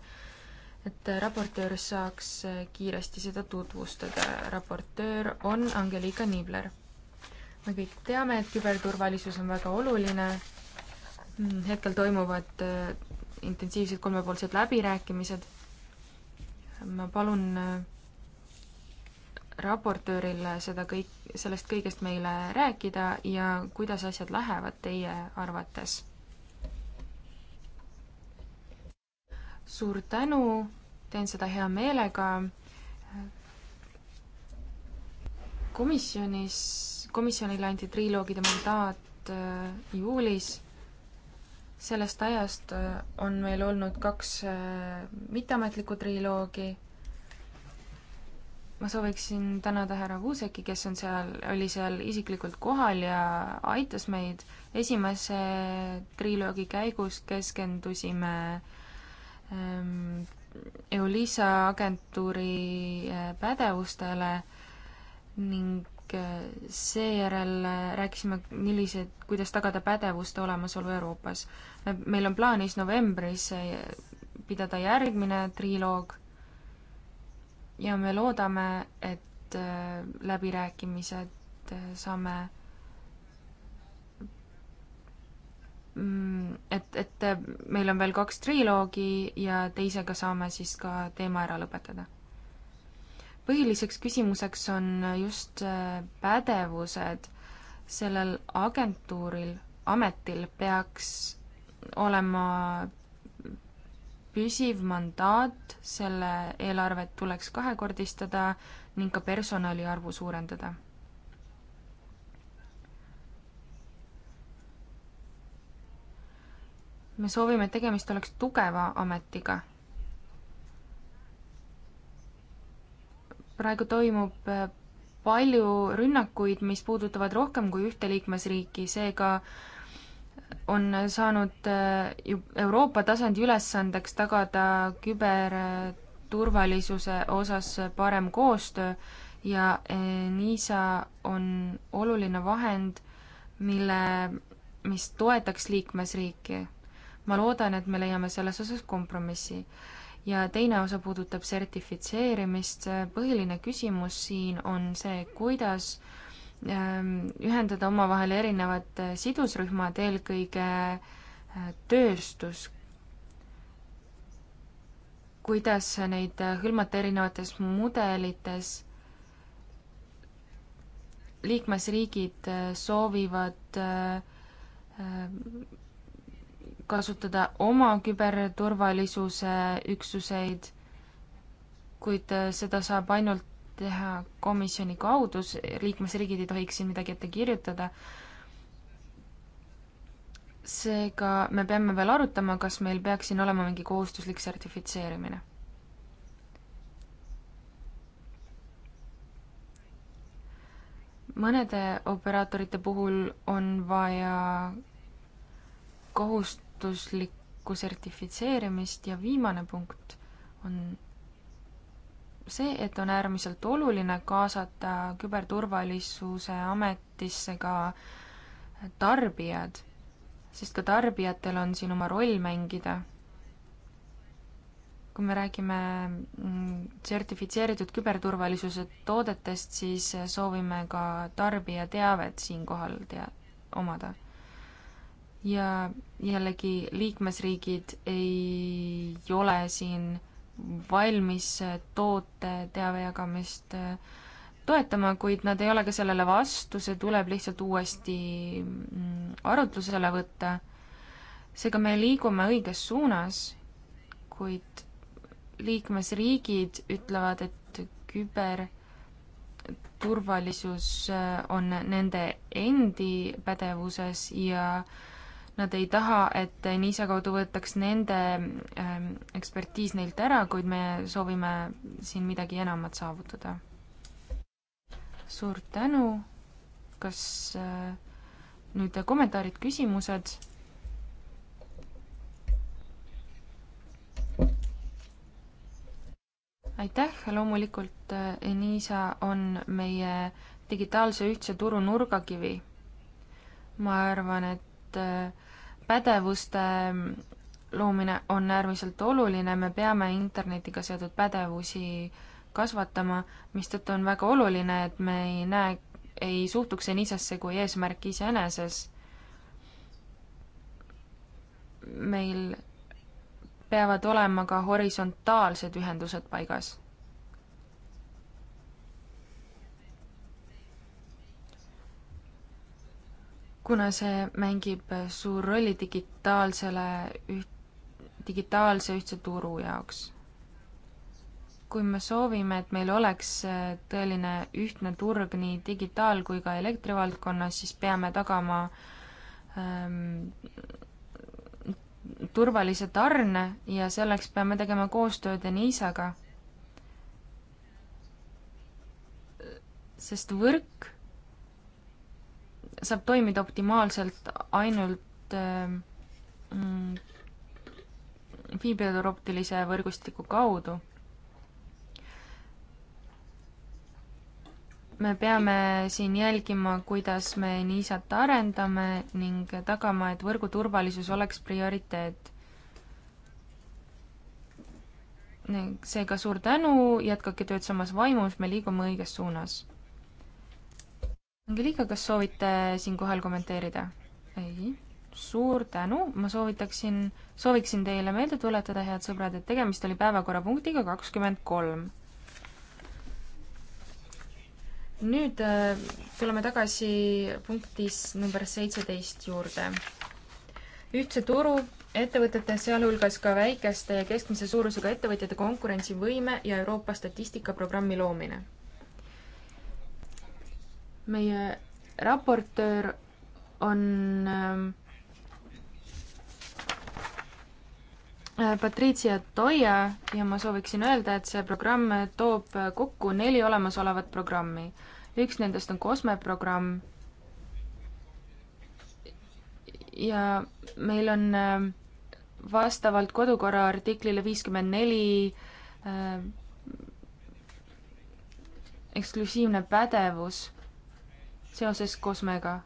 et äh, raportöör saaks äh, kiiresti seda tutvustada. raportöör on Angelika Niibler. me kõik teame, et küberturvalisus on väga oluline, mm, hetkel toimuvad intensiivsed kolmepoolsed läbirääkimised, ma palun raportööril seda kõik, sellest kõigest meile rääkida ja kuidas asjad lähevad teie arvates? suur tänu, teen seda hea meelega. komisjonis, komisjonile anti triloogide mandaat äh, juulis sellest ajast äh, on meil olnud kaks äh, mitteametlikku triloogi ma sooviksin tänada härra Vuuseki, kes on seal, oli seal isiklikult kohal ja aitas meid. esimese triloogi käigus keskendusime ähm, EULISA agentuuri äh, pädevustele ning äh, seejärel äh, rääkisime, millised, kuidas tagada pädevuste olemasolu Euroopas. meil on plaanis novembris pidada järgmine triloog ja me loodame, et äh, läbirääkimised äh, saame mm, et, et äh, meil on veel kaks triloogi ja teisega saame siis ka teema ära lõpetada. põhiliseks küsimuseks on just pädevused. sellel agentuuril, ametil peaks olema püsiv mandaat, selle eelarvet tuleks kahekordistada ning ka personali arvu suurendada. me soovime, et tegemist oleks tugeva ametiga. praegu toimub äh, palju rünnakuid, mis puudutavad rohkem kui ühte liikmesriiki, seega on saanud äh, Euroopa tasandi ülesandeks tagada küberturvalisuse osas parem koostöö ja äh, NISA on oluline vahend, mille, mis toetaks liikmesriiki. ma loodan, et me leiame selles osas kompromissi. ja teine osa puudutab sertifitseerimist, põhiline küsimus siin on see, kuidas äh, Ähm, ühendada omavahel erinevad äh, sidusrühmad, eelkõige äh, tööstus. kuidas neid äh, hõlmata erinevates mudelites? liikmesriigid soovivad kasutada oma küberturvalisuse üksuseid, kuid seda saab ainult teha komisjoni kaudu, liikmesriigid ei tohiks siin midagi ette kirjutada. seega me peame veel arutama, kas meil peaks siin olema mingi kohustuslik sertifitseerimine mõnede operaatorite puhul on vaja kohustuslikku sertifitseerimist ja viimane punkt on see, et on äärmiselt oluline kaasata küberturvalisuse ametisse ka tarbijad, sest ka tarbijatel on siin oma roll mängida. kui me räägime mm, sertifitseeritud küberturvalisuse toodetest, siis soovime ka tarbija teavet siinkohal tea-, omada. ja jällegi, liikmesriigid ei ole siin valmis eh, toote teave jagamist eh, toetama, kuid nad ei ole ka sellele vastu, see tuleb lihtsalt uuesti mm, arutlusele võtta. seega me liigume õiges suunas, kuid liikmesriigid ütlevad, et küberturvalisus eh, on nende endi pädevuses ja äh, Nad ei taha, et Niisa kaudu võetaks nende ähm, ekspertiis neilt ära, kuid me soovime siin midagi enamat saavutada. suur tänu. kas äh, nüüd kommentaarid, küsimused? aitäh, loomulikult Enisa äh, on meie digitaalse ühtse turu nurgakivi. ma arvan, et et äh, pädevuste loomine on äärmiselt oluline, me peame internetiga seotud pädevusi kasvatama, mistõttu on väga oluline, et me ei näe, ei suhtuks senisesse kui eesmärk iseeneses. meil peavad olema ka horisontaalsed ühendused paigas. kuna see mängib suur rolli digitaalsele üht-, digitaalse ühtse turu jaoks. kui me soovime, et meil oleks äh, tõeline ühtne turg nii digitaal- kui ka elektrivaldkonnas, siis peame tagama ähm, turvalise tarne ja selleks peame tegema koostööd Enisaga, sest võrk saab toimida optimaalselt ainult ähm, mm, fiibreoptilise võrgustiku kaudu. me peame siin jälgima, kuidas me NISA-t arendame ning tagama, et võrgu turvalisus oleks prioriteet. seega suur tänu, jätkake tööd samas vaimus, me liigume õiges suunas Angelika, kas soovite siinkohal kommenteerida? ei? suur tänu, ma soovitaksin, sooviksin teile meelde tuletada, head sõbrad, et tegemist oli päevakorrapunktiga kakskümmend kolm nüüd äh, tuleme tagasi punktis number seitseteist juurde. ühtse turu ettevõtete, sealhulgas ka väikeste ja keskmise suurusega ettevõtjate konkurentsivõime ja Euroopa statistikaprogrammi loomine meie raportöör on ähm, äh, Patricia Toia ja ma sooviksin öelda, et see programm toob kokku neli olemasolevat programmi. üks nendest on COSME programm ja meil on ähm, vastavalt kodukorra artiklile viiskümmend neli äh, eksklusiivne pädevus seoses Kosmega.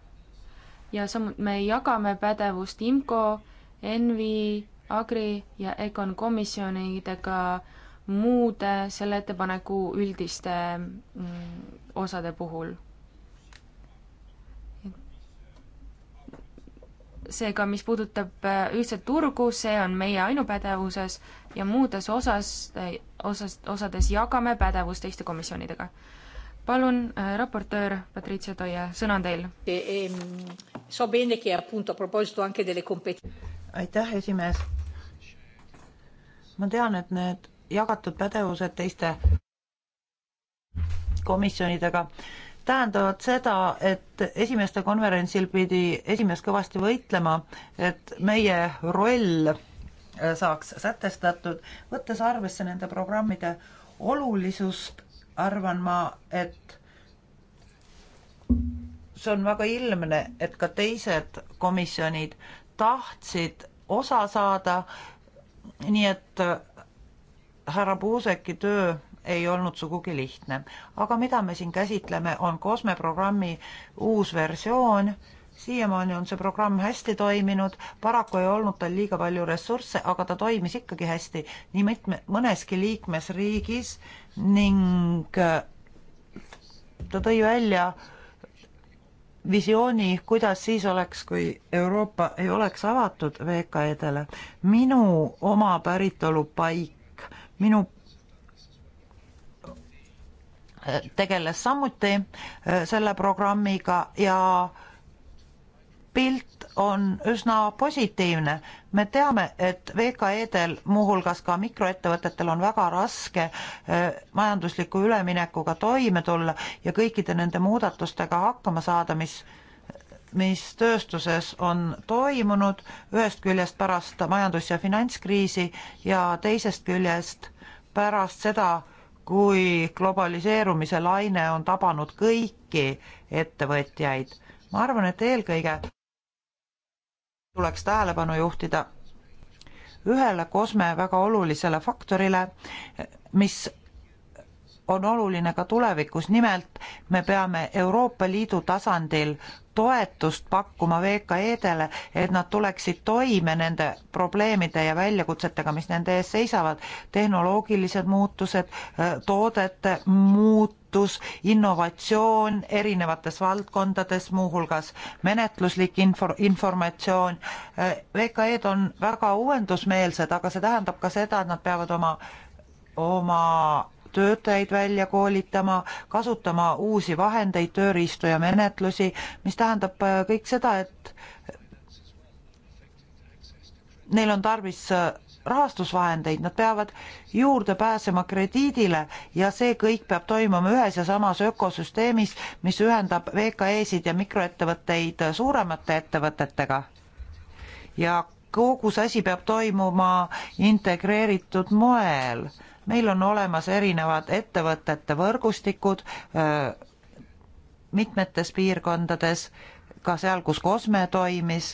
ja samuti me jagame pädevust IMCO, ENVI, Agri ja EGON komisjonidega muude selle ettepaneku üldiste mm, osade puhul seega, mis puudutab äh, ühtset turgu, see on meie ainupädevuses ja muudes osas, osas, osades jagame pädevust teiste komisjonidega palun, äh, raportöör Patricia Toie, sõna on teil. E, e, aitäh, esimees. ma tean, et need jagatud pädevused teiste komisjonidega tähendavad seda, et esimeste konverentsil pidi esimees kõvasti võitlema, et meie roll äh, saaks sätestatud, võttes arvesse nende programmide olulisust arvan ma, et see on väga ilmne, et ka teised komisjonid tahtsid osa saada. nii et äh, härra Puuseki töö ei olnud sugugi lihtne, aga mida me siin käsitleme, on kosmeprogrammi uus versioon siiamaani on see programm hästi toiminud, paraku ei olnud tal liiga palju ressursse, aga ta toimis ikkagi hästi nii mitme, mõneski liikmesriigis ning äh, ta tõi välja visiooni, kuidas siis oleks, kui Euroopa ei oleks avatud VKE-dele. minu oma päritolupaik, minu äh, tegeles samuti äh, selle programmiga ja äh, pilt on üsna positiivne. me teame, et VKE-del, muuhulgas ka mikroettevõtetel on väga raske äh, majandusliku üleminekuga toime tulla ja kõikide nende muudatustega hakkama saada, mis mis tööstuses on toimunud ühest küljest pärast majandus- ja finantskriisi ja teisest küljest pärast seda, kui globaliseerumise laine on tabanud kõiki ettevõtjaid. ma arvan, et eelkõige tuleks tähelepanu juhtida ühele kosme väga olulisele faktorile, mis on oluline ka tulevikus, nimelt me peame Euroopa Liidu tasandil toetust pakkuma VKE-dele, et nad tuleksid toime nende probleemide ja väljakutsetega, mis nende ees seisavad, tehnoloogilised muutused, toodete muutus, innovatsioon erinevates valdkondades, muuhulgas menetluslik info, informatsioon. VKE-d on väga uuendusmeelsed, aga see tähendab ka seda, et nad peavad oma, oma töötajaid välja koolitama, kasutama uusi vahendeid, tööriistu ja menetlusi, mis tähendab äh, kõik seda, et neil on tarvis äh, rahastusvahendeid, nad peavad juurde pääsema krediidile ja see kõik peab toimuma ühes ja samas ökosüsteemis, mis ühendab VKE-sid ja mikroettevõtteid äh, suuremate ettevõtetega. ja kogu see asi peab toimuma integreeritud moel meil on olemas erinevad ettevõtete võrgustikud mitmetes piirkondades, ka seal, kus Kosme toimis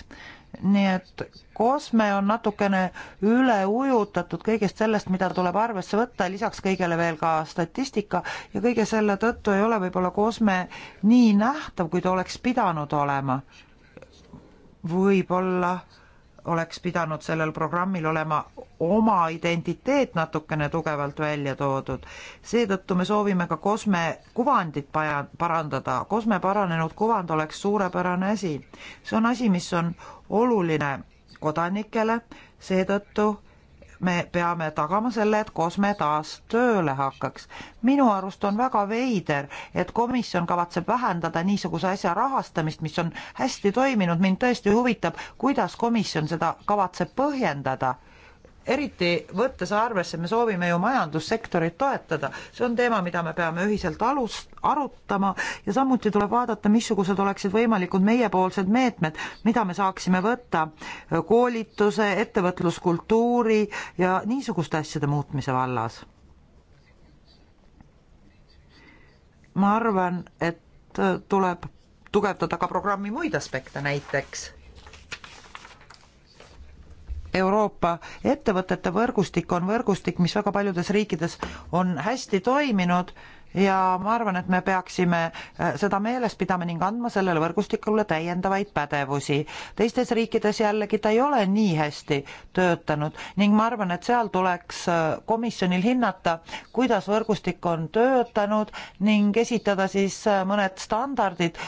nii et Kosme on natukene üle ujutatud kõigest sellest, mida tuleb arvesse võtta, lisaks kõigele veel ka statistika ja kõige selle tõttu ei ole võib-olla Kosme nii nähtav, kui ta oleks pidanud olema. võib-olla oleks pidanud sellel programmil olema oma identiteet natukene tugevalt välja toodud. seetõttu me soovime ka kosme kuvandit paja, parandada. kosme paranenud kuvand oleks suurepärane asi. see on asi, mis on oluline kodanikele, seetõttu me peame tagama selle, et Kosme taas tööle hakkaks. minu arust on väga veider, et komisjon kavatseb vähendada niisuguse asja rahastamist, mis on hästi toiminud, mind tõesti huvitab, kuidas komisjon seda kavatseb põhjendada eriti võttes arvesse, me soovime ju majandussektorit toetada, see on teema, mida me peame ühiselt alus, arutama ja samuti tuleb vaadata, missugused oleksid võimalikud meiepoolsed meetmed, mida me saaksime võtta koolituse, ettevõtluskultuuri ja niisuguste asjade muutmise vallas. ma arvan, et tuleb tugevdada ka programmi muid aspekte, näiteks Euroopa ettevõtete võrgustik on võrgustik, mis väga paljudes riikides on hästi toiminud ja ma arvan, et me peaksime äh, seda meeles pidama ning andma sellele võrgustikule täiendavaid pädevusi. teistes riikides jällegi ta ei ole nii hästi töötanud ning ma arvan, et seal tuleks äh, komisjonil hinnata, kuidas võrgustik on töötanud ning esitada siis äh, mõned standardid,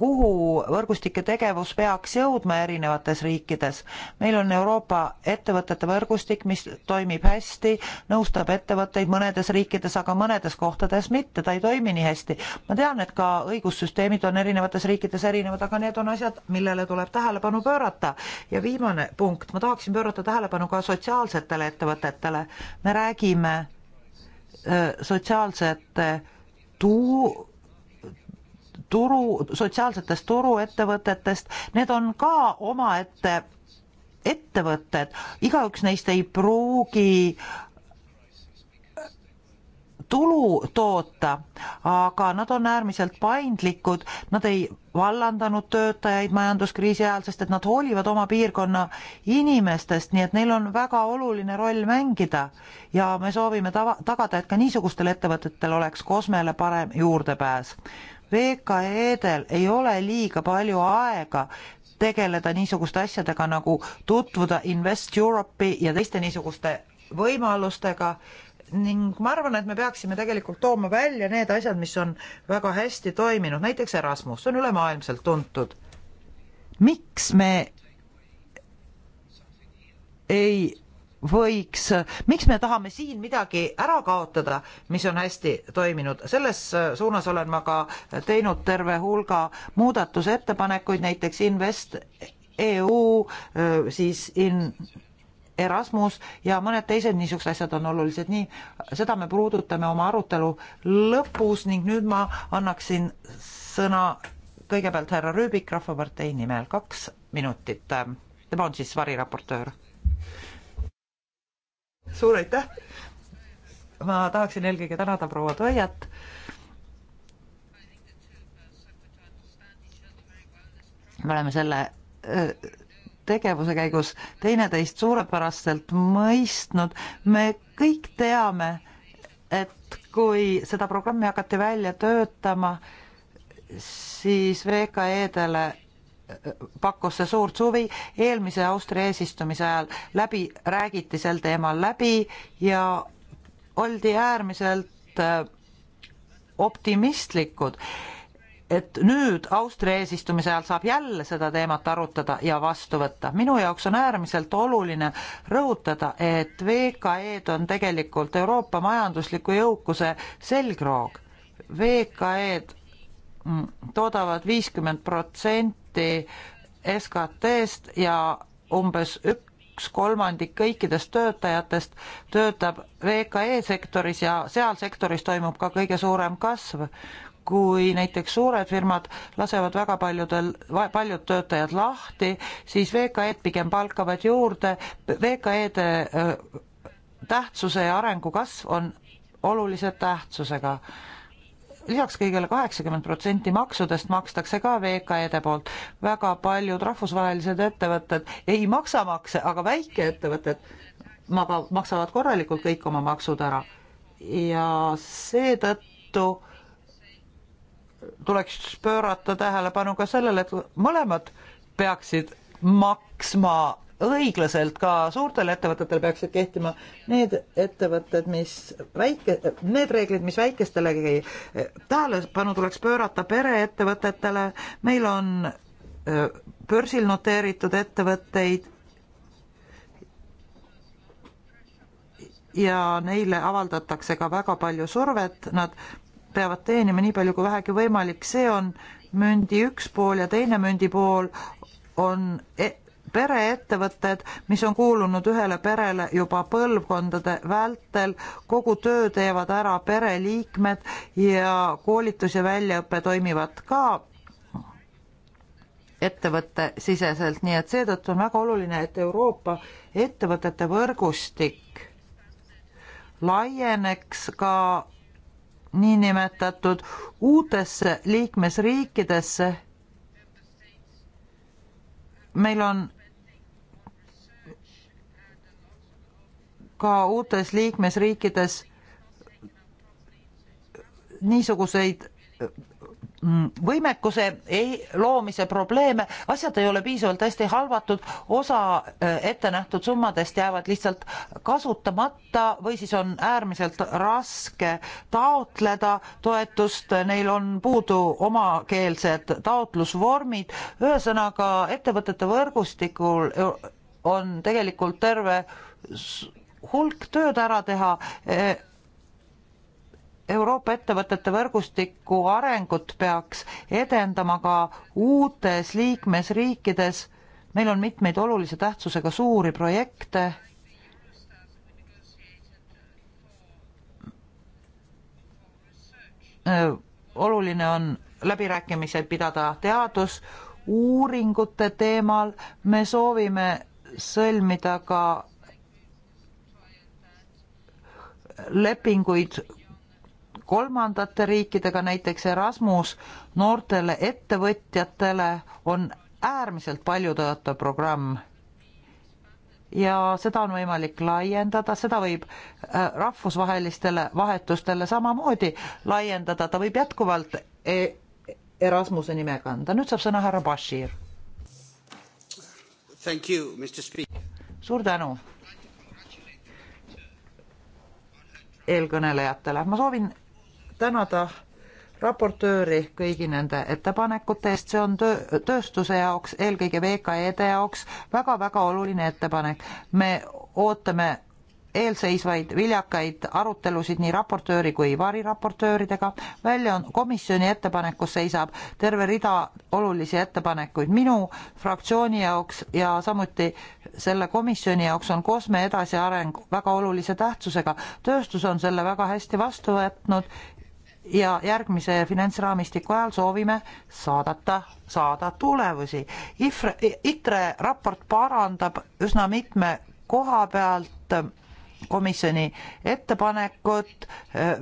kuhu võrgustike tegevus peaks jõudma erinevates riikides. meil on Euroopa ettevõtete võrgustik, mis toimib hästi, nõustab ettevõtteid mõnedes riikides, aga mõnedes kohtades mitte mitte, ta ei toimi nii hästi. ma tean, et ka õigussüsteemid on erinevates riikides erinevad, aga need on asjad, millele tuleb tähelepanu pöörata. ja viimane punkt, ma tahaksin pöörata tähelepanu ka sotsiaalsetele ettevõtetele. me räägime äh, sotsiaalsete tuu-, turu, sotsiaalsetest turuettevõtetest, need on ka omaette ettevõtted, igaüks neist ei pruugi äh, tulu toota, aga nad on äärmiselt paindlikud, nad ei vallandanud töötajaid majanduskriisi ajal, sest et nad hoolivad oma piirkonna inimestest, nii et neil on väga oluline roll mängida ja me soovime tava, tagada, et ka niisugustel ettevõtetel oleks kosmele parem juurdepääs. VKE-del ei ole liiga palju aega tegeleda niisuguste asjadega nagu tutvuda Invest Europe'i ja teiste niisuguste võimalustega ning ma arvan, et me peaksime tegelikult tooma välja need asjad, mis on väga hästi toiminud, näiteks Erasmus, see on ülemaailmselt tuntud. miks me ei võiks, miks me tahame siin midagi ära kaotada, mis on hästi toiminud, selles suunas olen ma ka teinud terve hulga muudatusettepanekuid, näiteks invest EU, siis in-, Erasmus ja mõned teised niisugused asjad on olulised, nii seda me puudutame oma arutelu lõpus ning nüüd ma annaksin sõna kõigepealt härra Rüübik Rahvapartei nimel, kaks minutit. tema on siis variraportöör. suur aitäh! ma tahaksin eelkõige tänada proua Toiat me oleme selle äh, tegevuse käigus teineteist suurepäraselt mõistnud. me kõik teame, et kui seda programmi hakati välja töötama, siis VKE-dele äh, pakkus see suurt suvi, eelmise Austria eesistumise ajal läbi, räägiti sel teemal läbi ja oldi äärmiselt äh, optimistlikud et nüüd Austria eesistumise ajal saab jälle seda teemat arutada ja vastu võtta. minu jaoks on äärmiselt oluline rõhutada, et VKE-d on tegelikult Euroopa majandusliku jõukuse selgroog. VKE-d mm, toodavad viiskümmend protsenti SKT-st ja umbes üks kolmandik kõikidest töötajatest töötab VKE sektoris ja seal sektoris toimub ka kõige suurem kasv kui näiteks suured firmad lasevad väga paljudel, paljud töötajad lahti, siis VKE-d pigem palkavad juurde, VKE-de tähtsuse ja arengu kasv on olulise tähtsusega lisaks kõigele kaheksakümmend protsenti maksudest makstakse ka VKE-de poolt. väga paljud rahvusvahelised ettevõtted ei maksa makse, aga väikeettevõtted maga-, maksavad korralikult kõik oma maksud ära. ja seetõttu tuleks pöörata tähelepanu ka sellele, et mõlemad peaksid maksma õiglaselt ka suurtel ettevõtetel peaksid kehtima need ettevõtted, mis väike, need reeglid, mis väikestelegi tähelepanu tuleks pöörata pereettevõtetele. meil on börsil noteeritud ettevõtteid ja neile avaldatakse ka väga palju survet, nad peavad teenima nii palju kui vähegi võimalik, see on mündi üks pool ja teine mündi pool on e pereettevõtted, mis on kuulunud ühele perele juba põlvkondade vältel, kogu töö teevad ära pereliikmed ja koolitus ja väljaõpe toimivad ka ettevõtte siseselt, nii et seetõttu on väga oluline, et Euroopa ettevõtete võrgustik laieneks ka niinimetatud uutesse liikmesriikidesse. meil on ka uutes liikmesriikides niisuguseid võimekuse ei, loomise probleeme, asjad ei ole piisavalt hästi halvatud, osa äh, ette nähtud summadest jäävad lihtsalt kasutamata või siis on äärmiselt raske taotleda toetust, neil on puudu omakeelsed taotlusvormid, ühesõnaga ettevõtete võrgustikul on tegelikult terve hulk tööd ära teha eh, Euroopa ettevõtete võrgustiku arengut peaks edendama ka uutes liikmesriikides. meil on mitmeid olulise tähtsusega suuri projekte. Äh, oluline on läbirääkimised pidada teadusuuringute teemal. me soovime sõlmida ka lepinguid kolmandate riikidega, näiteks Erasmus noortele ettevõtjatele on äärmiselt paljutõotav programm. ja seda on võimalik laiendada, seda võib äh, rahvusvahelistele vahetustele samamoodi laiendada, ta võib jätkuvalt e-, Erasmuse nime kanda. nüüd saab sõna härra Bashir. suur tänu eelkõnelejatele, ma soovin tänada raportööri kõigi nende ettepanekute eest, see on töö, tööstuse jaoks, eelkõige VKE-de jaoks väga-väga oluline ettepanek. me ootame eelseisvaid viljakaid arutelusid nii raportööri kui variraportööridega. välja on komisjoni ettepanekus seisab terve rida olulisi ettepanekuid minu fraktsiooni jaoks ja samuti selle komisjoni jaoks on kosme edasiareng väga olulise tähtsusega. tööstus on selle väga hästi vastu võtnud ja järgmise finantsraamistiku ajal soovime saadata, saada tulevusi. IFRE, ITRE raport parandab üsna mitme koha pealt komisjoni ettepanekut,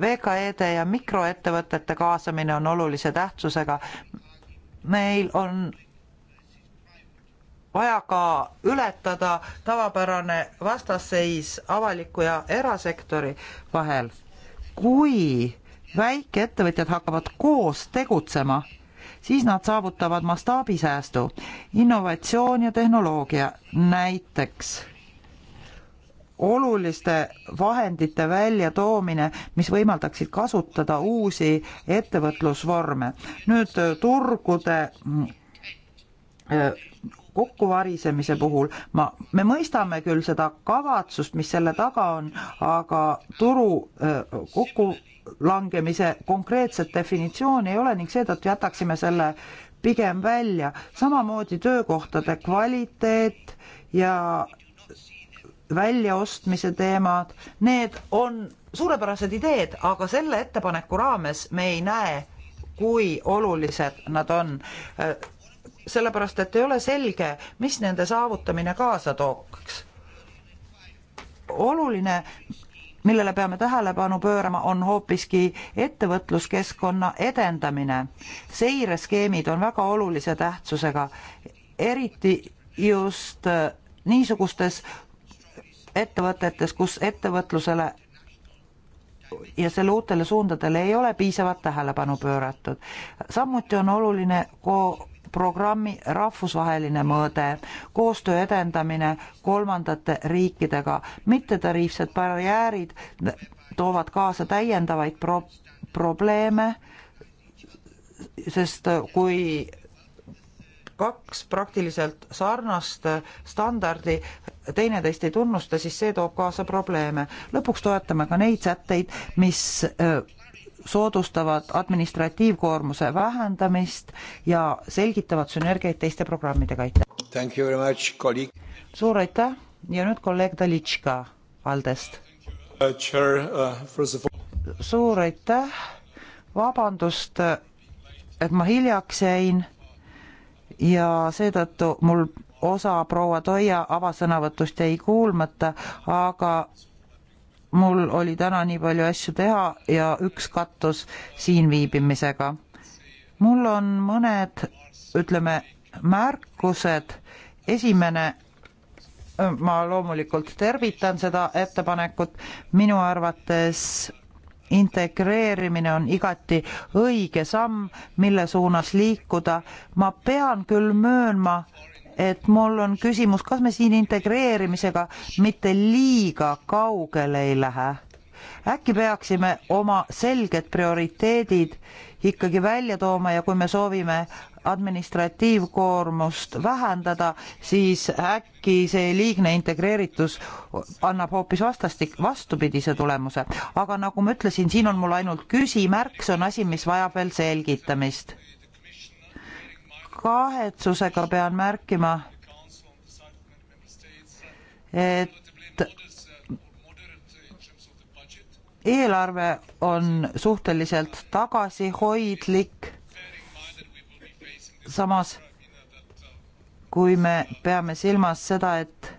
VKE-de ja mikroettevõtete kaasamine on olulise tähtsusega. meil on vaja ka ületada tavapärane vastasseis avaliku ja erasektori vahel. kui väikeettevõtjad hakkavad koos tegutsema, siis nad saavutavad mastaabisäästu, innovatsioon ja tehnoloogia, näiteks oluliste vahendite väljatoomine, mis võimaldaksid kasutada uusi ettevõtlusvorme. nüüd turgude mm, kokkuvarisemise puhul ma, me mõistame küll seda kavatsust, mis selle taga on, aga turu kokkulangemise konkreetset definitsiooni ei ole ning seetõttu jätaksime selle pigem välja. samamoodi töökohtade kvaliteet ja väljaostmise teemad, need on suurepärased ideed, aga selle ettepaneku raames me ei näe, kui olulised nad on sellepärast et ei ole selge, mis nende saavutamine kaasa tooks. oluline, millele peame tähelepanu pöörama, on hoopiski ettevõtluskeskkonna edendamine. seireskeemid on väga olulise tähtsusega, eriti just äh, niisugustes ettevõtetes, kus ettevõtlusele ja selle uutele suundadele ei ole piisavat tähelepanu pööratud. samuti on oluline ko programmi rahvusvaheline mõõde, koostöö edendamine kolmandate riikidega, mittetariifsed barjäärid toovad kaasa täiendavaid pro probleeme, sest kui kaks praktiliselt sarnast standardi teineteist ei tunnusta, siis see toob kaasa probleeme. lõpuks toetame ka neid sätteid, mis soodustavad administratiivkoormuse vähendamist ja selgitavad sünergiaid teiste programmidega, aitäh! suur aitäh ja nüüd kolleeg Talitška Valdest. Uh, uh, suur aitäh, vabandust, et ma hiljaks jäin ja seetõttu mul osa proua Toia avasõnavõtust jäi kuulmata, aga mul oli täna nii palju asju teha ja üks kattus siin viibimisega. mul on mõned, ütleme, märkused. esimene, ma loomulikult tervitan seda ettepanekut, minu arvates integreerimine on igati õige samm, mille suunas liikuda. ma pean küll möönma, et mul on küsimus, kas me siin integreerimisega mitte liiga kaugele ei lähe? äkki peaksime oma selged prioriteedid ikkagi välja tooma ja kui me soovime administratiivkoormust vähendada, siis äkki see liigne integreeritus annab hoopis vastastik, vastupidise tulemuse. aga nagu ma ütlesin, siin on mul ainult küsimärk, see on asi, mis vajab veel selgitamist kahetsusega pean märkima, et eelarve on suhteliselt tagasihoidlik, samas kui me peame silmas seda, et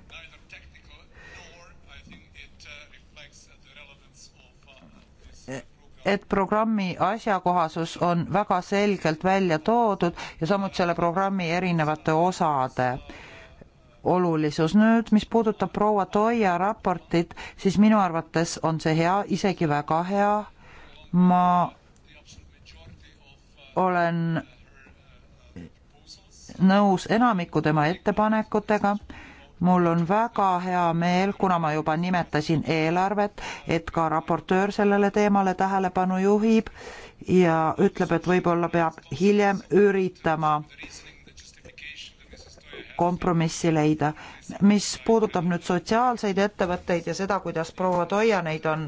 et programmi asjakohasus on väga selgelt välja toodud ja samuti selle programmi erinevate osade olulisus. nüüd, mis puudutab proua Toia raportit, siis minu arvates on see hea, isegi väga hea. ma olen nõus enamiku tema ettepanekutega mul on väga hea meel, kuna ma juba nimetasin eelarvet, et ka raportöör sellele teemale tähelepanu juhib ja ütleb, et võib-olla peab hiljem üritama äh, kompromissi leida. mis puudutab nüüd sotsiaalseid ettevõtteid ja seda, kuidas proua Toia neid on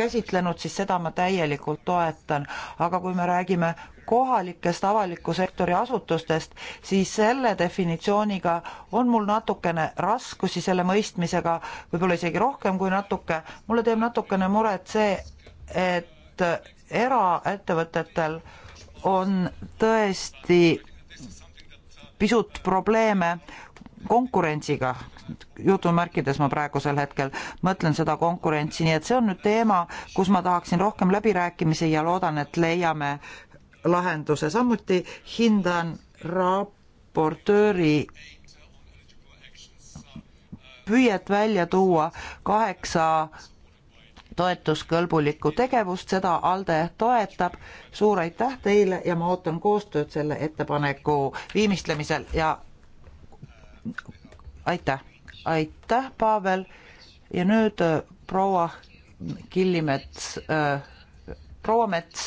käsitlenud, siis seda ma täielikult toetan, aga kui me räägime kohalikest avaliku sektori asutustest, siis selle definitsiooniga on mul natukene raskusi selle mõistmisega, võib-olla isegi rohkem kui natuke. mulle teeb natukene muret see, et eraettevõtetel on tõesti pisut probleeme konkurentsiga, jutumärkides ma praegusel hetkel mõtlen seda konkurentsi, nii et see on nüüd teema, kus ma tahaksin rohkem läbirääkimisi ja loodan, et leiame lahenduse, samuti hindan raportööri püüet välja tuua kaheksa toetuskõlbulikku tegevust, seda ALDE toetab. suur aitäh teile ja ma ootan koostööd selle ettepaneku viimistlemisel ja aitäh, aitäh, Pavel. ja nüüd äh, proua Killimets äh,, proua Mets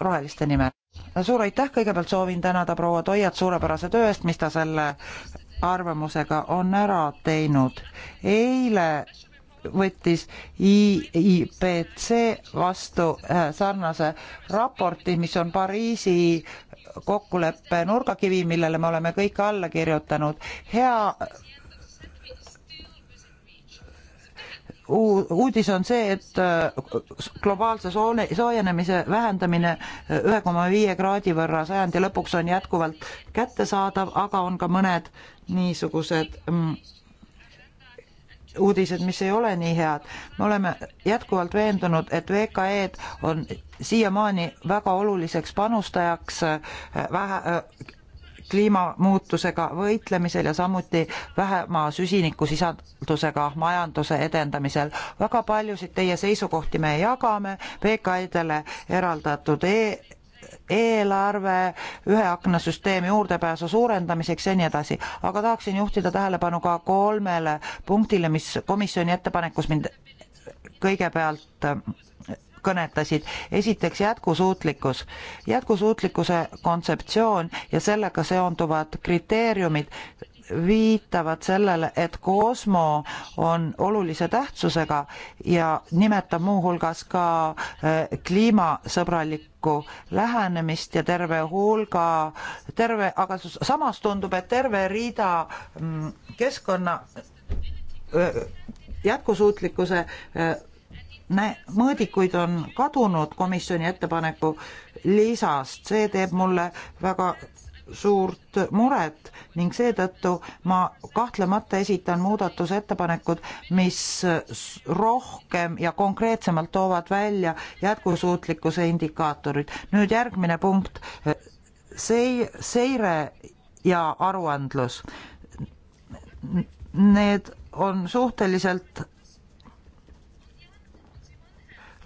roheliste nimel. suur aitäh, kõigepealt soovin tänada proua Toiat suurepärase töö eest, mis ta selle arvamusega on ära teinud. eile võttis IIPC vastu äh, sarnase raporti, mis on Pariisi kokkuleppe nurgakivi, millele me oleme kõik alla kirjutanud. hea uudis on see, et äh, globaalse soojenemise vähendamine äh, ühe koma viie kraadi võrra sajandi lõpuks on jätkuvalt kättesaadav, aga on ka mõned niisugused mm, uudised, mis ei ole nii head. me oleme jätkuvalt veendunud, et VKE-d on siiamaani väga oluliseks panustajaks äh, vähe äh, kliimamuutusega võitlemisel ja samuti vähema süsinikusisaldusega majanduse edendamisel. väga paljusid teie seisukohti me jagame, VKI-dele eraldatud e eelarve ühe akna süsteemi juurdepääsu suurendamiseks ja nii edasi. aga tahaksin juhtida tähelepanu ka kolmele punktile, mis komisjoni ettepanekus mind kõigepealt äh, kõnetasid. esiteks jätkusuutlikkus, jätkusuutlikkuse kontseptsioon ja sellega seonduvad kriteeriumid viitavad sellele, et kosmo on olulise tähtsusega ja nimetab muuhulgas ka äh, kliimasõbralik avalikku lähenemist ja terve hulga, terve, aga samas tundub, et terve rida mm, keskkonna jätkusuutlikkuse nä-, mõõdikuid on kadunud komisjoni ettepaneku lisast, see teeb mulle väga suurt muret ning seetõttu ma kahtlemata esitan muudatusettepanekud, mis rohkem ja konkreetsemalt toovad välja jätkusuutlikkuse indikaatorid. nüüd järgmine punkt, sei-, seire ja aruandlus. Need on suhteliselt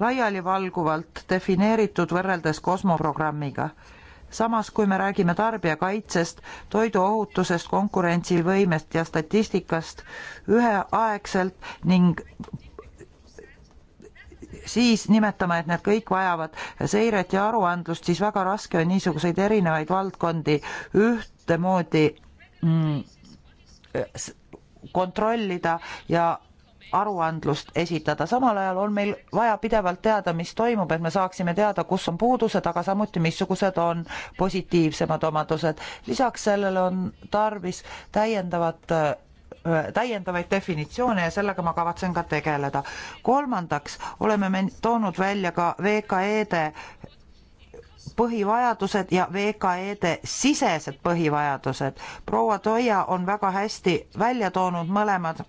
laialivalguvalt defineeritud võrreldes kosmoprogrammiga samas, kui me räägime tarbijakaitsest, toiduohutusest, konkurentsivõimest ja statistikast üheaegselt ning siis nimetame, et need kõik vajavad seiret ja aruandlust, siis väga raske on niisuguseid erinevaid valdkondi ühtemoodi mm, kontrollida ja aruandlust esitada. samal ajal on meil vaja pidevalt teada, mis toimub, et me saaksime teada, kus on puudused, aga samuti, missugused on positiivsemad omadused. lisaks sellele on tarvis täiendavat äh, täiendavaid definitsioone ja sellega ma kavatsen ka tegeleda. kolmandaks oleme me toonud välja ka VKE-de põhivajadused ja VKE-de sisesed põhivajadused. proua Toia on väga hästi välja toonud mõlemad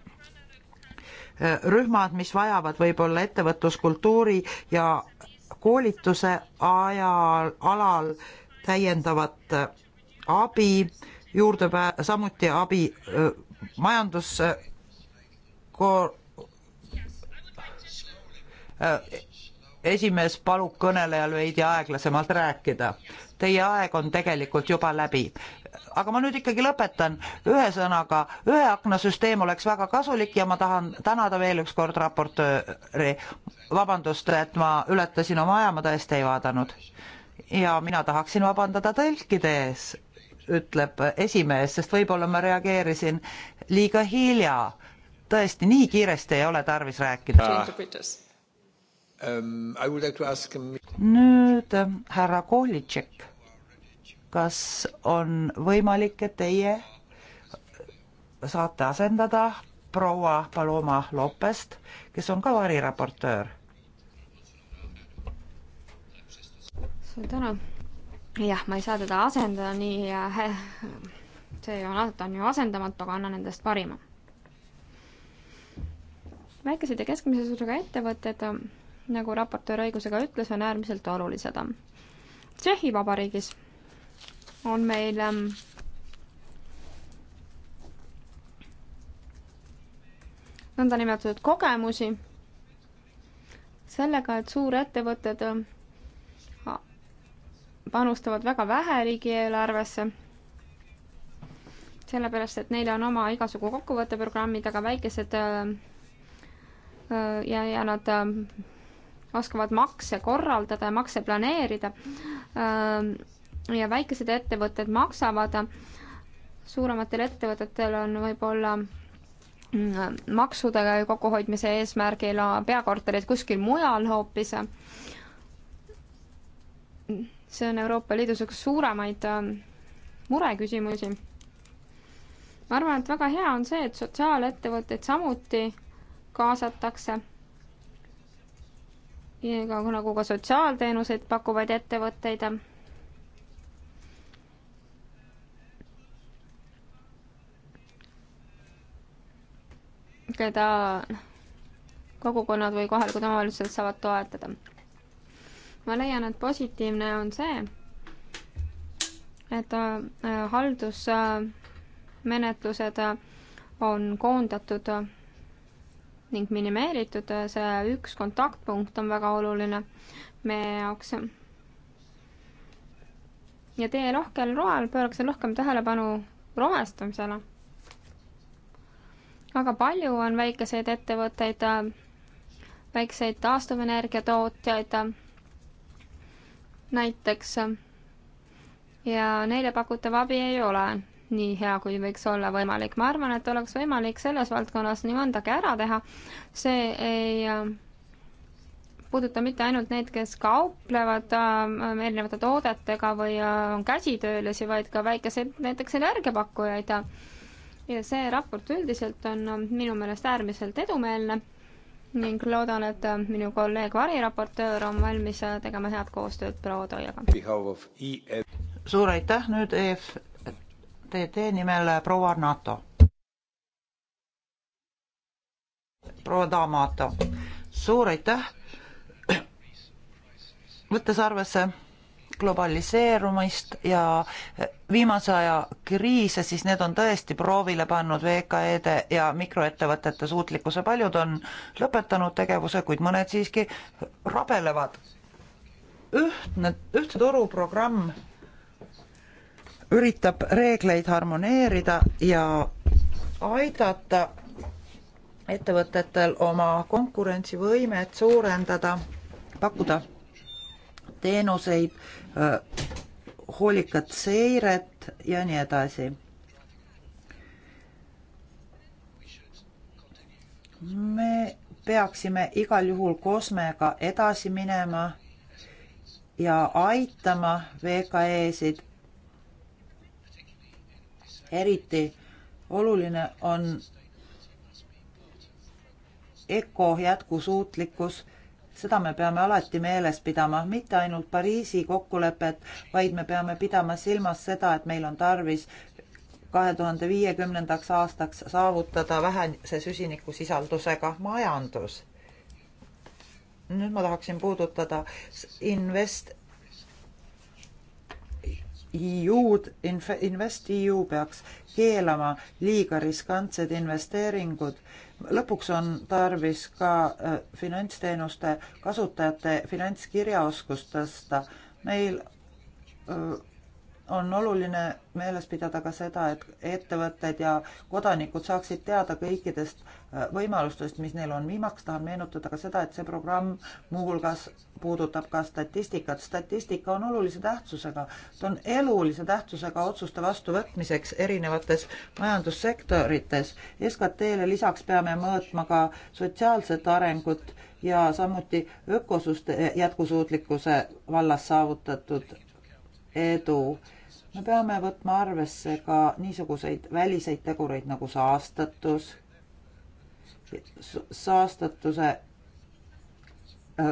Äh, rühmad, mis vajavad võib-olla ettevõtluskultuuri ja koolituse ajal, alal täiendavat äh, abi, juurdepää-, samuti abi äh, majandus ko-, esimees palub kõnelejal veidi aeglasemalt rääkida. Teie aeg on tegelikult juba läbi aga ma nüüd ikkagi lõpetan. ühesõnaga, ühe akna süsteem oleks väga kasulik ja ma tahan tänada veel ükskord raportööri. vabandust, et ma ületasin oma aja, ma tõesti ei vaadanud. ja mina tahaksin vabandada tõlkide ees, ütleb esimees, sest võib-olla ma reageerisin liiga hilja. tõesti, nii kiiresti ei ole tarvis rääkida um,. Like ask... nüüd äh, härra Kohlitšek kas on võimalik, et teie saate asendada proua Paloma Lopest, kes on ka variraportöör? suur tänu. jah, ma ei saa teda asendada nii äh,, see on, ta on ju asendamatu, aga annan endast parima. väikesed ja keskmise suurusega ettevõtted, äh, nagu raportöör õigusega ütles, on äärmiselt olulised. Äh. Tšehhi Vabariigis on meil ähm, nõndanimetatud kogemusi sellega, et suurettevõtted äh, panustavad väga vähe riigieelarvesse, sellepärast et neil on oma igasugu kokkuvõtteprogrammid, aga väikesed äh, äh, ja, ja nad oskavad makse korraldada ja makse planeerida ja väikesed ettevõtted maksavad, suurematel ettevõtetel on võib-olla mm, maksude kokkuhoidmise eesmärgil peakorterid kuskil mujal hoopis. see on Euroopa Liidus üks suuremaid mm, mureküsimusi. ma arvan, et väga hea on see, et sotsiaalettevõtteid samuti kaasatakse. nagu ka sotsiaalteenuseid pakkuvaid ettevõtteid keda noh, kogukonnad või kohalikud omavalitsused saavad toetada. ma leian, et positiivne on see, et äh, haldusmenetlused äh, on koondatud äh, ning minimeeritud, see üks kontaktpunkt on väga oluline meie jaoks. ja tee rohkel roal pööraksin rohkem tähelepanu rohestamisele väga palju on väikeseid ettevõtteid, väikseid taastuvenergia tootjaid näiteks ja neile pakutav abi ei ole nii hea, kui võiks olla võimalik. ma arvan, et oleks võimalik selles valdkonnas nii mõndagi ära teha. see ei äh, puuduta mitte ainult neid, kes kauplevad äh, erinevate toodetega või äh, on käsitöölisi, vaid ka väikeseid näiteks energiapakkujaid äh, ja see raport üldiselt on ähm, minu meelest äärmiselt edumeelne ning loodan, et äh, minu kolleeg variraportöör on valmis äh, tegema head koostööd proua Toiaga. suur aitäh nüüd EFTT nimel äh, proua Arnato. proua Damato, suur aitäh. võttes arvesse globaliseerumist ja viimase aja kriise, siis need on tõesti proovile pannud VKE-de ja mikroettevõtete suutlikkuse. paljud on lõpetanud tegevuse, kuid mõned siiski rabelevad. ühtne, ühtse turu programm üritab reegleid harmoneerida ja aidata ettevõtetel oma konkurentsivõimet suurendada, pakkuda teenuseid Äh, hoolikat seiret ja nii edasi. me peaksime igal juhul kosmega edasi minema ja aitama VKE-sid. eriti oluline on öko jätkusuutlikkus seda me peame alati meeles pidama, mitte ainult Pariisi kokkulepet, vaid me peame pidama silmas seda, et meil on tarvis kahe tuhande viiekümnendaks aastaks saavutada vähese süsinikusisaldusega majandus. nüüd ma tahaksin puudutada invest EU-d, InvestEU peaks keelama liiga riskantsed investeeringud. lõpuks on tarvis ka äh, finantsteenuste kasutajate finantskirjaoskust tõsta. meil äh, on oluline meeles pidada ka seda, et ettevõtted ja kodanikud saaksid teada kõikidest Äh, võimalustest, mis neil on. viimaks tahan meenutada ka seda, et see programm muuhulgas puudutab ka statistikat. statistika on olulise tähtsusega, ta on elulise tähtsusega otsuste vastuvõtmiseks erinevates majandussektorites. SKT-le lisaks peame mõõtma ka sotsiaalset arengut ja samuti ökosuste jätkusuutlikkuse vallas saavutatud edu me peame võtma arvesse ka niisuguseid väliseid tegureid nagu saastatus, saastatuse äh,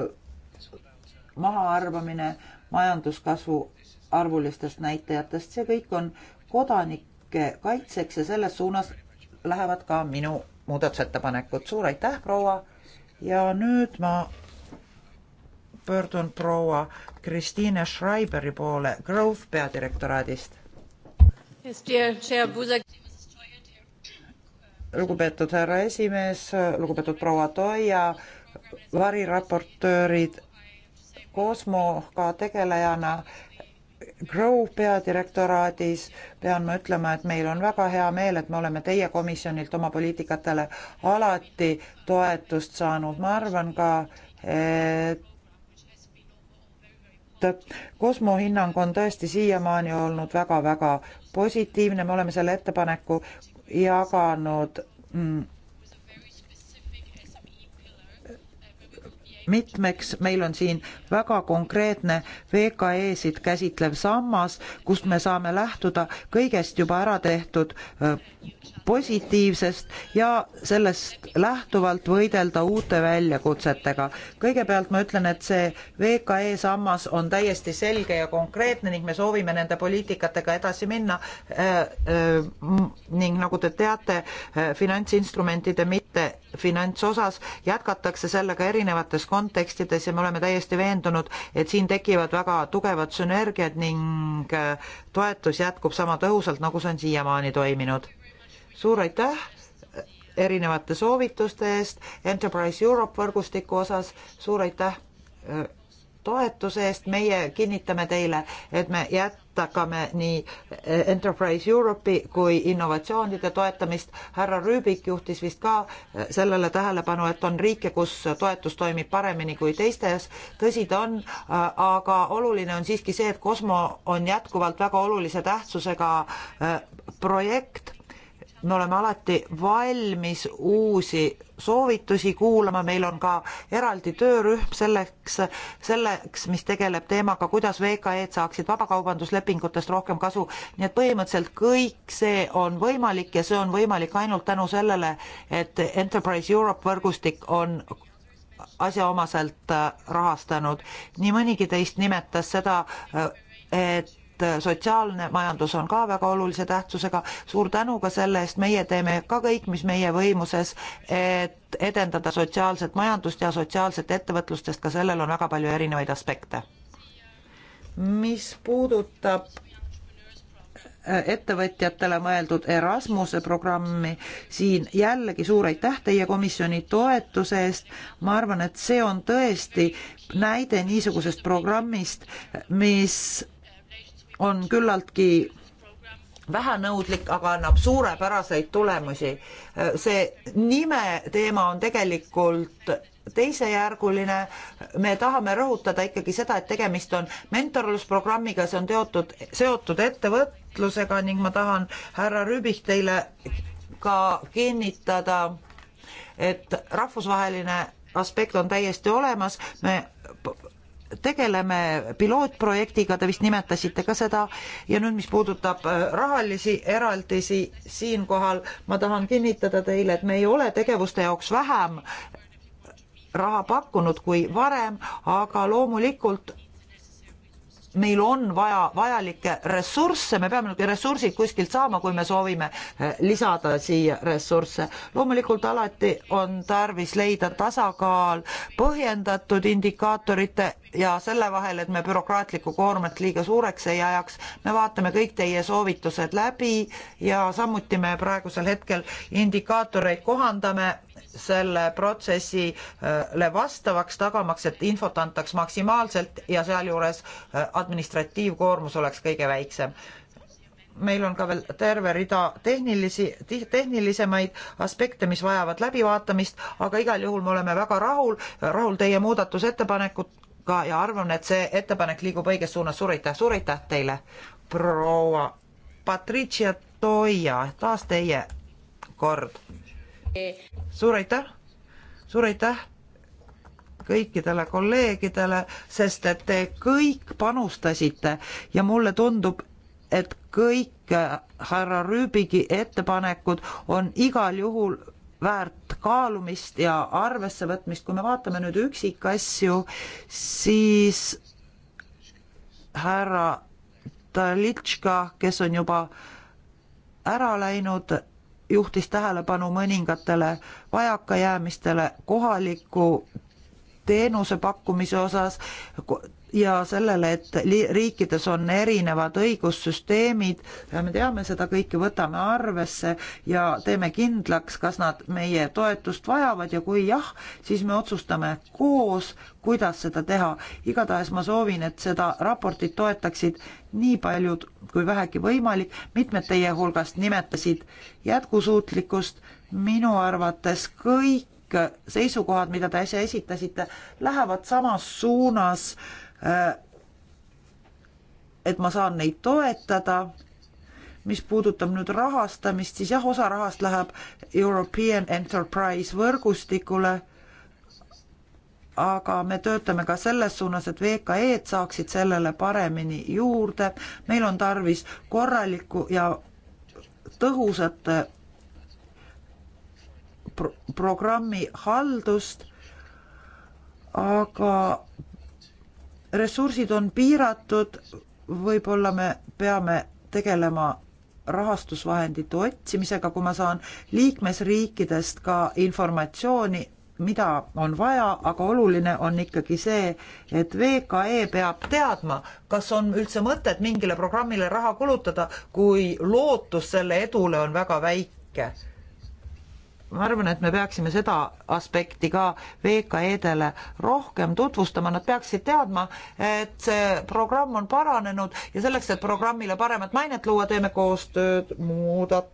mahaarvamine majanduskasvu arvulistest näitajatest, see kõik on kodanike kaitseks ja selles suunas lähevad ka minu muudatusettepanekud. suur aitäh, proua! ja nüüd ma pöördun proua Kristiine Schreiberi poole Growth peadirektoraadist. Yes, dear Chair Buzek, lugupeetud härra esimees, lugupeetud proua Toia, variraportöörid, Kosmoga tegelejana Grow peadirektoraadis pean ma ütlema, et meil on väga hea meel, et me oleme teie komisjonilt oma poliitikatele alati toetust saanud, ma arvan ka, et Kosmo hinnang on tõesti siiamaani olnud väga-väga positiivne, me oleme selle ettepaneku jaganud mm, mitmeks, meil on siin väga konkreetne VKE-sid käsitlev sammas, kust me saame lähtuda kõigest juba ära tehtud positiivsest ja sellest lähtuvalt võidelda uute väljakutsetega. kõigepealt ma ütlen, et see VKE sammas on täiesti selge ja konkreetne ning me soovime nende poliitikatega edasi minna ning nagu te teate, finantsinstrumentide mitte finantsosas jätkatakse sellega erinevates kontekstides ja me oleme täiesti veendunud, et siin tekivad väga tugevad sünergiad ning äh, toetus jätkub sama tõhusalt, nagu see on siiamaani toiminud. suur aitäh äh, erinevate soovituste eest Enterprise Europe võrgustiku osas, suur aitäh äh, toetuse eest, meie kinnitame teile, et me jät-, toetame nii Enterprise Europe'i kui innovatsioonide toetamist. härra Rüübik juhtis vist ka sellele tähelepanu, et on riike, kus toetus toimib paremini kui teistes, tõsi ta on, aga oluline on siiski see, et Kosmo on jätkuvalt väga olulise tähtsusega eh, projekt me oleme alati valmis uusi soovitusi kuulama, meil on ka eraldi töörühm selleks, selleks, mis tegeleb teemaga, kuidas VKE-d saaksid vabakaubanduslepingutest rohkem kasu. nii et põhimõtteliselt kõik see on võimalik ja see on võimalik ainult tänu sellele, et Enterprise Europe võrgustik on asjaomaselt äh, rahastanud. nii mõnigi teist nimetas seda, äh, et et äh, sotsiaalne majandus on ka väga olulise tähtsusega. suur tänu ka selle eest, meie teeme ka kõik, mis meie võimuses, et edendada sotsiaalset majandust ja sotsiaalset ettevõtlust, sest ka sellel on väga palju erinevaid aspekte. mis puudutab äh, ettevõtjatele mõeldud Erasmuse programmi. siin jällegi suur aitäh teie komisjoni toetuse eest. ma arvan, et see on tõesti näide niisugusest programmist, mis on küllaltki vähenõudlik, aga annab suurepäraseid tulemusi. see nime teema on tegelikult teisejärguline, me tahame rõhutada ikkagi seda, et tegemist on mentorlusprogrammiga, see on teotud, seotud ettevõtlusega ning ma tahan, härra Rüübich, teile ka kinnitada, et rahvusvaheline aspekt on täiesti olemas, me tegeleme pilootprojektiga, te vist nimetasite ka seda, ja nüüd, mis puudutab äh, rahalisi eraldisi, siinkohal ma tahan kinnitada teile, et me ei ole tegevuste jaoks vähem raha pakkunud kui varem, aga loomulikult meil on vaja vajalikke ressursse, me peame ressursid kuskilt saama, kui me soovime eh, lisada siia ressursse. loomulikult alati on tarvis leida tasakaal põhjendatud indikaatorite ja selle vahel, et me bürokraatlikku koormat liiga suureks ei ajaks. me vaatame kõik teie soovitused läbi ja samuti me praegusel hetkel indikaatoreid kohandame selle protsessile vastavaks, tagamaks, et infot antaks maksimaalselt ja sealjuures äh, administratiivkoormus oleks kõige väiksem meil on ka veel terve rida tehnilisi, tehnilisemaid aspekte, mis vajavad läbivaatamist, aga igal juhul me oleme väga rahul, rahul teie muudatusettepanekuga ja arvan, et see ettepanek liigub õiges suunas. suur aitäh, suur aitäh teile, proua Patricia Toia, taas teie kord suur aitäh, suur aitäh kõikidele kolleegidele, sest et te kõik panustasite ja mulle tundub, et kõik äh, härra Rüübigi ettepanekud on igal juhul väärt kaalumist ja arvesse võtmist, kui me vaatame nüüd üksikasju, siis härra Talitška, kes on juba ära läinud, juhtis tähelepanu mõningatele vajakajäämistele kohaliku teenuse pakkumise osas ja sellele, et riikides on erinevad õigussüsteemid, me teame seda kõike, võtame arvesse ja teeme kindlaks, kas nad meie toetust vajavad ja kui jah, siis me otsustame koos, kuidas seda teha. igatahes ma soovin, et seda raportit toetaksid nii paljud kui vähegi võimalik, mitmed teie hulgast nimetasid jätkusuutlikkust, minu arvates kõik seisukohad, mida te äsja esitasite, lähevad samas suunas äh, Äh, et ma saan neid toetada. mis puudutab nüüd rahastamist, siis jah, osa rahast läheb European Enterprise võrgustikule. aga me töötame ka selles suunas, et VKE-d saaksid sellele paremini juurde. meil on tarvis korralikku ja tõhusat äh, pro programmi haldust, aga ressursid on piiratud, võib-olla me peame tegelema rahastusvahendite otsimisega, kui ma saan liikmesriikidest ka informatsiooni, mida on vaja, aga oluline on ikkagi see, et VKE peab teadma, kas on üldse mõtet mingile programmile raha kulutada, kui lootus selle edule on väga väike ma arvan, et me peaksime seda aspekti ka VKE-dele rohkem tutvustama, nad peaksid teadma, et see programm on paranenud ja selleks, et programmile paremat mainet luua, teeme koostööd muudat-,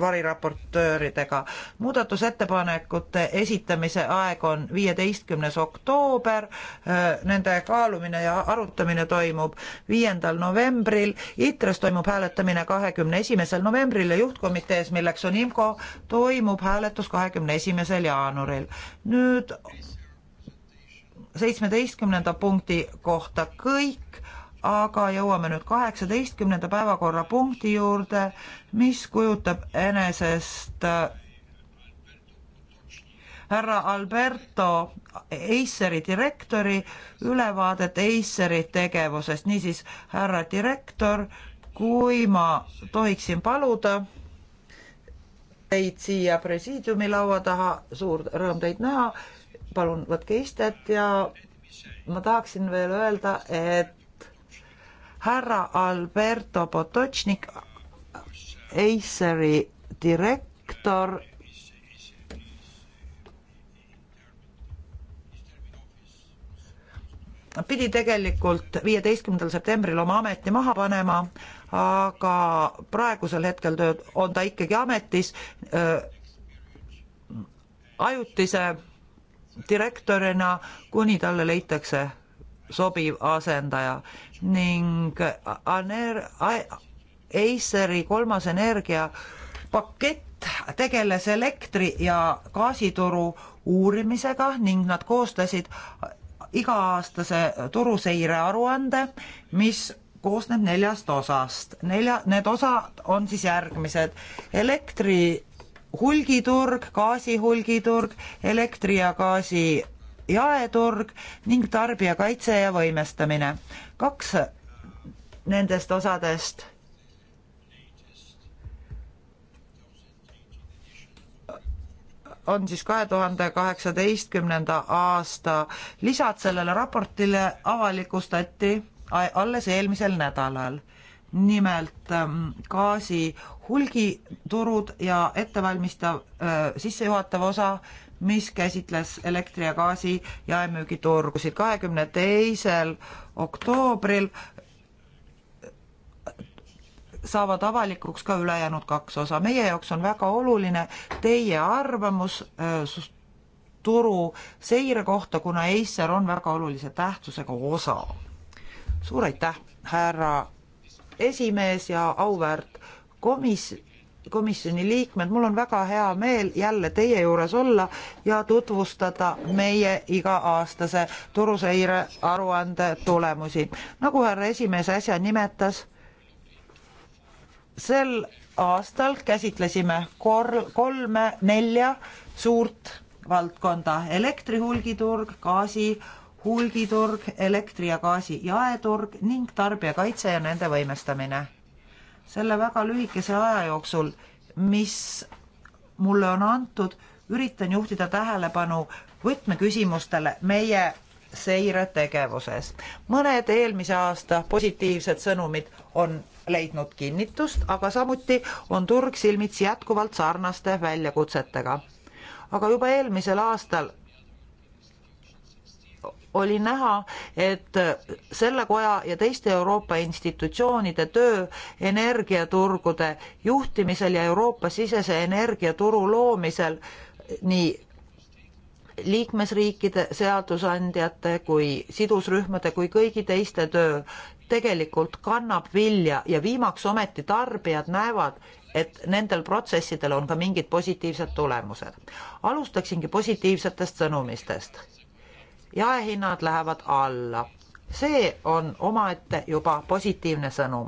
variraportööridega. muudatusettepanekute esitamise aeg on viieteistkümnes oktoober, nende kaalumine ja arutamine toimub viiendal novembril, ITRE-s toimub hääletamine kahekümne esimesel novembril ja juhtkomitees, milleks on IMCO, toimub hääletamine hääletus kahekümne esimesel jaanuaril. nüüd seitsmeteistkümnenda punkti kohta kõik, aga jõuame nüüd kaheksateistkümnenda päevakorrapunkti juurde, mis kujutab enesest äh, härra Alberto Eisseri direktori ülevaadet Eisseri tegevusest. niisiis, härra direktor, kui ma tohiksin paluda teid siia presiidiumi laua taha, suur rõõm teid näha. palun võtke istet ja ma tahaksin veel öelda, et härra Alberto Potočnik, Aceri direktor, pidi tegelikult viieteistkümnendal septembril oma ameti maha panema aga praegusel hetkel on ta ikkagi ametis äh, ajutise direktorina, kuni talle leitakse sobiv asendaja ning Aner-, Aceri kolmas energiapakett tegeles elektri- ja gaasituru uurimisega ning nad koostasid iga-aastase turuseire aruande, mis koosneb neljast osast. nelja, need osad on siis järgmised. elektri hulgiturg, gaasi hulgiturg, elektri ja gaasi jaeturg ning tarbijakaitse ja võimestamine. kaks nendest osadest on siis kahe tuhande kaheksateistkümnenda aasta lisad sellele raportile avalikustati alles eelmisel nädalal. nimelt ähm, gaasi hulgiturud ja ettevalmistav äh, sissejuhatav osa, mis käsitles elektri ja gaasi jaemüügiturgusid kahekümne teisel oktoobril äh, saavad avalikuks ka ülejäänud kaks osa. meie jaoks on väga oluline teie arvamus äh, turu seire kohta, kuna Acer on väga olulise tähtsusega osa suur aitäh, härra esimees ja auväärt komis-, komisjoni liikmed, mul on väga hea meel jälle teie juures olla ja tutvustada meie iga-aastase turuseire aruande tulemusi. nagu härra esimees äsja nimetas, sel aastal käsitlesime kor-, kolme-nelja suurt valdkonda, elektrihulgiturg, gaasi, hulgiturg, elektri ja gaasi jaeturg ning tarbijakaitse ja nende võimestamine. selle väga lühikese aja jooksul, mis mulle on antud, üritan juhtida tähelepanu võtmeküsimustele meie seiretegevuses. mõned eelmise aasta positiivsed sõnumid on leidnud kinnitust, aga samuti on turg silmitsi jätkuvalt sarnaste väljakutsetega. aga juba eelmisel aastal oli näha, et selle koja ja teiste Euroopa institutsioonide töö energiaturgude juhtimisel ja Euroopa-sisese energiaturu loomisel nii liikmesriikide seadusandjate kui sidusrühmade kui kõigi teiste töö tegelikult kannab vilja ja viimaks ometi tarbijad näevad, et nendel protsessidel on ka mingid positiivsed tulemused. alustaksingi positiivsetest sõnumistest jaehinnad lähevad alla. see on omaette juba positiivne sõnum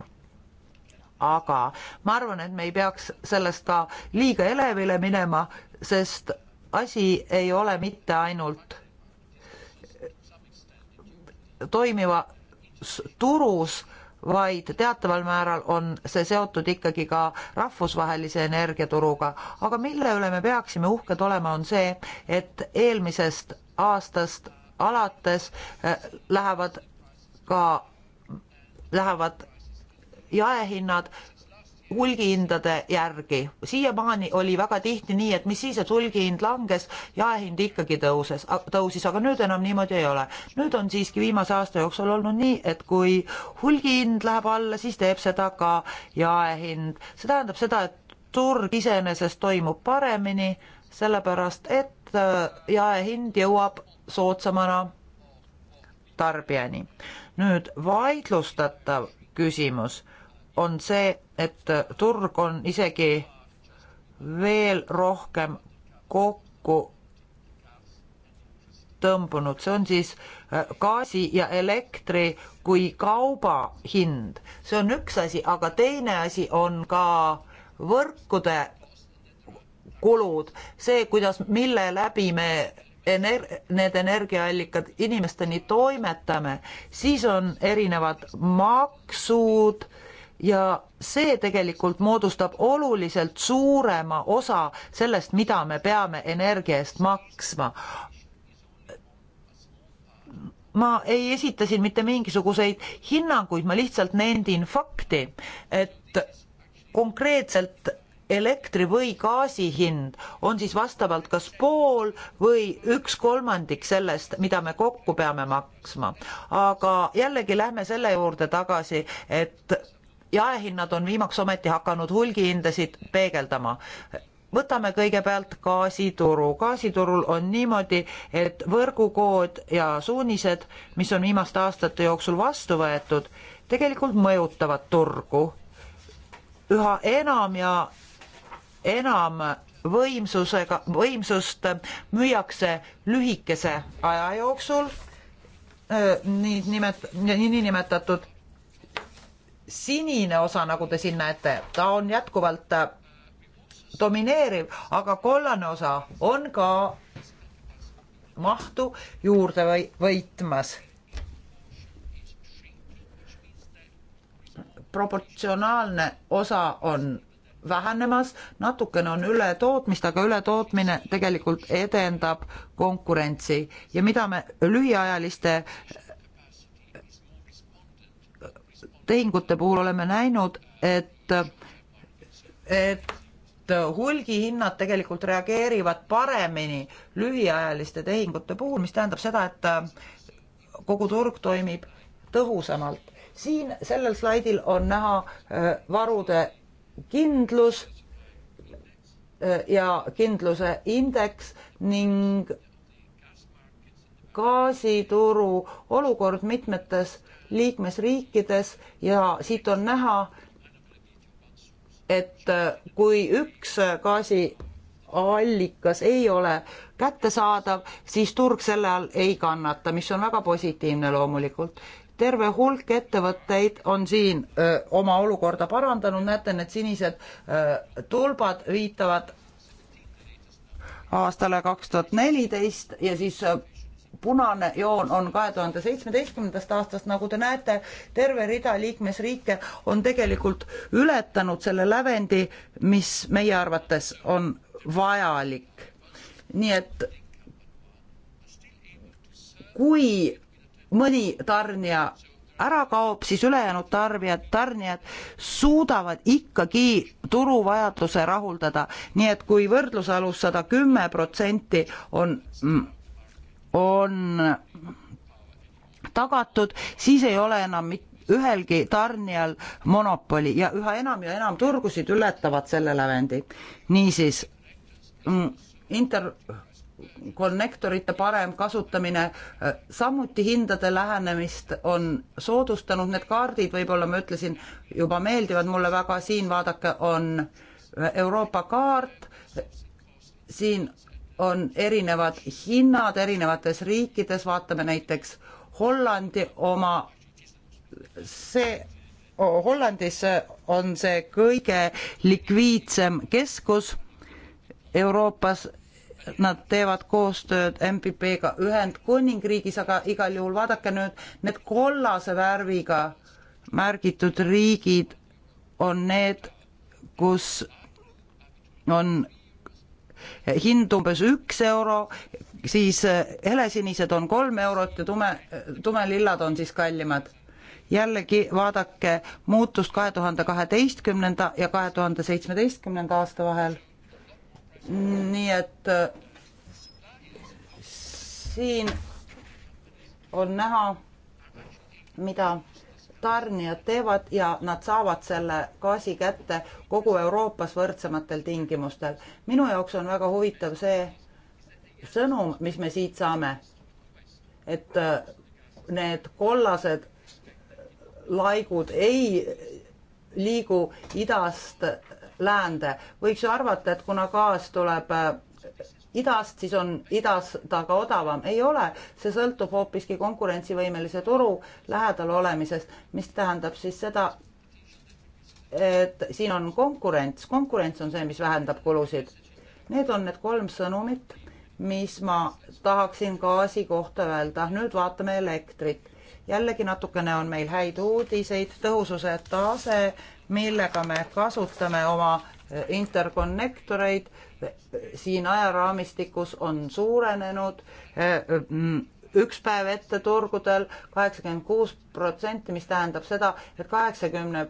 aga ma arvan, et me ei peaks sellest ka liiga elevile minema, sest asi ei ole mitte ainult toimiva turus, vaid teataval määral on see seotud ikkagi ka rahvusvahelise energiaturuga. aga mille üle me peaksime uhked olema, on see, et eelmisest aastast alates eh, lähevad ka, lähevad jaehinnad hulgihindade järgi. siiamaani oli väga tihti nii, et mis siis, et hulgihind langes, jaehind ikkagi tõuses, tõusis, aga nüüd enam niimoodi ei ole. nüüd on siiski viimase aasta jooksul olnud nii, et kui hulgihind läheb alla, siis teeb seda ka jaehind. see tähendab seda, et turg iseenesest toimub paremini, sellepärast et eh, jaehind jõuab soodsamana tarbijani. nüüd vaidlustatav küsimus on see, et turg on isegi veel rohkem kokku tõmbunud, see on siis äh, gaasi ja elektri kui kauba hind, see on üks asi, aga teine asi on ka võrkude kulud, see, kuidas, mille läbi me ener-, need energiaallikad inimesteni toimetame, siis on erinevad maksud ja see tegelikult moodustab oluliselt suurema osa sellest, mida me peame energia eest maksma. ma ei esita siin mitte mingisuguseid hinnanguid, ma lihtsalt nendin fakti, et konkreetselt elektri või gaasi hind on siis vastavalt kas pool või üks kolmandik sellest, mida me kokku peame maksma. aga jällegi lähme selle juurde tagasi, et jaehinnad on viimaks ometi hakanud hulgihindasid peegeldama võtame kõigepealt gaasituru. gaasiturul on niimoodi, et võrgukood ja suunised, mis on viimaste aastate jooksul vastu võetud, tegelikult mõjutavad turgu üha enam ja enam võimsusega, võimsust müüakse lühikese aja jooksul, nii nimet-, niinimetatud sinine osa, nagu te siin näete, ta on jätkuvalt domineeriv, aga kollane osa on ka mahtu juurde või võitmas proportsionaalne osa on vähenemas, natukene on ületootmist, aga ületootmine tegelikult edendab konkurentsi ja mida me lühiajaliste tehingute puhul oleme näinud, et, et hulgihinnad tegelikult reageerivad paremini lühiajaliste tehingute puhul, mis tähendab seda, et kogu turg toimib tõhusamalt. siin sellel slaidil on näha äh, varude kindlus äh, ja kindluse indeks ning gaasituru olukord mitmetes liikmesriikides ja siit on näha, et äh, kui üks gaasiallikas ei ole kättesaadav, siis turg selle all ei kannata, mis on väga positiivne loomulikult terve hulk ettevõtteid on siin öö, oma olukorda parandanud, näete, need sinised öö, tulbad viitavad aastale kaks tuhat neliteist ja siis öö, punane joon on kahe tuhande seitsmeteistkümnendast aastast, nagu te näete, terve rida liikmesriike on tegelikult ületanud selle lävendi, mis meie arvates on vajalik. nii et kui mõni tarnija ära kaob, siis ülejäänud tarbijad, tarnijad suudavad ikkagi turuvajaduse rahuldada. nii et kui võrdlusalus sada kümme protsenti on, on tagatud, siis ei ole enam ühelgi tarnijal monopoli ja üha enam ja enam turgusid ületavad selle lävendi. niisiis mm, inter- konnektorite parem kasutamine, samuti hindade lähenemist on soodustanud, need kaardid võib-olla ma ütlesin, juba meeldivad mulle väga, siin vaadake, on Euroopa kaart, siin on erinevad hinnad erinevates riikides, vaatame näiteks Hollandi oma, see Hollandis on see kõige likviidsem keskus Euroopas nad teevad koostööd MPP-ga Ühendkuningriigis, aga igal juhul vaadake nüüd, need kollase värviga märgitud riigid on need, kus on hind umbes üks euro, siis eh, helesinised on kolm eurot ja tume, tumelillad on siis kallimad jällegi vaadake muutust kahe tuhande kaheteistkümnenda ja kahe tuhande seitsmeteistkümnenda aasta vahel nii et äh, siin on näha, mida tarnijad teevad ja nad saavad selle gaasi kätte kogu Euroopas võrdsematel tingimustel. minu jaoks on väga huvitav see sõnum, mis me siit saame. et äh, need kollased laigud ei liigu idast läände. võiks ju arvata, et kuna gaas tuleb äh, idast, siis on idas ta ka odavam. ei ole, see sõltub hoopiski konkurentsivõimelise turu lähedal olemisest, mis tähendab siis seda, et siin on konkurents, konkurents on see, mis vähendab kulusid. Need on need kolm sõnumit, mis ma tahaksin gaasi kohta öelda. nüüd vaatame elektrit. jällegi natukene on meil häid uudiseid, tõhususe tase millega me kasutame oma eh, interkonnektoreid. siin ajaraamistikus on suurenenud eh, üks päev ette turgudel kaheksakümmend kuus protsenti, mis tähendab seda et, et kaheksakümne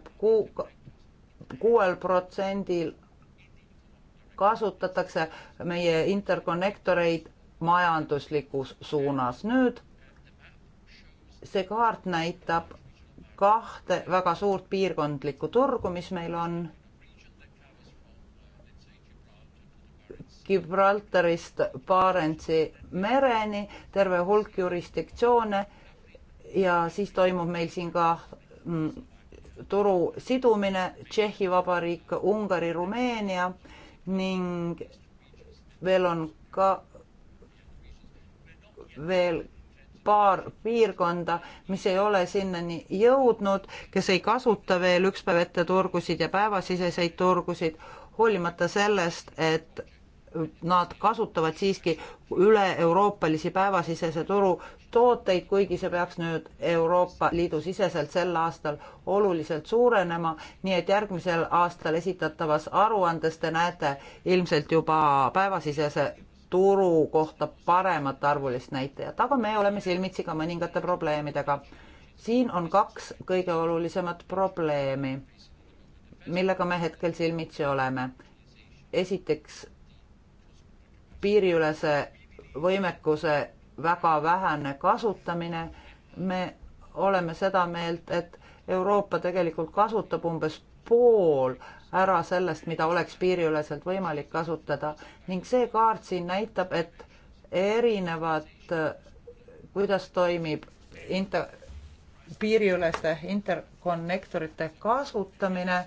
kuuel protsendil kasutatakse meie interkonnektoreid majanduslikus suunas. nüüd see kaart näitab, kahte väga suurt piirkondlikku turgu, mis meil on. Gibraltarist Barentsi mereni terve hulk jurisdiktsioone ja siis toimub meil siin ka mm, turu sidumine Tšehhi Vabariik, Ungari, Rumeenia ning veel on ka veel paar piirkonda, mis ei ole sinnani jõudnud, kes ei kasuta veel ükspäev ette turgusid ja päevasiseseid turgusid, hoolimata sellest, et nad kasutavad siiski üle-euroopalisi päevasisese turu tooteid, kuigi see peaks nüüd Euroopa Liidu siseselt sel aastal oluliselt suurenema, nii et järgmisel aastal esitatavas aruandes te näete ilmselt juba päevasisese turu kohta paremat arvulist näitajat, aga me oleme silmitsi ka mõningate probleemidega. siin on kaks kõige olulisemat probleemi, millega me hetkel silmitsi oleme. esiteks piiriülese võimekuse väga vähene kasutamine. me oleme seda meelt, et Euroopa tegelikult kasutab umbes pool äh, ära sellest, mida oleks piiriüleselt võimalik kasutada ning see kaart siin näitab, et erinevad, kuidas toimib inter-, piiriüleste interkonnektorite kasutamine.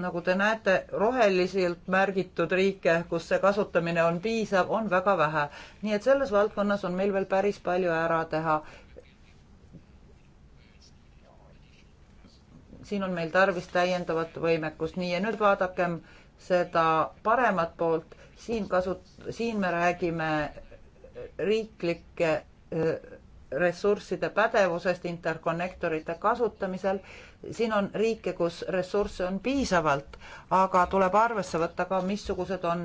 nagu te näete, roheliselt märgitud riike, kus see kasutamine on piisav, on väga vähe. nii et selles valdkonnas on meil veel päris palju ära teha siin on meil tarvis täiendavat võimekust, nii ja nüüd vaadakem seda paremat poolt, siin kasut-, siin me räägime riiklike eh, ressursside pädevusest interkonnektorite kasutamisel. siin on riike, kus ressursse on piisavalt, aga tuleb arvesse võtta ka, missugused on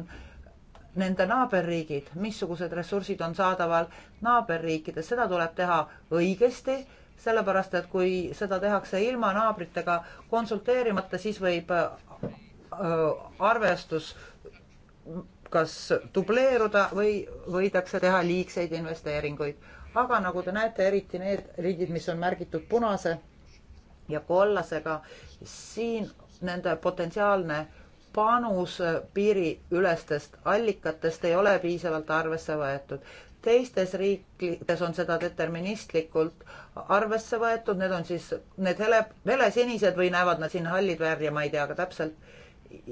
nende naaberriigid, missugused ressursid on saadaval naaberriikides, seda tuleb teha õigesti sellepärast et kui seda tehakse ilma naabritega konsulteerimata, siis võib äh, arvestus kas dubleeruda või võidakse teha liigseid investeeringuid. aga nagu te näete, eriti need riigid, mis on märgitud punase ja kollasega, siin nende potentsiaalne panus piiriülestest allikatest ei ole piisavalt arvesse võetud teistes riikides on seda deterministlikult arvesse võetud, need on siis need hele, helesinised või näevad nad siin hallid värvi, ma ei tea ka täpselt.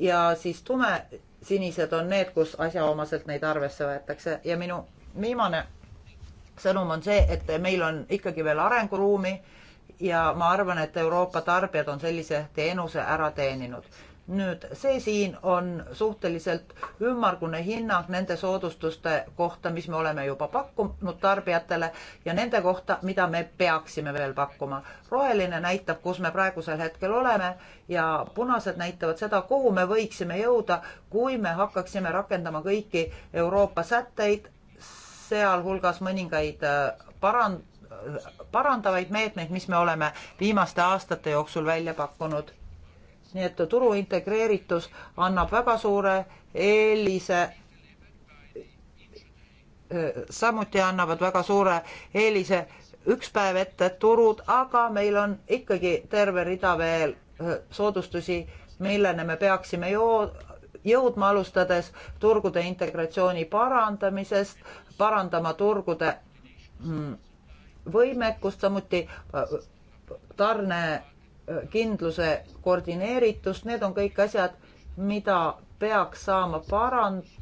ja siis tumesinised on need, kus asjaomaselt neid arvesse võetakse ja minu viimane sõnum on see, et meil on ikkagi veel arenguruumi ja ma arvan, et Euroopa tarbijad on sellise teenuse ära teeninud nüüd see siin on suhteliselt ümmargune hinnang nende soodustuste kohta, mis me oleme juba pakkunud tarbijatele ja nende kohta, mida me peaksime veel pakkuma. roheline näitab, kus me praegusel hetkel oleme ja punased näitavad seda, kuhu me võiksime jõuda, kui me hakkaksime rakendama kõiki Euroopa sätteid, sealhulgas mõningaid äh, parand-, äh, parandavaid meetmeid, mis me oleme viimaste aastate jooksul välja pakkunud nii et turu integreeritus annab väga suure eelise samuti annavad väga suure eelise üks päev ette turud, aga meil on ikkagi terve rida veel soodustusi, milleni me peaksime jõudma, alustades turgude integratsiooni parandamisest, parandama turgude mm, võimekust, samuti tarne kindluse koordineeritust, need on kõik asjad, mida peaks saama parandada.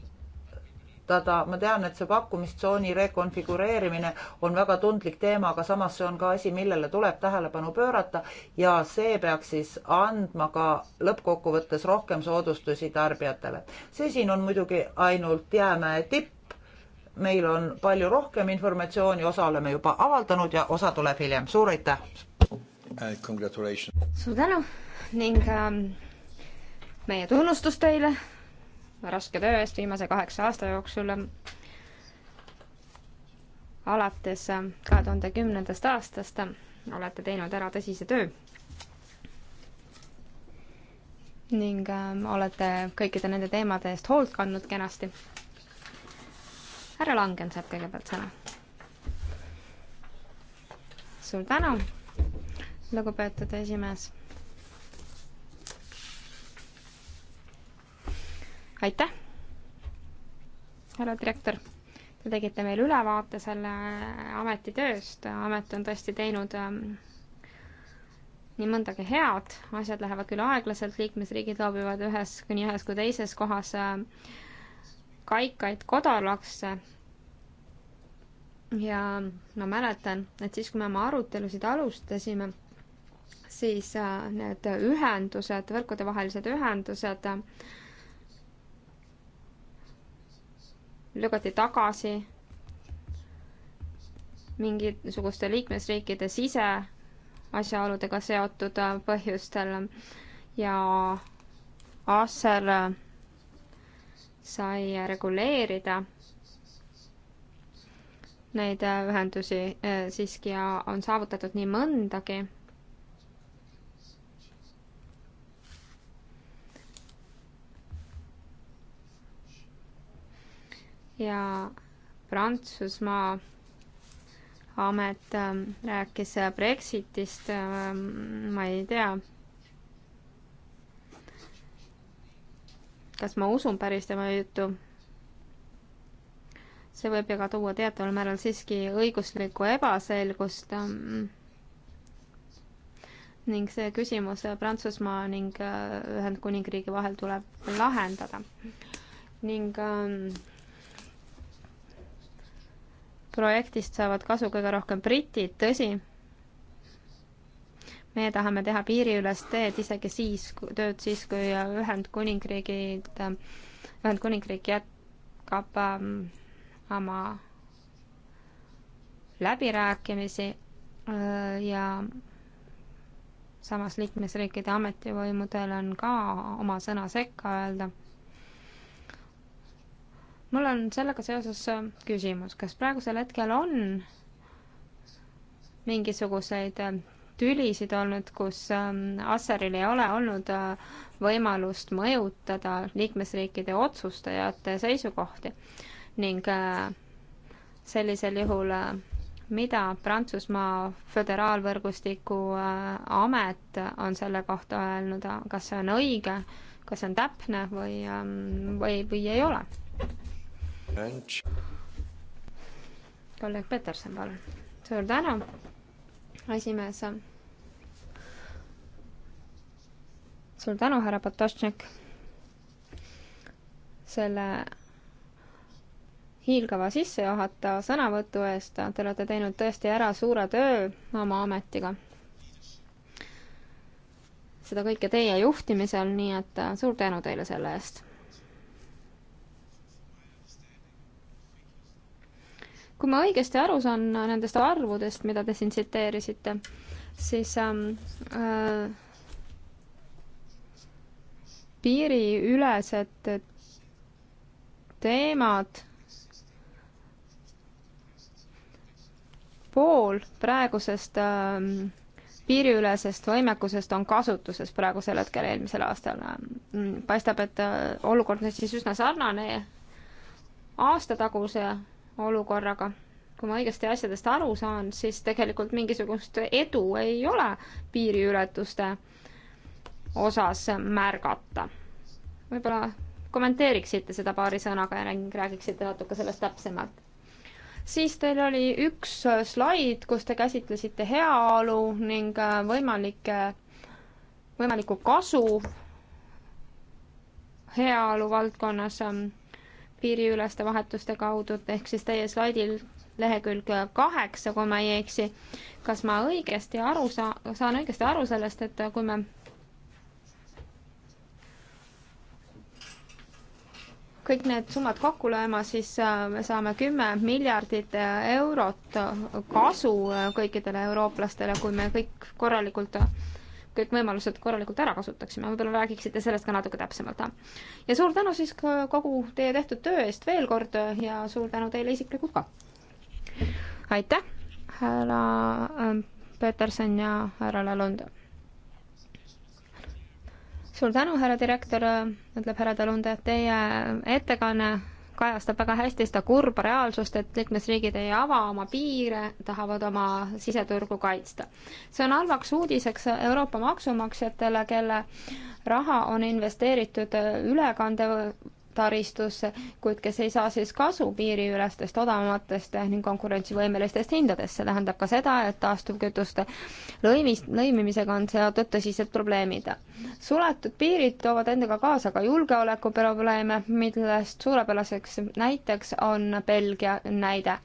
ma tean, et see pakkumistsooni rekonfigureerimine on väga tundlik teema, aga samas see on ka asi, millele tuleb tähelepanu pöörata ja see peaks siis andma ka lõppkokkuvõttes rohkem soodustusi tarbijatele. see siin on muidugi ainult jäämäe tipp meil on palju rohkem informatsiooni, osa oleme juba avaldanud ja osa tuleb hiljem. suur aitäh! suur tänu ning ähm, meie tunnustus teile raske töö eest viimase kaheksa aasta jooksul. Ähm, alates ähm, kahe tuhande kümnendast aastast ähm, olete teinud ära tõsise töö. ning äh, olete kõikide nende teemade eest hoolt kandnud kenasti. härra Langen saab kõigepealt sõna. suur tänu lugupeetud esimees. aitäh, härra direktor. Te tegite meile ülevaate selle ameti tööst, amet on tõesti teinud ähm, nii mõndagi head, asjad lähevad küll aeglaselt, liikmesriigid loobivad ühes, nii ühes kui teises kohas äh, kaikaid kodalakse ja ma mäletan, et siis, kui me oma arutelusid alustasime, siis äh, need ühendused, võrkudevahelised ühendused lükati tagasi mingisuguste liikmesriikide siseasjaoludega seotud äh, põhjustel ja Acer äh, sai reguleerida neid ühendusi siiski ja on saavutatud nii mõndagi ja Prantsusmaa amet ähm, rääkis äh, Brexitist, ähm, ma ei tea, kas ma usun päris tema juttu see võib ju ka tuua teataval määral siiski õiguslikku ebaselgust ähm. ning see küsimus äh, Prantsusmaa ning äh, Ühendkuningriigi vahel tuleb lahendada. ning projektist saavad kasu kõige rohkem britid, tõsi. meie tahame teha piiriülest teed isegi siis, tööd siis, kui Ühendkuningriigid, Ühendkuningriik jätkab ähm, oma läbirääkimisi äh, ja samas liikmesriikide ametivõimudel on ka oma sõna sekka öelda mul on sellega seoses äh, küsimus, kas praegusel hetkel on mingisuguseid äh, tülisid olnud, kus ähm, Asseril ei ole olnud äh, võimalust mõjutada liikmesriikide otsustajate seisukohti ning sellisel juhul mida Prantsusmaa föderaalvõrgustiku amet on selle kohta öelnud, kas see on õige, kas see on täpne või, ähm, või, või ei ole? kolleeg Peterson, palun. suur tänu, esimees. suur tänu, härra Potošnik, selle hiilgava sissejuhatava sõnavõtu eest. Te olete teinud tõesti ära suure töö oma ametiga. seda kõike teie juhtimisel, nii et suur tänu teile selle eest kui ma õigesti aru saan äh, nendest arvudest, mida te siin tsiteerisite, siis ähm, äh, piiriülesed teemad pool praegusest ähm, piiriülesest võimekusest on kasutuses praegusel hetkel eelmisel aastal. Mm, paistab, et äh, olukord on siis üsna sarnane aastataguse olukorraga. kui ma õigesti asjadest aru saan, siis tegelikult mingisugust edu ei ole piiriületuste osas märgata. võib-olla kommenteeriksite seda paari sõnaga ja räägiksite natuke sellest täpsemalt. siis teil oli üks slaid, kus te käsitlesite heaolu ning võimalikke, võimalikku kasu heaolu valdkonnas piiriüleste vahetuste kaudu, ehk siis teie slaidil lehekülg kaheksa, kui ma ei eksi. kas ma õigesti aru saa-, saan õigesti aru sellest, et kui me kõik need summad kokku lööma, siis äh, me saame kümme miljardit äh, eurot äh, kasu kõikidele eurooplastele, kui me kõik korralikult kõik võimalused korralikult ära kasutaksime, võib-olla räägiksite sellest ka natuke täpsemalt. ja suur tänu siis kogu teie tehtud töö eest veel kord ja suur tänu teile isiklikult ka. aitäh, härra ähm, Peterson ja härra Lalonde. suur tänu, härra direktor, ütleb härra Talunde, teie ettekanne kajastab väga hästi seda kurba reaalsust, et liikmesriigid ei ava oma piire, tahavad oma siseturgu kaitsta. see on halvaks uudiseks Euroopa maksumaksjatele, kelle raha on investeeritud ülekande taristusse, kuid kes ei saa siis kasu piiriülestest odavamatest ning konkurentsivõimelistest hindadest. see tähendab ka seda, et taastuvkütuste lõimist, lõimimisega on seotud tõsised probleemid. suletud piirid toovad endaga kaasa ka julgeolekuprobleeme, millest suurepäraseks näiteks on Belgia näide.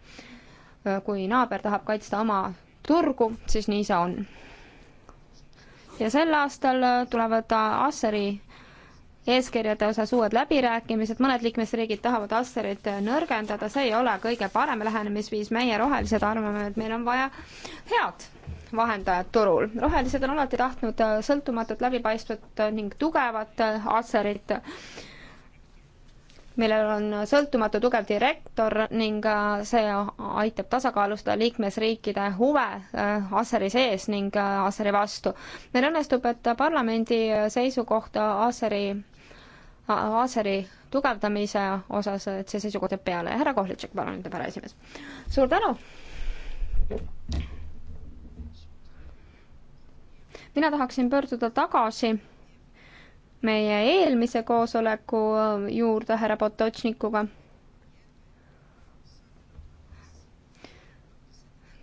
kui naaber tahab kaitsta oma turgu, siis nii see on. ja sel aastal tulevad Asseri eeskirjade osas uued läbirääkimised, mõned liikmesriigid tahavad Asserit nõrgendada, see ei ole kõige parem lähenemisviis, meie rohelised arvame, et meil on vaja head vahendajad turul. rohelised on alati tahtnud sõltumatut, läbipaistvat ning tugevat Asserit, millel on sõltumatu tugev direktor ning see aitab tasakaalustada liikmesriikide huve äh, Asseri sees ning äh, Asseri vastu. meil õnnestub, et parlamendi seisukoht Asseri Aseri tugevdamise osas, et see seisukoht jääb peale. härra Kohlitšek, palun, ütleb härra esimees. suur tänu! mina tahaksin pöörduda tagasi meie eelmise koosoleku juurde härra Potočnikuga.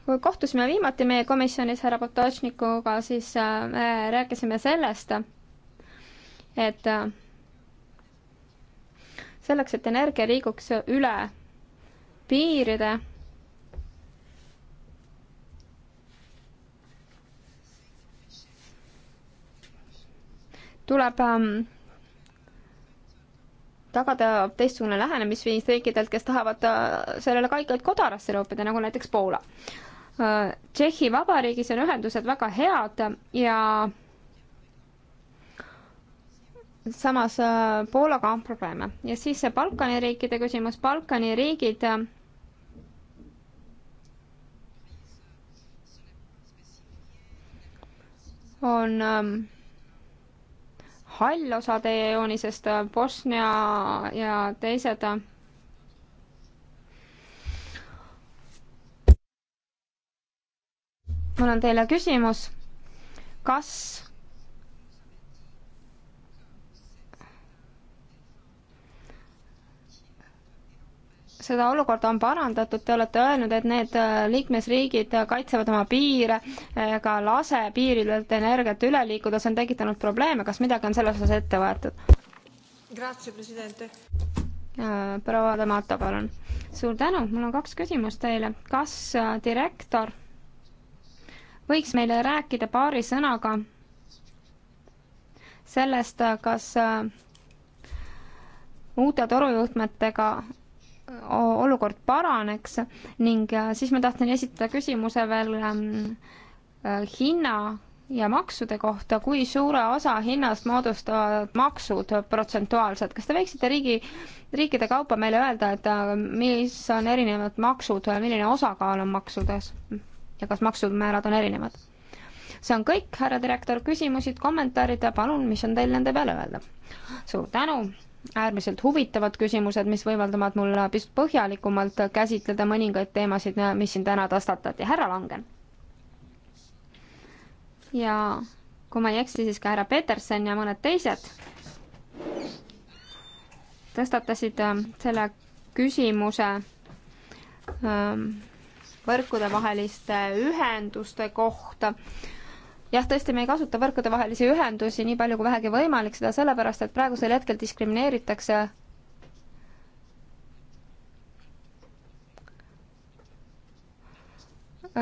kui kohtusime viimati meie komisjonis härra Potočnikuga, siis äh, me rääkisime sellest, et selleks, et energia liiguks üle piiride. tuleb ähm, tagada teistsugune lähenemisviis riikidelt, kes tahavad äh, sellele kaikaid kodarasse loopida, nagu näiteks Poola. Äh, Tšehhi Vabariigis on ühendused väga head ja samas äh, Poolaga on probleeme ja siis see Balkani riikide küsimus, Balkani riigid äh, on ähm, hall osa teie joonisest, äh, Bosnia ja teised mul on teile küsimus, kas seda olukorda on parandatud, te olete öelnud, et need äh, liikmesriigid äh, kaitsevad oma piire ega äh, lase piiridelt energiat üle liikuda, see on tekitanud probleeme, kas midagi on selles osas ette võetud? proua Damato, palun. suur tänu, mul on kaks küsimust teile. kas direktor võiks meile rääkida paari sõnaga sellest, kas uute torujuhtmetega olukord paraneks ning äh, siis ma tahtsin esitada küsimuse veel ähm, äh, hinna ja maksude kohta, kui suure osa hinnast moodustavad maksud protsentuaalselt, kas te võiksite riigi, riikide kaupa meile öelda, et äh, mis on erinevad maksud, milline osakaal on maksudes ja kas maksumäärad on erinevad? see on kõik, härra direktor, küsimusid, kommentaare, palun, mis on teil nende peale öelda? suur tänu äärmiselt huvitavad küsimused, mis võimaldavad mul pisut põhjalikumalt käsitleda mõningaid teemasid, mis siin täna tõstatati. härra Langen. ja kui ma ei eksi, siis ka härra Peterson ja mõned teised tõstatasid ähm, selle küsimuse ähm, võrkudevaheliste ühenduste kohta jah, tõesti, me ei kasuta võrkudevahelisi ühendusi nii palju kui vähegi võimalik, seda sellepärast, et praegusel hetkel diskrimineeritakse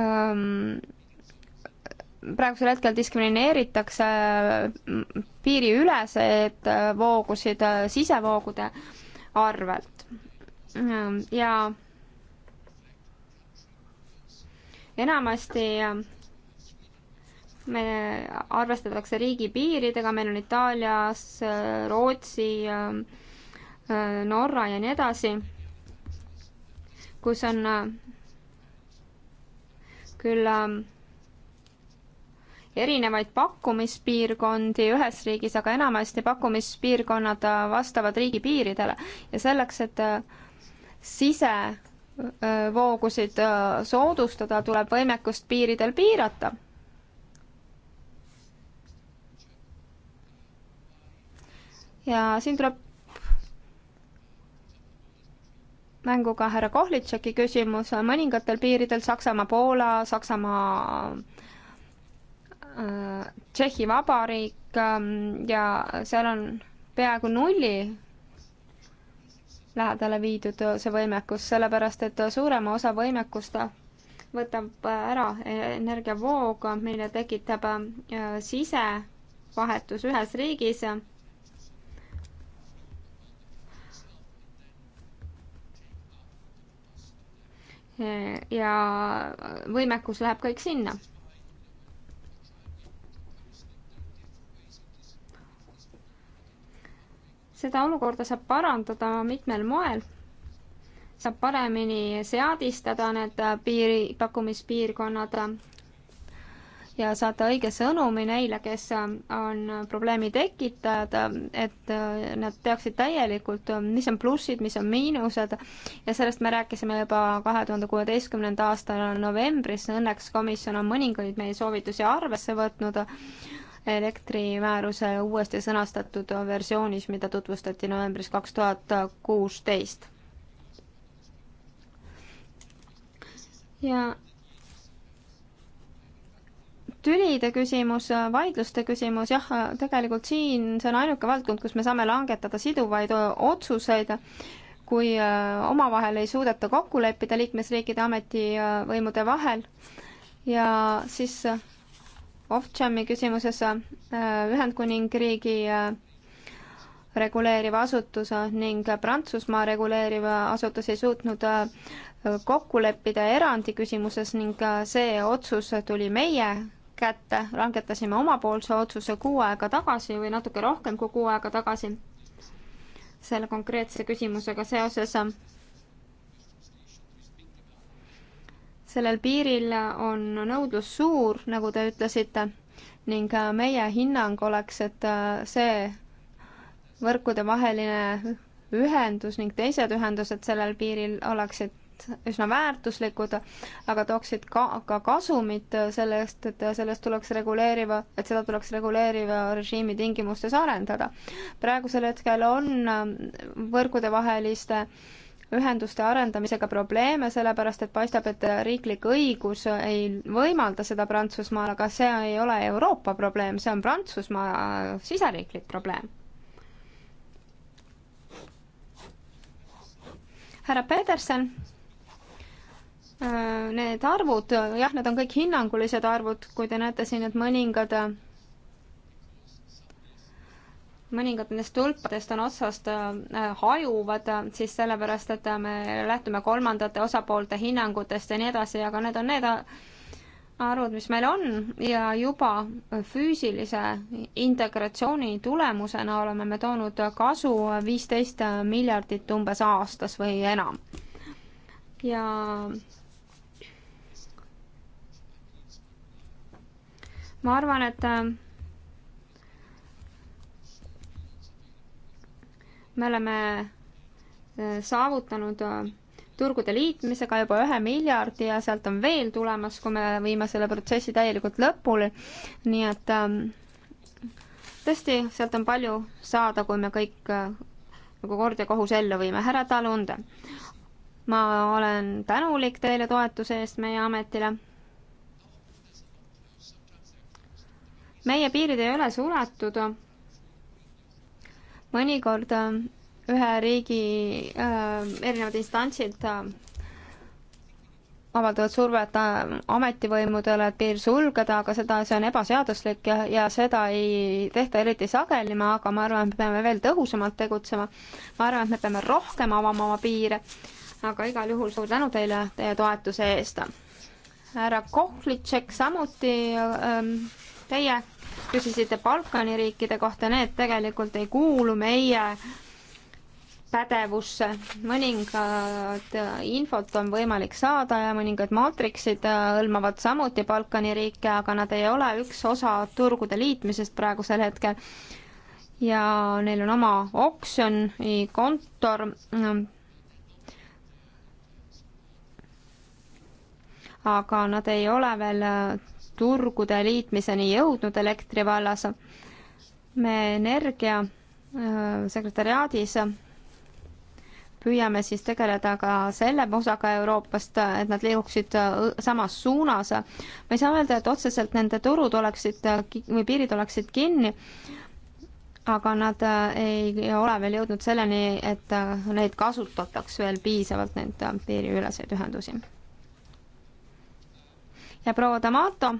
ähm, praegusel hetkel diskrimineeritakse piiriüleseid voogusid sisevoogude arvelt. ja enamasti me, arvestatakse riigipiiridega, meil on Itaalias, Rootsi, Norra ja nii edasi, kus on küll erinevaid pakkumispiirkondi ühes riigis, aga enamasti pakkumispiirkonnad vastavad riigipiiridele ja selleks, et sisevoogusid soodustada, tuleb võimekust piiridel piirata ja siin tuleb mängu ka härra Kohlitšeki küsimus, mõningatel piiridel Saksamaa, Poola, Saksamaa äh,, Tšehhi Vabariik äh, ja seal on peaaegu nulli lähedale viidud see võimekus, sellepärast et suurema osa võimekust võtab ära energiavoog, mille tekitab äh, sisevahetus ühes riigis Äh, ja võimekus läheb kõik sinna. seda olukorda saab parandada mitmel moel saab paremini seadistada need piiri, pakkumispiirkonnad, ja saata õige sõnumi neile, kes äh, on probleemi tekitajad, äh, et äh, nad teaksid täielikult, mis on plussid, mis on miinused ja sellest me rääkisime juba kahe tuhande kuueteistkümnenda aasta novembris, õnneks komisjon on mõningaid meie soovitusi arvesse võtnud elektrimääruse uuesti sõnastatud versioonis, mida tutvustati novembris kaks tuhat kuusteist. ja tülide küsimus, vaidluste küsimus, jah, tegelikult siin see on ainuke valdkond, kus me saame langetada siduvaid otsuseid, kui äh, omavahel ei suudeta kokku leppida liikmesriikide ametivõimude vahel ja siis äh, off-jam'i küsimuses äh, Ühendkuningriigi reguleeriva asutuse ning Prantsusmaa reguleeriva asutus ei suutnud kokku leppida erandi küsimuses ning see otsus tuli meie kätte, langetasime omapoolse otsuse kuu aega tagasi või natuke rohkem kui kuu aega tagasi selle konkreetse küsimusega seoses. sellel piiril on nõudlus suur, nagu te ütlesite, ning meie hinnang oleks, et see võrkudevaheline ühendus ning teised ühendused sellel piiril oleksid head, üsna väärtuslikud, aga tooksid ka, ka kasumit selle eest, et sellest tuleks reguleeriva, et seda tuleks reguleeriva režiimi tingimustes arendada. praegusel hetkel on ähm, võrgudevaheliste ühenduste arendamisega probleeme, sellepärast et paistab, et riiklik õigus ei võimalda seda Prantsusmaal, aga see ei ole Euroopa probleem, see on Prantsusmaa äh, siseriiklik probleem. härra Peterson Äh, need arvud, jah, need on kõik hinnangulised arvud, kui te näete siin, et mõningad mõningad nendest tulpadest on otsast äh, hajuvad, siis sellepärast, et me lähtume kolmandate osapoolte hinnangutest ja nii edasi, aga need on need äh, arvud, mis meil on ja juba füüsilise integratsiooni tulemusena oleme me toonud kasu viisteist miljardit umbes aastas või enam. ja ma arvan, et äh, me oleme äh, saavutanud äh, turgude liitmisega juba ühe miljardi ja sealt on veel tulemas, kui me viime selle protsessi täielikult lõpule. nii et ähm, tõesti, sealt on palju saada, kui me kõik nagu kord ja kohus ellu viime. härra Talunde, ma olen tänulik teile toetuse eest meie ametile meie piirid ei ole suletud. mõnikord äh, ühe riigi äh, erinevad instantsid äh, avaldavad survet äh, ametivõimudele, et piir sulgeda, aga seda, see on ebaseaduslik ja, ja seda ei tehta eriti sageli, ma, aga ma arvan, et me peame veel tõhusamalt tegutsema. ma arvan, et me peame rohkem avama oma piire, aga igal juhul suur tänu teile teie toetuse eest. härra Kohlitšek samuti ähm, teie küsisite Balkani riikide kohta, need tegelikult ei kuulu meie pädevusse, mõningad infot on võimalik saada ja mõningad maatriksid hõlmavad samuti Balkani riike, aga nad ei ole üks osa turgude liitmisest praegusel hetkel. ja neil on oma oksjoni kontor. aga nad ei ole veel turgude liitmiseni jõudnud elektri vallas. me energia äh, sekretäriaadis püüame siis tegeleda ka selle osaga Euroopast, et nad liiguksid äh, samas suunas. ma ei saa öelda, et otseselt nende turud oleksid äh, või piirid oleksid kinni, aga nad ei ole veel jõudnud selleni, et neid kasutataks veel piisavalt, neid piiriüleseid ühendusi ja proua D'Amato.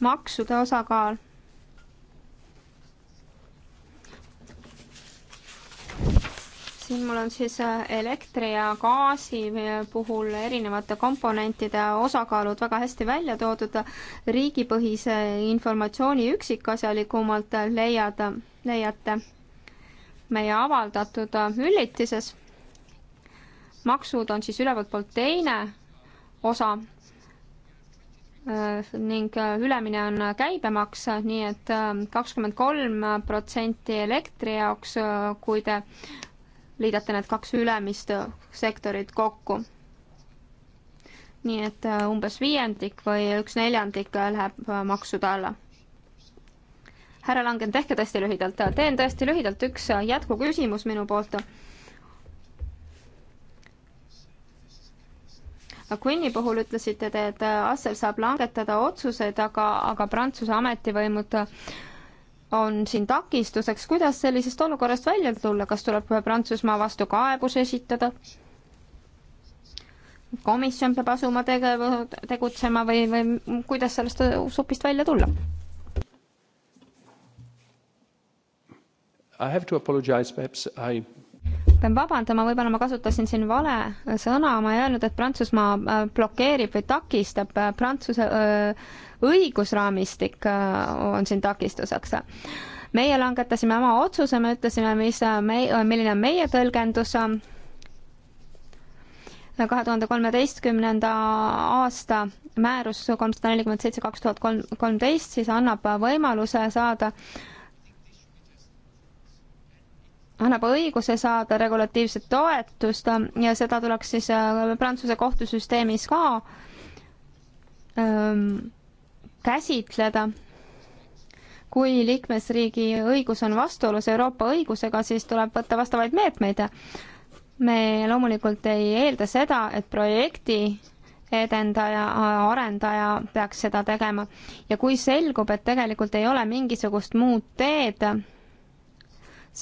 maksude osakaal siin mul on siis äh, elektri ja gaasi äh, puhul erinevate komponentide osakaalud väga hästi välja toodud. riigipõhise informatsiooni üksikasjalikumalt leiad, leiate meie avaldatud äh, üllitises. maksud on siis ülevalt poolt teine osa äh, ning äh, ülemine on käibemaks, nii et kakskümmend kolm protsenti elektri jaoks, kui te liidate need kaks ülemist sektorit kokku. nii et umbes viiendik või üks neljandik läheb maksude alla härra Langen, tehke tõesti lühidalt, teen tõesti lühidalt, üks jätkuküsimus minu poolt. Queen'i puhul ütlesite te, et Assel saab langetada otsuseid, aga, aga Prantsuse ametivõimud on siin takistuseks, kuidas sellisest olukorrast välja tulla, kas tuleb Prantsusmaa vastu kaebus esitada? komisjon peab asuma tegev-, tegutsema või, või kuidas sellest supist välja tulla? I have to apologize, perhaps I pean vabandama, võib-olla ma kasutasin siin vale sõna, ma ei öelnud, et Prantsusmaa äh, blokeerib või takistab, äh, Prantsuse äh, õigusraamistik on siin takistuseks. meie langetasime oma otsuse, me ütlesime, mis me, milline on meie tõlgendus kahe tuhande kolmeteistkümnenda aasta määrus kolmsada nelikümmend seitse kaks tuhat kolm, kolmteist siis annab võimaluse saada äh, annab õiguse saada regulatiivset toetust ja seda tuleks siis äh, Prantsuse kohtusüsteemis ka ähm, käsitleda. kui liikmesriigi õigus on vastuolus Euroopa õigusega, siis tuleb võtta vastavaid meetmeid. me loomulikult ei eelda seda, et projekti edendaja, arendaja peaks seda tegema ja kui selgub, et tegelikult ei ole mingisugust muud teed,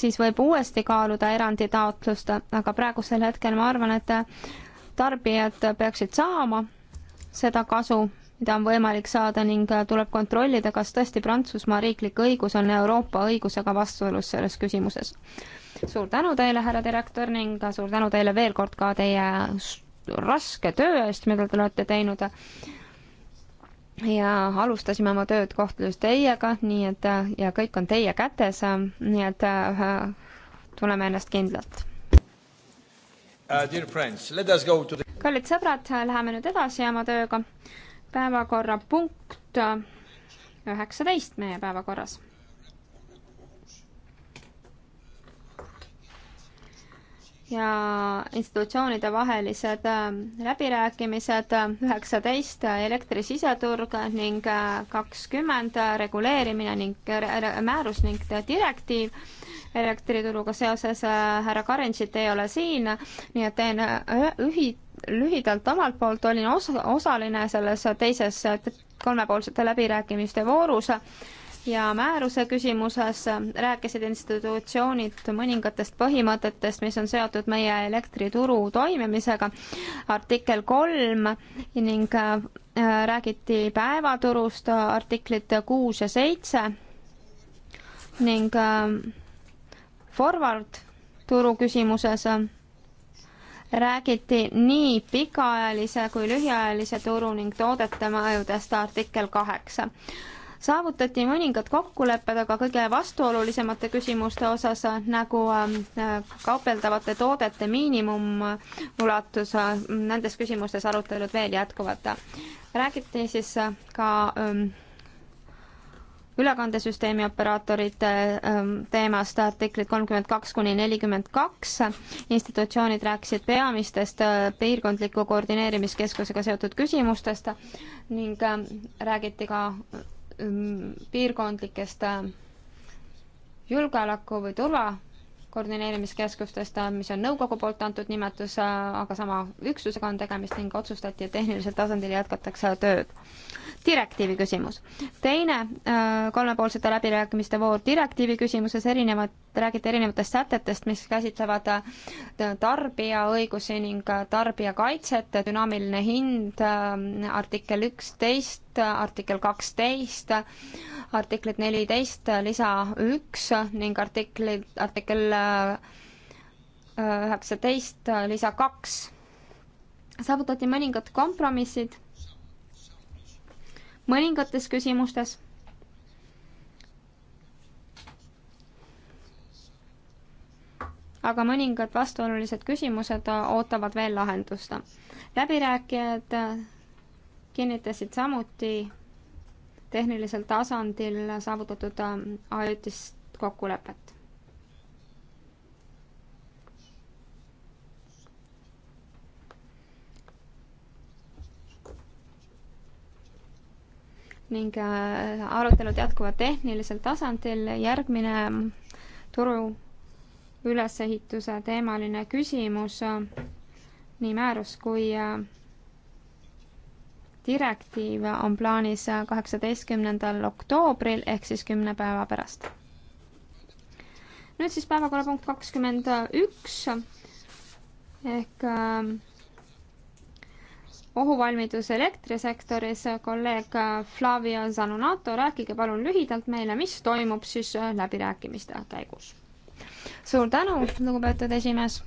siis võib uuesti kaaluda eranditaotlust, aga praegusel hetkel ma arvan, et tarbijad peaksid saama seda kasu, mida on võimalik saada ning tuleb kontrollida, kas tõesti Prantsusmaa riiklik õigus on Euroopa õigusega vastuolus selles küsimuses. suur tänu teile, härra direktor, ning suur tänu teile veel kord ka teie raske töö eest, mida te olete teinud ja alustasime oma tööd kohtudes teiega, nii et ja kõik on teie kätes, nii et äh, tunneme ennast kindlalt uh,. The... kallid sõbrad, läheme nüüd edasi oma tööga. päevakorrapunkt äh, üheksateist meie päevakorras ja institutsioonide vahelised ähm, läbirääkimised, ähm, üheksateist äh, elektrisiseturg ning äh, kakskümmend äh, reguleerimine ning määrus ning direktiiv elektrituruga seoses. härra Karinšit ei ole siin, nii et teen ühi-, lühidalt omalt poolt, olin os-, osaline selles teises kolmepoolsete läbirääkimiste voorus ja määruse küsimuses rääkisid institutsioonid mõningatest põhimõtetest, mis on seotud meie elektrituru toimimisega, artikkel kolm ning äh, räägiti päevaturust, artiklid kuus ja seitse ning äh, forward turu küsimuses räägiti nii pikaajalise kui lühiajalise turu ning toodete mõjudest artikkel kaheksa saavutati mõningad kokkulepped, aga kõige vastuolulisemate küsimuste osas, nagu ähm, äh, kaubeldavate toodete miinimumulatus, äh, nendes küsimustes arutelud veel jätkuvad. räägiti siis äh, ka ähm, ülekandesüsteemi operaatorite ähm, teemast artiklid kolmkümmend kaks kuni nelikümmend kaks. institutsioonid rääkisid peamistest piirkondliku koordineerimiskeskusega seotud küsimustest ning räägiti ka Mm, piirkondlikest äh, julgeoleku või turva koordineerimiskeskustest, äh, mis on nõukogu poolt antud nimetus, äh, aga sama üksusega on tegemist ning otsustati, et tehnilisel tasandil jätkatakse tööd. direktiivi küsimus. teine kolmepoolsete läbirääkimiste voor direktiivi küsimuses erinevad, räägiti erinevatest sätetest, mis käsitlevad tarbija õigusi ning tarbijakaitset, dünaamiline hind, artikkel üksteist, Liit, artikkel kaksteist, artiklid neliteist lisa üks ning artikli, artikkel äh, üheksateist lisa kaks. saavutati mõningad kompromissid mõningates küsimustes aga mõningad vastuolulised küsimused ootavad veel lahendust. läbirääkijad kinnitasid samuti tehnilisel tasandil saavutatud ähm, ajutist kokkulepet. ning äh, arutelud jätkuvad tehnilisel tasandil, järgmine ähm, turu ülesehituse teemaline küsimus, äh, nii määrus kui äh, direktiiv on plaanis kaheksateistkümnendal oktoobril ehk siis kümne päeva pärast. nüüd siis päevakorrapunkt kakskümmend üks ehk äh, ohuvalmidus elektrisektoris. kolleeg Flavio Zanonato, rääkige palun lühidalt meile, mis toimub siis äh, läbirääkimiste käigus. suur tänu, lugupeetud esimees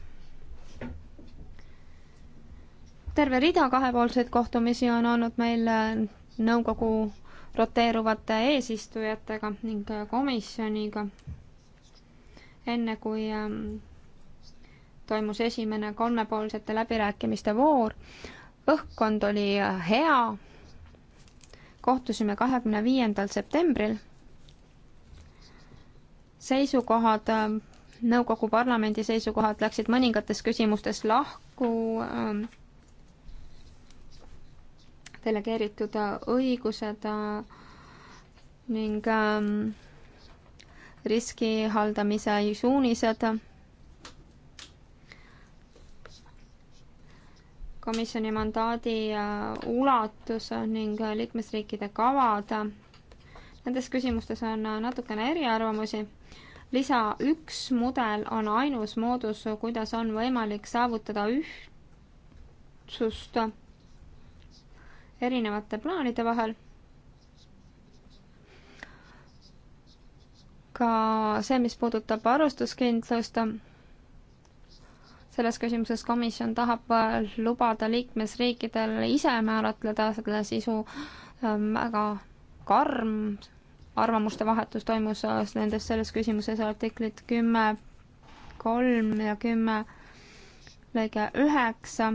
terve rida kahepoolseid kohtumisi on olnud meil äh, nõukogu roteeruvate eesistujatega ning äh, komisjoniga, enne kui ähm, toimus esimene kolmepoolsete läbirääkimiste voor. õhkkond oli äh, hea, kohtusime kahekümne viiendal septembril. seisukohad, ähm, nõukogu parlamendi seisukohad läksid mõningates küsimustes lahku ähm, delegeeritud äh, õigused äh, ning ähm, riski haldamise suunised. komisjoni mandaadi äh, ulatus ning liikmesriikide kavad. Nendes küsimustes on natukene eriarvamusi lisa üks mudel on ainus moodus, kuidas on võimalik saavutada ühtsust erinevate plaanide vahel. ka see, mis puudutab varustuskindlust, selles küsimuses komisjon tahab lubada liikmesriikidel ise määratleda selle sisu väga karm arvamuste vahetus toimus nendes selles küsimuses artiklid kümme kolm ja kümme lõige üheksa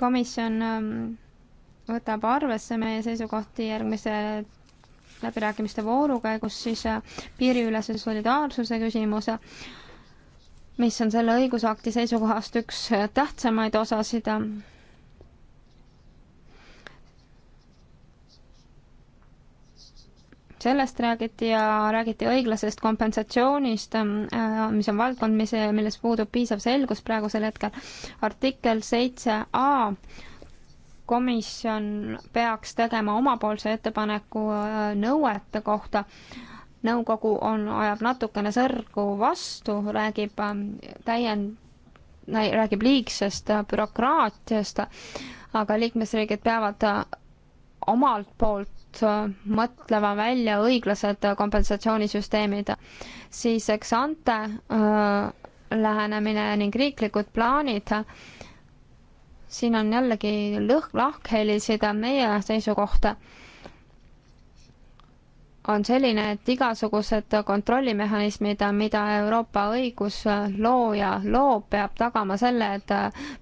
komisjon ähm, võtab arvesse meie seisukohti järgmise läbirääkimiste vooru käigus siis äh, piiriülese solidaarsuse küsimuse, mis on selle õigusakti seisukohast üks äh, tähtsamaid osasid äh, sellest räägiti ja räägiti õiglasest kompensatsioonist, ähm, äh, mis on valdkond, mis, milles puudub piisav selgus praegusel hetkel. artikkel seitse A komisjon peaks tegema omapoolse ettepaneku äh, nõuete kohta. nõukogu on, ajab natukene sõrgu vastu, räägib ähm, täiend-, räägib liigsest äh, bürokraatiast, aga liikmesriigid peavad omalt poolt Äh, mõtlema välja õiglased äh, kompensatsioonisüsteemid, siis eks ante äh, lähenemine ning riiklikud plaanid, siin on jällegi lõhk, lahkhelisid meie seisukohta on selline, et igasugused kontrollimehhanismid, mida Euroopa õiguslooja loob, peab tagama selle, et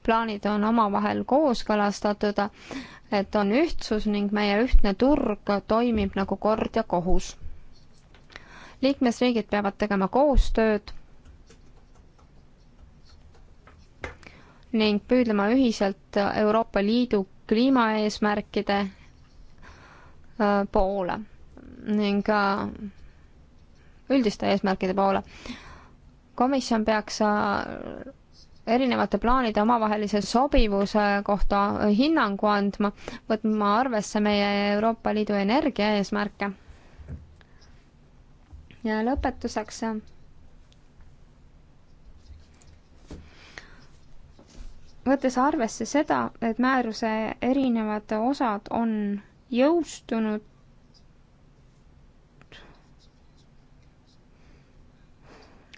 plaanid on omavahel kooskõlastatud, et on ühtsus ning meie ühtne turg toimib nagu kord ja kohus. liikmesriigid peavad tegema koostööd ning püüdlema ühiselt Euroopa Liidu kliimaeesmärkide äh, poole ning üldiste eesmärkide poole. komisjon peaks äh, erinevate plaanide omavahelise sobivuse kohta hinnangu andma, võtma arvesse meie Euroopa Liidu energiaeesmärke. ja lõpetuseks. Äh, võttes arvesse seda, et määruse erinevad osad on jõustunud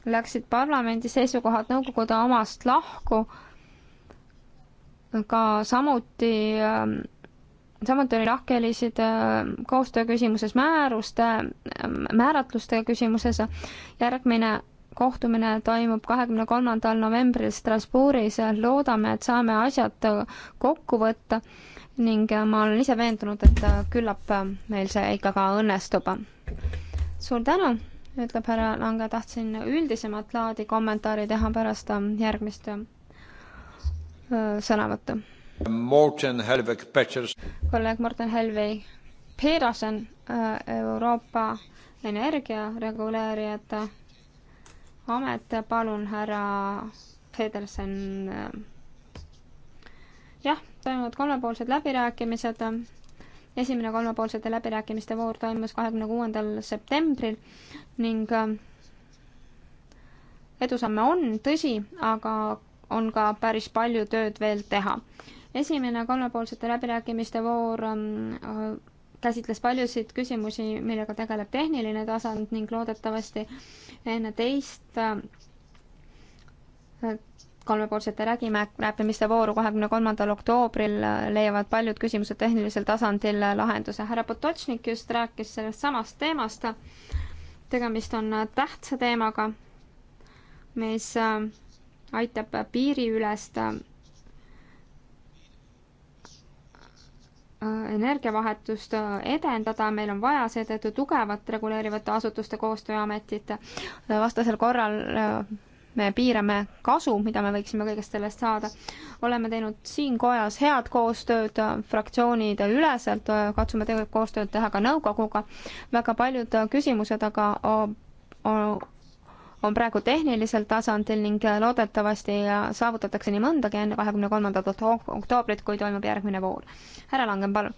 läksid parlamendi seisukohad nõukogude omast lahku, ka samuti, ähm, samuti oli lahkhelisid ähm, koostöö küsimuses määruste, ähm, määratluste küsimuses. järgmine kohtumine toimub kahekümne kolmandal novembril Strasbourgis, loodame, et saame asjad kokku võtta ning äh, ma olen ise veendunud, et äh, küllap äh, meil see ikka ka õnnestub. suur tänu! ütleb härra Lange, tahtsin üldisemat laadi kommentaari teha pärast ähm, järgmist ähm, sõnavõttu. Morten Helveg Peters. kolleeg Morten Helveg Pedersen, äh, Euroopa energiareguleerijate amet, palun härra Pedersen. Äh, jah, toimuvad kolmepoolsed läbirääkimised esimene kolmepoolsete läbirääkimiste voor toimus kahekümne kuuendal septembril ning äh, edusamme on, tõsi, aga on ka päris palju tööd veel teha. esimene kolmepoolsete läbirääkimiste voor ähm, äh, käsitles paljusid küsimusi, millega tegeleb tehniline tasand ning loodetavasti enne teist äh, kolmepoolsete räägime, rääkimiste vooru kahekümne kolmandal oktoobril leiavad paljud küsimused tehnilisel tasandil lahenduse. härra Potočnik just rääkis sellest samast teemast. tegemist on tähtsa teemaga, mis äh, aitab piiriülest äh, energiavahetust äh, edendada, meil on vaja seetõttu tugevat reguleerivate asutuste koostööametit. vastasel korral me piirame kasu, mida me võiksime kõigest sellest saada. oleme teinud siin kojas head koostööd fraktsioonide üleselt, katsume tegelikult koostööd teha ka nõukoguga. väga paljud küsimused aga on praegu tehnilisel tasandil ning loodetavasti saavutatakse nii mõndagi enne kahekümne kolmandat oktoobrit, kui toimub järgmine voor. härra Langen, palun.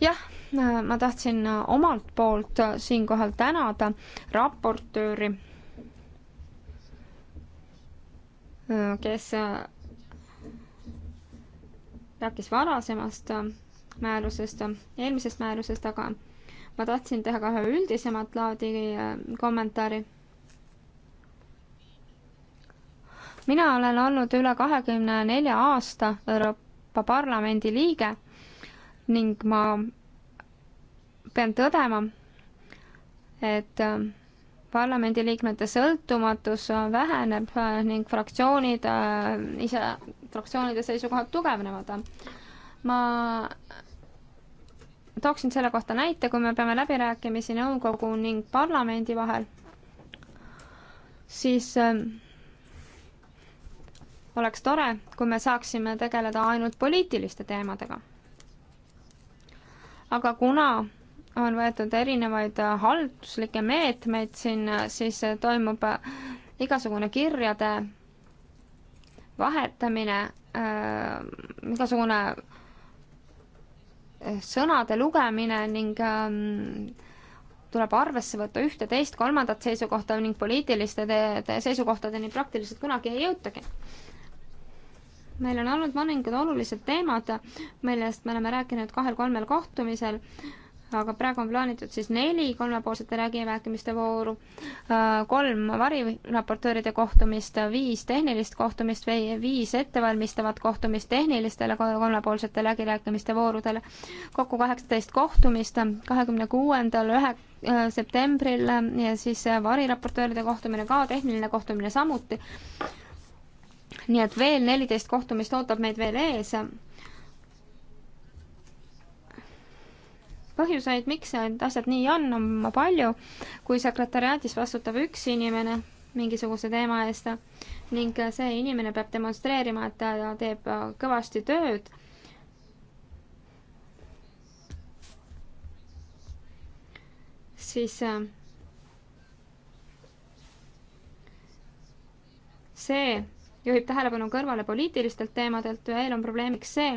jah, ma tahtsin omalt poolt siinkohal tänada raportööri kes rääkis varasemast määrusest, eelmisest määrusest, aga ma tahtsin teha ka ühe üldisemat laadi äh, kommentaari. mina olen olnud üle kahekümne nelja aasta Euroopa Parlamendi liige ning ma pean tõdema, et äh, parlamendiliikmete sõltumatus äh, väheneb äh, ning fraktsioonid äh, ise, fraktsioonide seisukohad tugevnevad. ma tooksin selle kohta näite, kui me peame läbirääkimisi nõukogu ning parlamendi vahel, siis oleks tore, kui me saaksime tegeleda ainult poliitiliste teemadega. aga kuna on võetud erinevaid äh, halduslikke meetmeid siin, äh, siis äh, toimub igasugune kirjade vahetamine äh,, igasugune sõnade lugemine ning äh, tuleb arvesse võtta ühte, teist, kolmandat seisukohta ning poliitiliste seisukohtadeni praktiliselt kunagi ei jõutagi. meil on olnud mõningad olulised teemad, millest me oleme rääkinud kahel-kolmel kohtumisel äh,, aga praegu on plaanitud siis neli kolmepoolsete läbirääkimiste vooru, äh, kolm variraportööride kohtumist, viis tehnilist kohtumist või viis ettevalmistavat kohtumist tehnilistele kolmepoolsete läbirääkimiste voorudele, kokku kaheksateist kohtumist, kahekümne kuuendal ühe äh, septembril ja siis variraportööride kohtumine ka, tehniline kohtumine samuti. nii et veel neliteist kohtumist ootab meid veel ees põhjuseid, miks need asjad nii on, on palju, kui sekretäriaadis vastutab üks inimene mingisuguse teema eest ning see inimene peab demonstreerima, et ta teeb kõvasti tööd. siis see juhib tähelepanu kõrvale poliitilistelt teemadelt, veel on probleemiks see,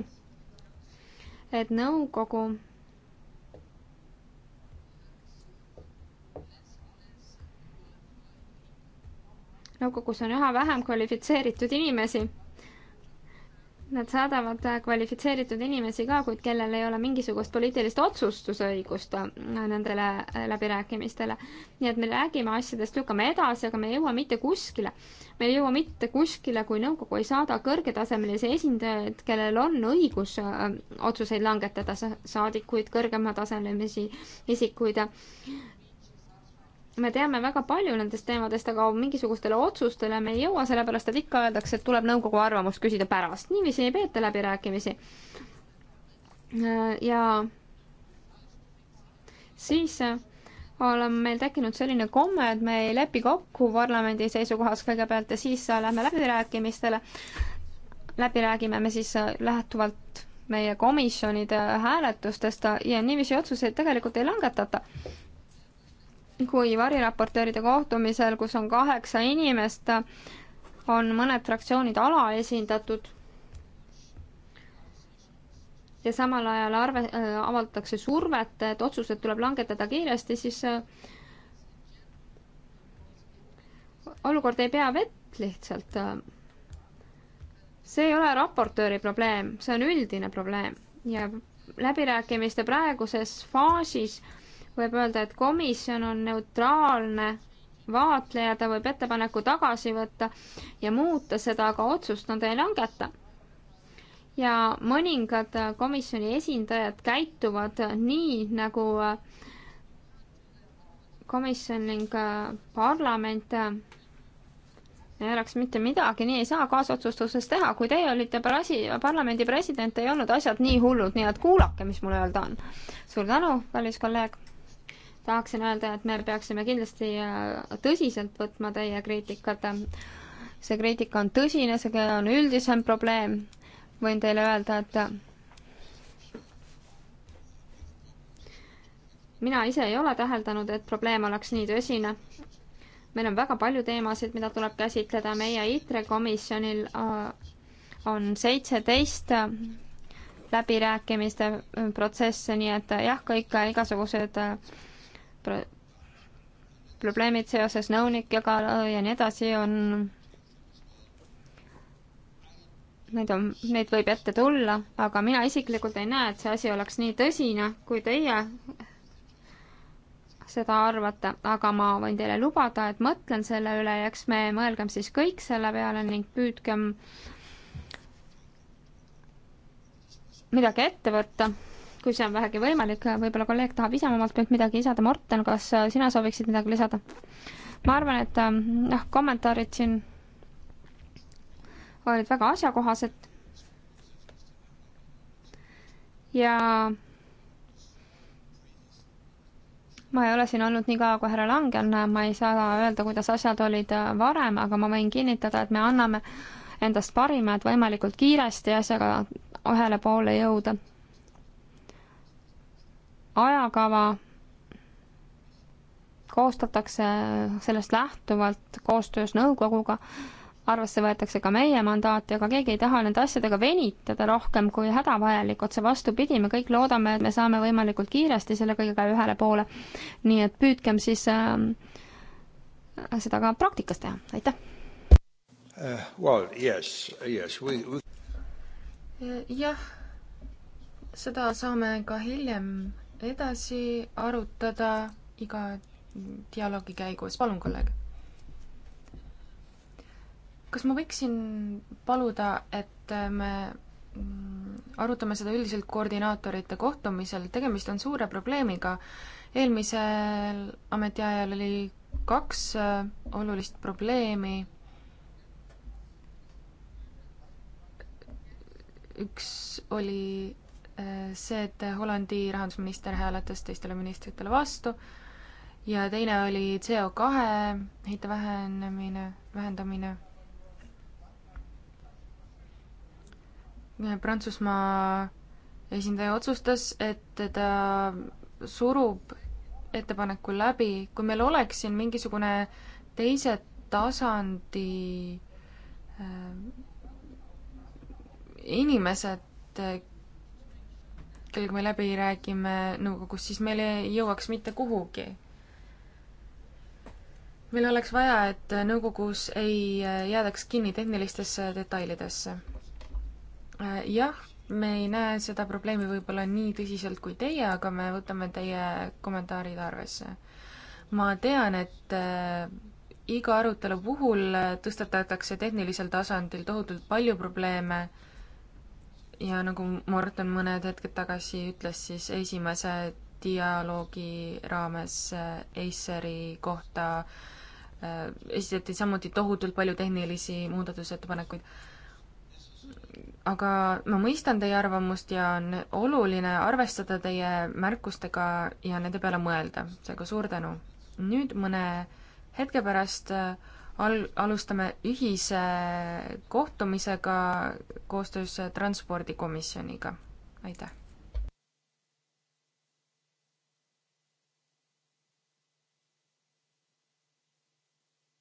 et nõukogu nõukogus on üha vähem kvalifitseeritud inimesi. Nad saadavad kvalifitseeritud inimesi ka, kuid kellel ei ole mingisugust poliitilist otsustusõigust nendele läbirääkimistele. nii et me räägime asjadest, lükkame edasi, aga me ei jõua mitte kuskile. me ei jõua mitte kuskile, kui nõukogu ei saada kõrgetasemelisi esindajaid, kellel on õigus äh, otsuseid langetada, saadikuid, kõrgematasemelisi isikuid me teame väga palju nendest teemadest, aga mingisugustele otsustele me ei jõua, sellepärast et ikka öeldakse, et tuleb nõukogu arvamust küsida pärast. niiviisi ei peeta läbirääkimisi. ja siis on meil tekkinud selline komme, et me ei lepi kokku parlamendi seisukohas kõigepealt ja siis lähme läbirääkimistele. läbi räägime me siis lähtuvalt meie komisjonide hääletustest ja niiviisi otsuseid tegelikult ei langetata kui variraportööride kohtumisel, kus on kaheksa inimest, on mõned fraktsioonid alaesindatud ja samal ajal arve äh,, avaldatakse survet, et otsused tuleb langetada kiiresti, siis äh, olukord ei pea vett lihtsalt äh,. see ei ole raportööri probleem, see on üldine probleem ja läbirääkimiste praeguses faasis äh, võib öelda, et komisjon on neutraalne vaatleja, ta võib ettepaneku tagasi võtta ja muuta seda, aga otsust nad ei langeta. ja mõningad komisjoni esindajad käituvad nii, nagu komisjon ning parlament ei oleks mitte midagi, nii ei saa kaasotsustuses teha, kui teie olite presi-, parlamendi president, ei olnud asjad nii hullud, nii et kuulake, mis mul öelda on. suur tänu, kallis kolleeg tahaksin öelda, et me peaksime kindlasti äh, tõsiselt võtma teie kriitikat. see kriitika on tõsine, see on üldisem probleem. võin teile öelda, et mina ise ei ole täheldanud, et probleem oleks nii tõsine. meil on väga palju teemasid, mida tuleb käsitleda, meie ITRE komisjonil äh, on seitseteist äh, läbirääkimiste protsesse, nii et jah, kõik igasugused äh, probleemid seoses nõunikega ja nii edasi on, neid on, neid võib ette tulla, aga mina isiklikult ei näe, et see asi oleks nii tõsine, kui teie seda arvate, aga ma võin teile lubada, et mõtlen selle üle ja eks me mõelgem siis kõik selle peale ning püüdkem midagi ette võtta kui see on vähegi võimalik, võib-olla kolleeg tahab ise omalt poolt midagi lisada, Morten, kas äh, sina sooviksid midagi lisada? ma arvan, et ähm, noh, kommentaarid siin olid väga asjakohased ja ma ei ole siin olnud nii kaua, kui härra Lang on, äh, ma ei saa öelda, kuidas asjad olid äh, varem, aga ma võin kinnitada, et me anname endast parima, et võimalikult kiiresti asjaga ühele poole jõuda ajakava koostatakse sellest lähtuvalt koostöös nõukoguga, arvesse võetakse ka meie mandaati, aga keegi ei taha nende asjadega venitada rohkem kui hädavajalik, otse vastupidi, me kõik loodame, et me saame võimalikult kiiresti selle kõigega ühele poole. nii et püüdkem siis äh, seda ka praktikas teha, aitäh uh,! Well, yes, yes, we, we... jah, seda saame ka hiljem edasi arutada iga dialoogi käigus. palun, kolleeg. kas ma võiksin paluda, et me mm, arutame seda üldiselt koordinaatorite kohtumisel, tegemist on suure probleemiga. eelmisel ametiajal oli kaks äh, olulist probleemi. üks oli see, et Hollandi rahandusminister hääletas teistele ministritele vastu ja teine oli CO kahe heite vähenemine, vähendamine. Prantsusmaa esindaja otsustas, et ta surub ettepaneku läbi, kui meil oleks siin mingisugune teise tasandi äh, inimesed, kellega me läbi räägime nõukogus, siis meil ei jõuaks mitte kuhugi. meil oleks vaja, et nõukogus ei jäädaks kinni tehnilistesse detailidesse. jah, me ei näe seda probleemi võib-olla nii tõsiselt kui teie, aga me võtame teie kommentaarid arvesse. ma tean, et äh, iga arutelu puhul äh, tõstatatakse tehnilisel tasandil tohutult palju probleeme ja nagu Morten mõned hetked tagasi ütles, siis esimese dialoogi raames äh, Aceri kohta äh, esitati samuti tohutult palju tehnilisi muudatusettepanekuid. aga ma mõistan teie arvamust ja on oluline arvestada teie märkustega ja nende peale mõelda, seega suur tänu. nüüd mõne hetke pärast äh, al-, alustame ühise kohtumisega koostöös Transpordikomisjoniga. aitäh!